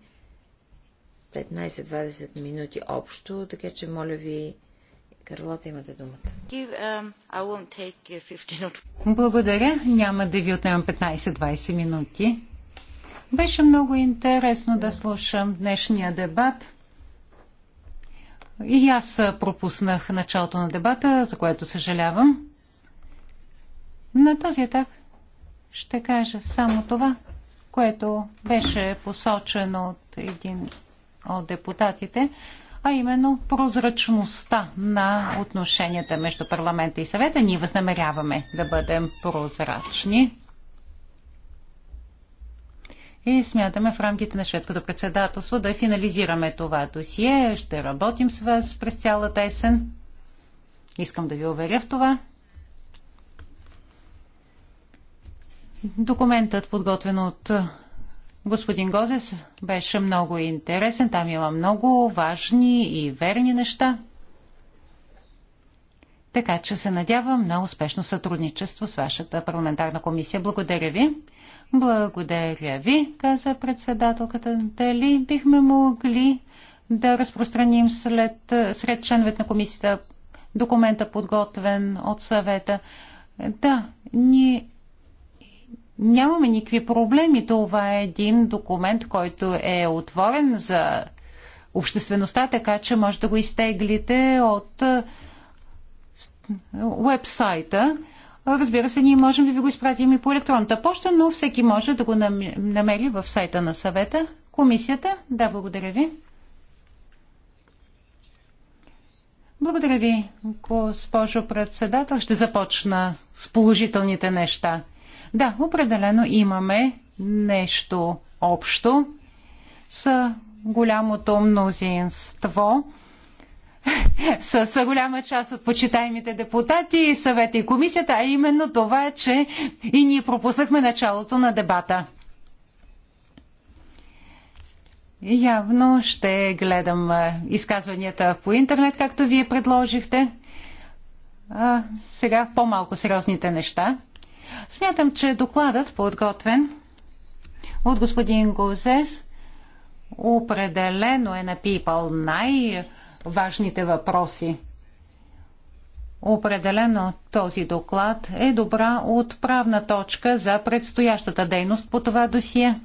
15-20 минути общо, така че моля ви Карлота, имате думата. Um, Благодаря. Няма да ви отнемам 15-20 минути. Беше много интересно да слушам днешния дебат. И аз пропуснах началото на дебата, за което съжалявам. На този етап ще кажа само това, което беше посочено от един от депутатите а именно прозрачността на отношенията между парламента и съвета. Ние възнамеряваме да бъдем прозрачни и смятаме в рамките на шведското председателство да финализираме това досие. Ще работим с вас през цялата есен. Искам да ви уверя в това. Документът, подготвен от Господин Гозес беше много интересен. Там има много важни и верни неща. Така че се надявам на успешно сътрудничество с вашата парламентарна комисия. Благодаря ви. Благодаря ви, каза председателката. Дали бихме могли да разпространим след, сред членовете на комисията документа, подготвен от съвета? Да, ние Нямаме никакви проблеми. Това е един документ, който е отворен за обществеността, така че може да го изтеглите от вебсайта. Разбира се, ние можем да ви го изпратим и по електронната почта, но всеки може да го намери в сайта на съвета. Комисията, да, благодаря ви. Благодаря ви, госпожо председател. Ще започна с положителните неща. Да, определено имаме нещо общо с голямото мнозинство, [laughs] с, с голяма част от почитаемите депутати, съвета и комисията, а именно това, че и ние пропуснахме началото на дебата. Явно ще гледам изказванията по интернет, както вие предложихте. А, сега по-малко сериозните неща. Смятам, че докладът, подготвен от господин Гозес, определено е напипал най-важните въпроси. Определено този доклад е добра отправна точка за предстоящата дейност по това досие.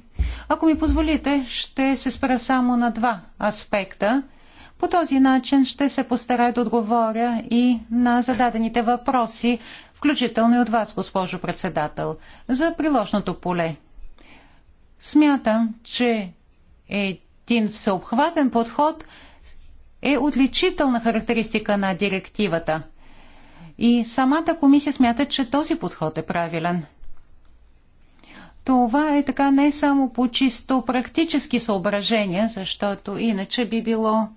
Ако ми позволите, ще се спра само на два аспекта – по този начин ще се постарая да отговоря и на зададените въпроси, включително и от вас, госпожо председател, за приложното поле. Смятам, че един всеобхватен подход е отличителна характеристика на директивата. И самата комисия смята, че този подход е правилен. Това е така не само по чисто практически съображения, защото иначе би било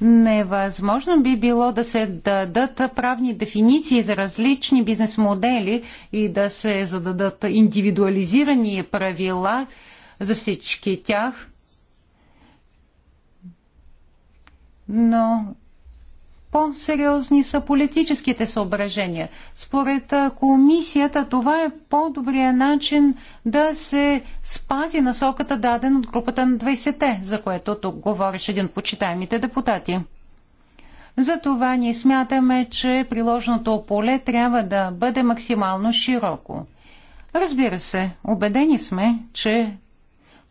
Невъзможно би било да се дадат правни дефиниции за различни бизнес модели и да се зададат индивидуализирани правила за всички тях. Но по-сериозни са политическите съображения. Според комисията това е по-добрият начин да се спази насоката даден от групата на 20-те, за което тук говориш един от почитаемите депутати. Затова ние смятаме, че приложното поле трябва да бъде максимално широко. Разбира се, убедени сме, че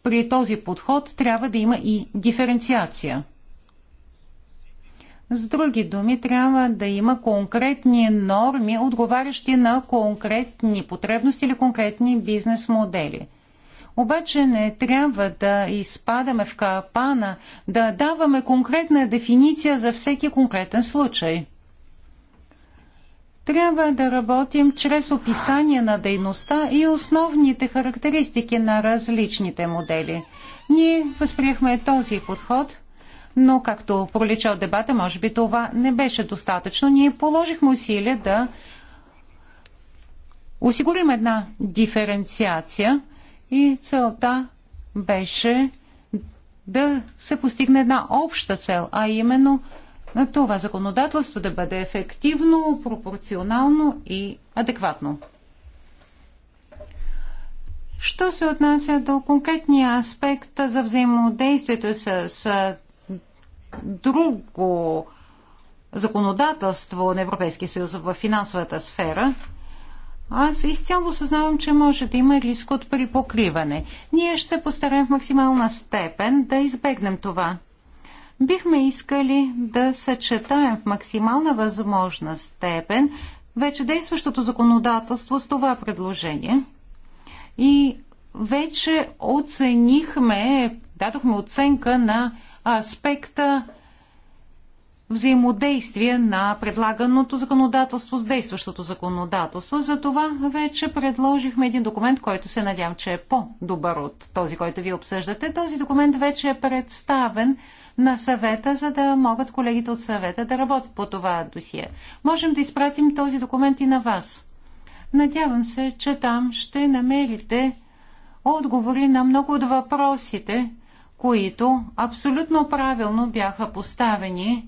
при този подход трябва да има и диференциация – с други думи, трябва да има конкретни норми, отговарящи на конкретни потребности или конкретни бизнес модели. Обаче не трябва да изпадаме в капана, да даваме конкретна дефиниция за всеки конкретен случай. Трябва да работим чрез описание на дейността и основните характеристики на различните модели. Ние възприехме този подход – но както пролича от дебата, може би това не беше достатъчно. Ние положихме усилия да осигурим една диференциация и целта беше да се постигне една обща цел, а именно на това законодателство да бъде ефективно, пропорционално и адекватно. Що се отнася до конкретния аспект за взаимодействието с, друго законодателство на Европейския съюз в финансовата сфера, аз изцяло съзнавам, че може да има риск от припокриване. Ние ще се постараем в максимална степен да избегнем това. Бихме искали да съчетаем в максимална възможна степен вече действащото законодателство с това предложение. И вече оценихме, дадохме оценка на аспекта взаимодействие на предлаганото законодателство с действащото законодателство. За това вече предложихме един документ, който се надявам, че е по-добър от този, който ви обсъждате. Този документ вече е представен на съвета, за да могат колегите от съвета да работят по това досие. Можем да изпратим този документ и на вас. Надявам се, че там ще намерите отговори на много от въпросите, които абсолютно правилно бяха поставени,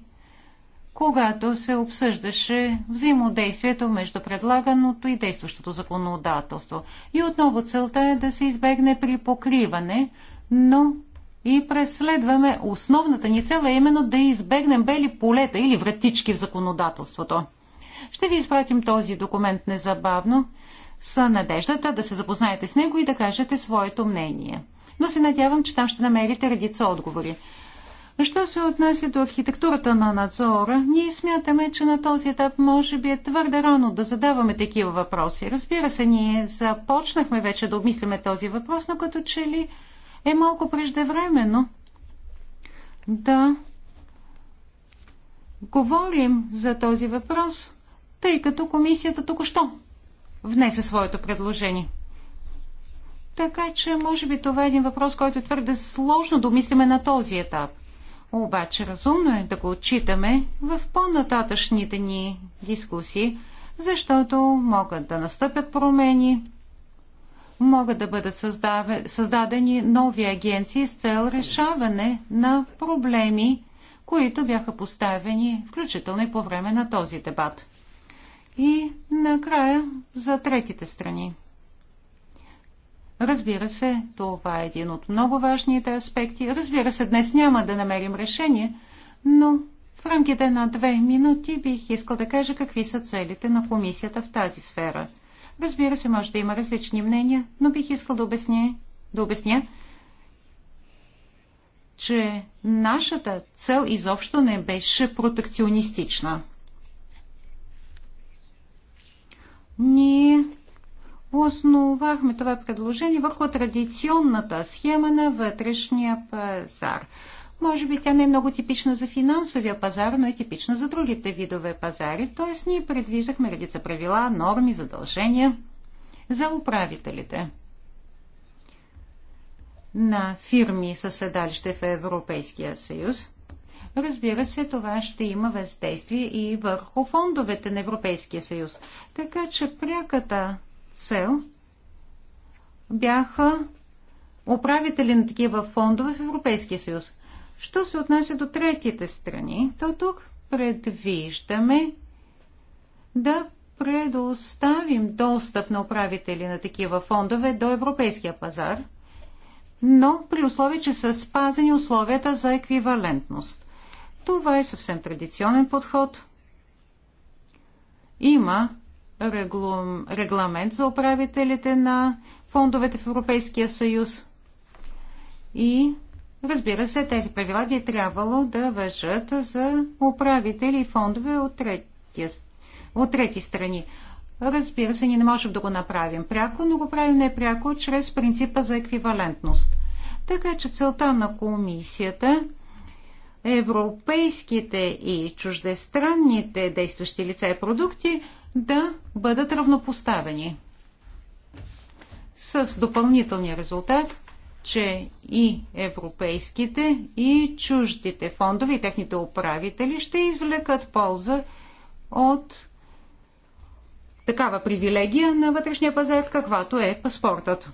когато се обсъждаше взаимодействието между предлаганото и действащото законодателство. И отново целта е да се избегне при покриване, но и преследваме основната ни цел е именно да избегнем бели полета или вратички в законодателството. Ще ви изпратим този документ незабавно с надеждата да се запознаете с него и да кажете своето мнение но се надявам, че там ще намерите редица отговори. Що се отнася до архитектурата на надзора, ние смятаме, че на този етап може би е твърде рано да задаваме такива въпроси. Разбира се, ние започнахме вече да обмисляме този въпрос, но като че ли е малко преждевременно да говорим за този въпрос, тъй като комисията току-що внесе своето предложение. Така че, може би това е един въпрос, който е твърде сложно да мислиме на този етап. Обаче разумно е да го отчитаме в по-нататъчните ни дискусии, защото могат да настъпят промени, могат да бъдат създаве, създадени нови агенции с цел решаване на проблеми, които бяха поставени, включително и по време на този дебат. И накрая за третите страни. Разбира се, това е един от много важните аспекти. Разбира се, днес няма да намерим решение, но в рамките на две минути бих искал да кажа какви са целите на комисията в тази сфера. Разбира се, може да има различни мнения, но бих искал да обясня, да обясня че нашата цел изобщо не беше протекционистична. Ние основахме това предложение върху традиционната схема на вътрешния пазар. Може би тя не е много типична за финансовия пазар, но е типична за другите видове пазари, т.е. ние предвиждахме редица правила, норми, задължения за управителите на фирми със седалище в Европейския съюз. Разбира се, това ще има въздействие и върху фондовете на Европейския съюз. Така че пряката цел бяха управители на такива фондове в Европейския съюз. Що се отнася до третите страни, то тук предвиждаме да предоставим достъп на управители на такива фондове до европейския пазар, но при условие, че са спазени условията за еквивалентност. Това е съвсем традиционен подход. Има регламент за управителите на фондовете в Европейския съюз. И разбира се, тези правила би трябвало да въжат за управители и фондове от трети, от трети страни. Разбира се, ние не можем да го направим пряко, но го правим непряко чрез принципа за еквивалентност. Така че целта на комисията европейските и чуждестранните действащи лица и продукти да бъдат равнопоставени. С допълнителния резултат, че и европейските, и чуждите фондове и техните управители ще извлекат полза от такава привилегия на вътрешния пазар, каквато е паспортът.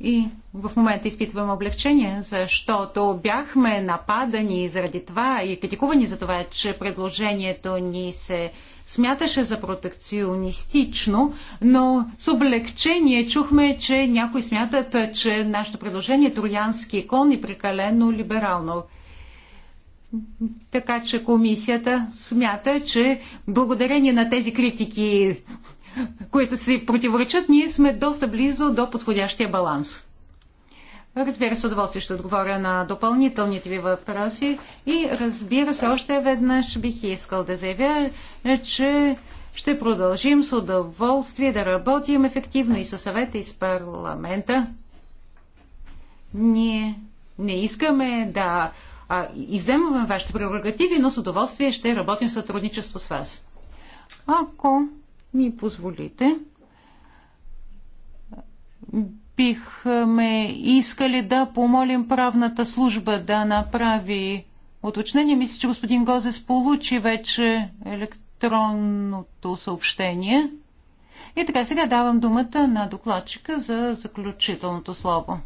И в момента изпитваме облегчение, защото бяхме нападани заради това и критикувани за това, че предложението ни се смяташе за протекционистично, но с облегчение чухме, че някои смятат, че нашето предложение е троянски кон и прекалено либерално. Така че комисията смята, че благодарение на тези критики, които си противоречат, ние сме доста близо до подходящия баланс. Разбира се, удоволствие ще отговоря на допълнителните ви въпроси и разбира се, още веднъж бих искал да заявя, че ще продължим с удоволствие да работим ефективно и със съвета и с парламента. Ние не искаме да а, иземваме вашите прерогативи, но с удоволствие ще работим в сътрудничество с вас. Ако ми позволите, бихме искали да помолим правната служба да направи уточнение. Мисля, че господин Гозес получи вече електронното съобщение. И така, сега давам думата на докладчика за заключителното слово.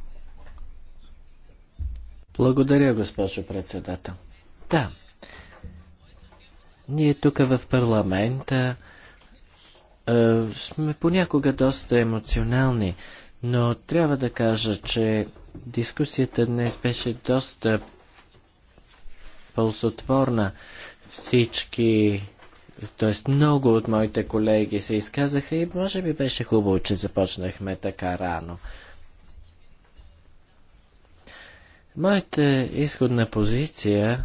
Благодаря, госпожо председател. Да, ние тук в парламента е, сме понякога доста емоционални. Но трябва да кажа, че дискусията днес беше доста ползотворна. Всички, т.е. много от моите колеги се изказаха и може би беше хубаво, че започнахме така рано. Моята изходна позиция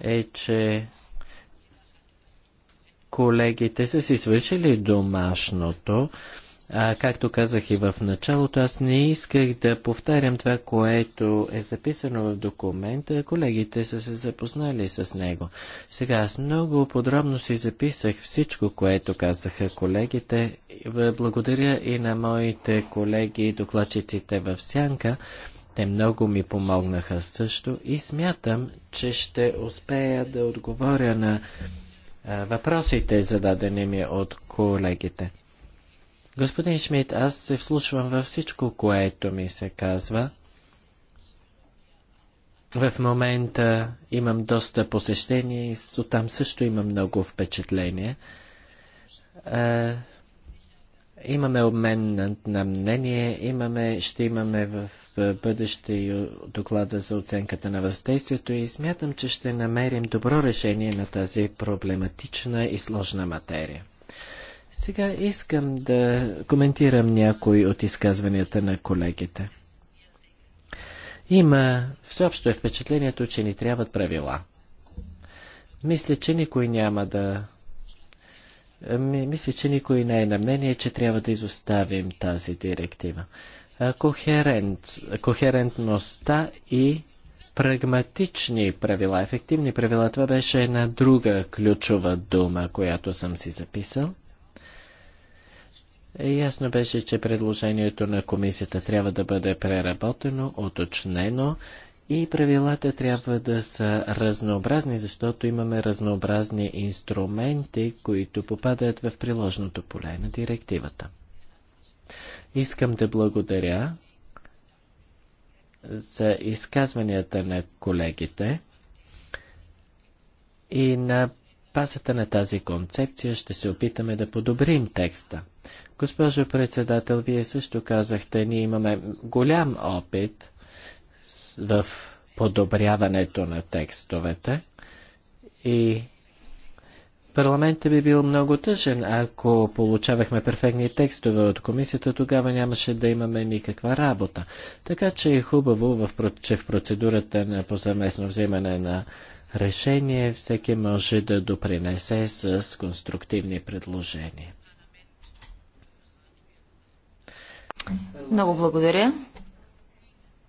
е, че колегите са си свършили домашното, а, както казах и в началото, аз не исках да повтарям това, което е записано в документа. Колегите са се запознали с него. Сега аз много подробно си записах всичко, което казаха колегите. Благодаря и на моите колеги, докладчиците в Сянка. Те много ми помогнаха също и смятам, че ще успея да отговоря на въпросите, зададени ми от колегите. Господин Шмидт, аз се вслушвам във всичко, което ми се казва. В момента имам доста посещения и оттам също имам много впечатления. Е, имаме обмен на, на мнение, имаме, ще имаме в бъдеще и доклада за оценката на въздействието и смятам, че ще намерим добро решение на тази проблематична и сложна материя. Сега искам да коментирам някои от изказванията на колегите. Има всеобщо е впечатлението, че ни трябват правила. Мисля, че никой няма да мисля, че никой не е на мнение, че трябва да изоставим тази директива. Кохерент, кохерентността и прагматични правила, ефективни правила, това беше една друга ключова дума, която съм си записал. Е, ясно беше, че предложението на комисията трябва да бъде преработено, уточнено и правилата трябва да са разнообразни, защото имаме разнообразни инструменти, които попадат в приложното поле на директивата. Искам да благодаря за изказванията на колегите и на базата на тази концепция ще се опитаме да подобрим текста. Госпожо председател, вие също казахте, ние имаме голям опит в подобряването на текстовете и парламентът би бил много тъжен, ако получавахме перфектни текстове от комисията, тогава нямаше да имаме никаква работа. Така че е хубаво, че в процедурата на посъместно взимане на решение всеки може да допринесе с конструктивни предложения. Много благодаря.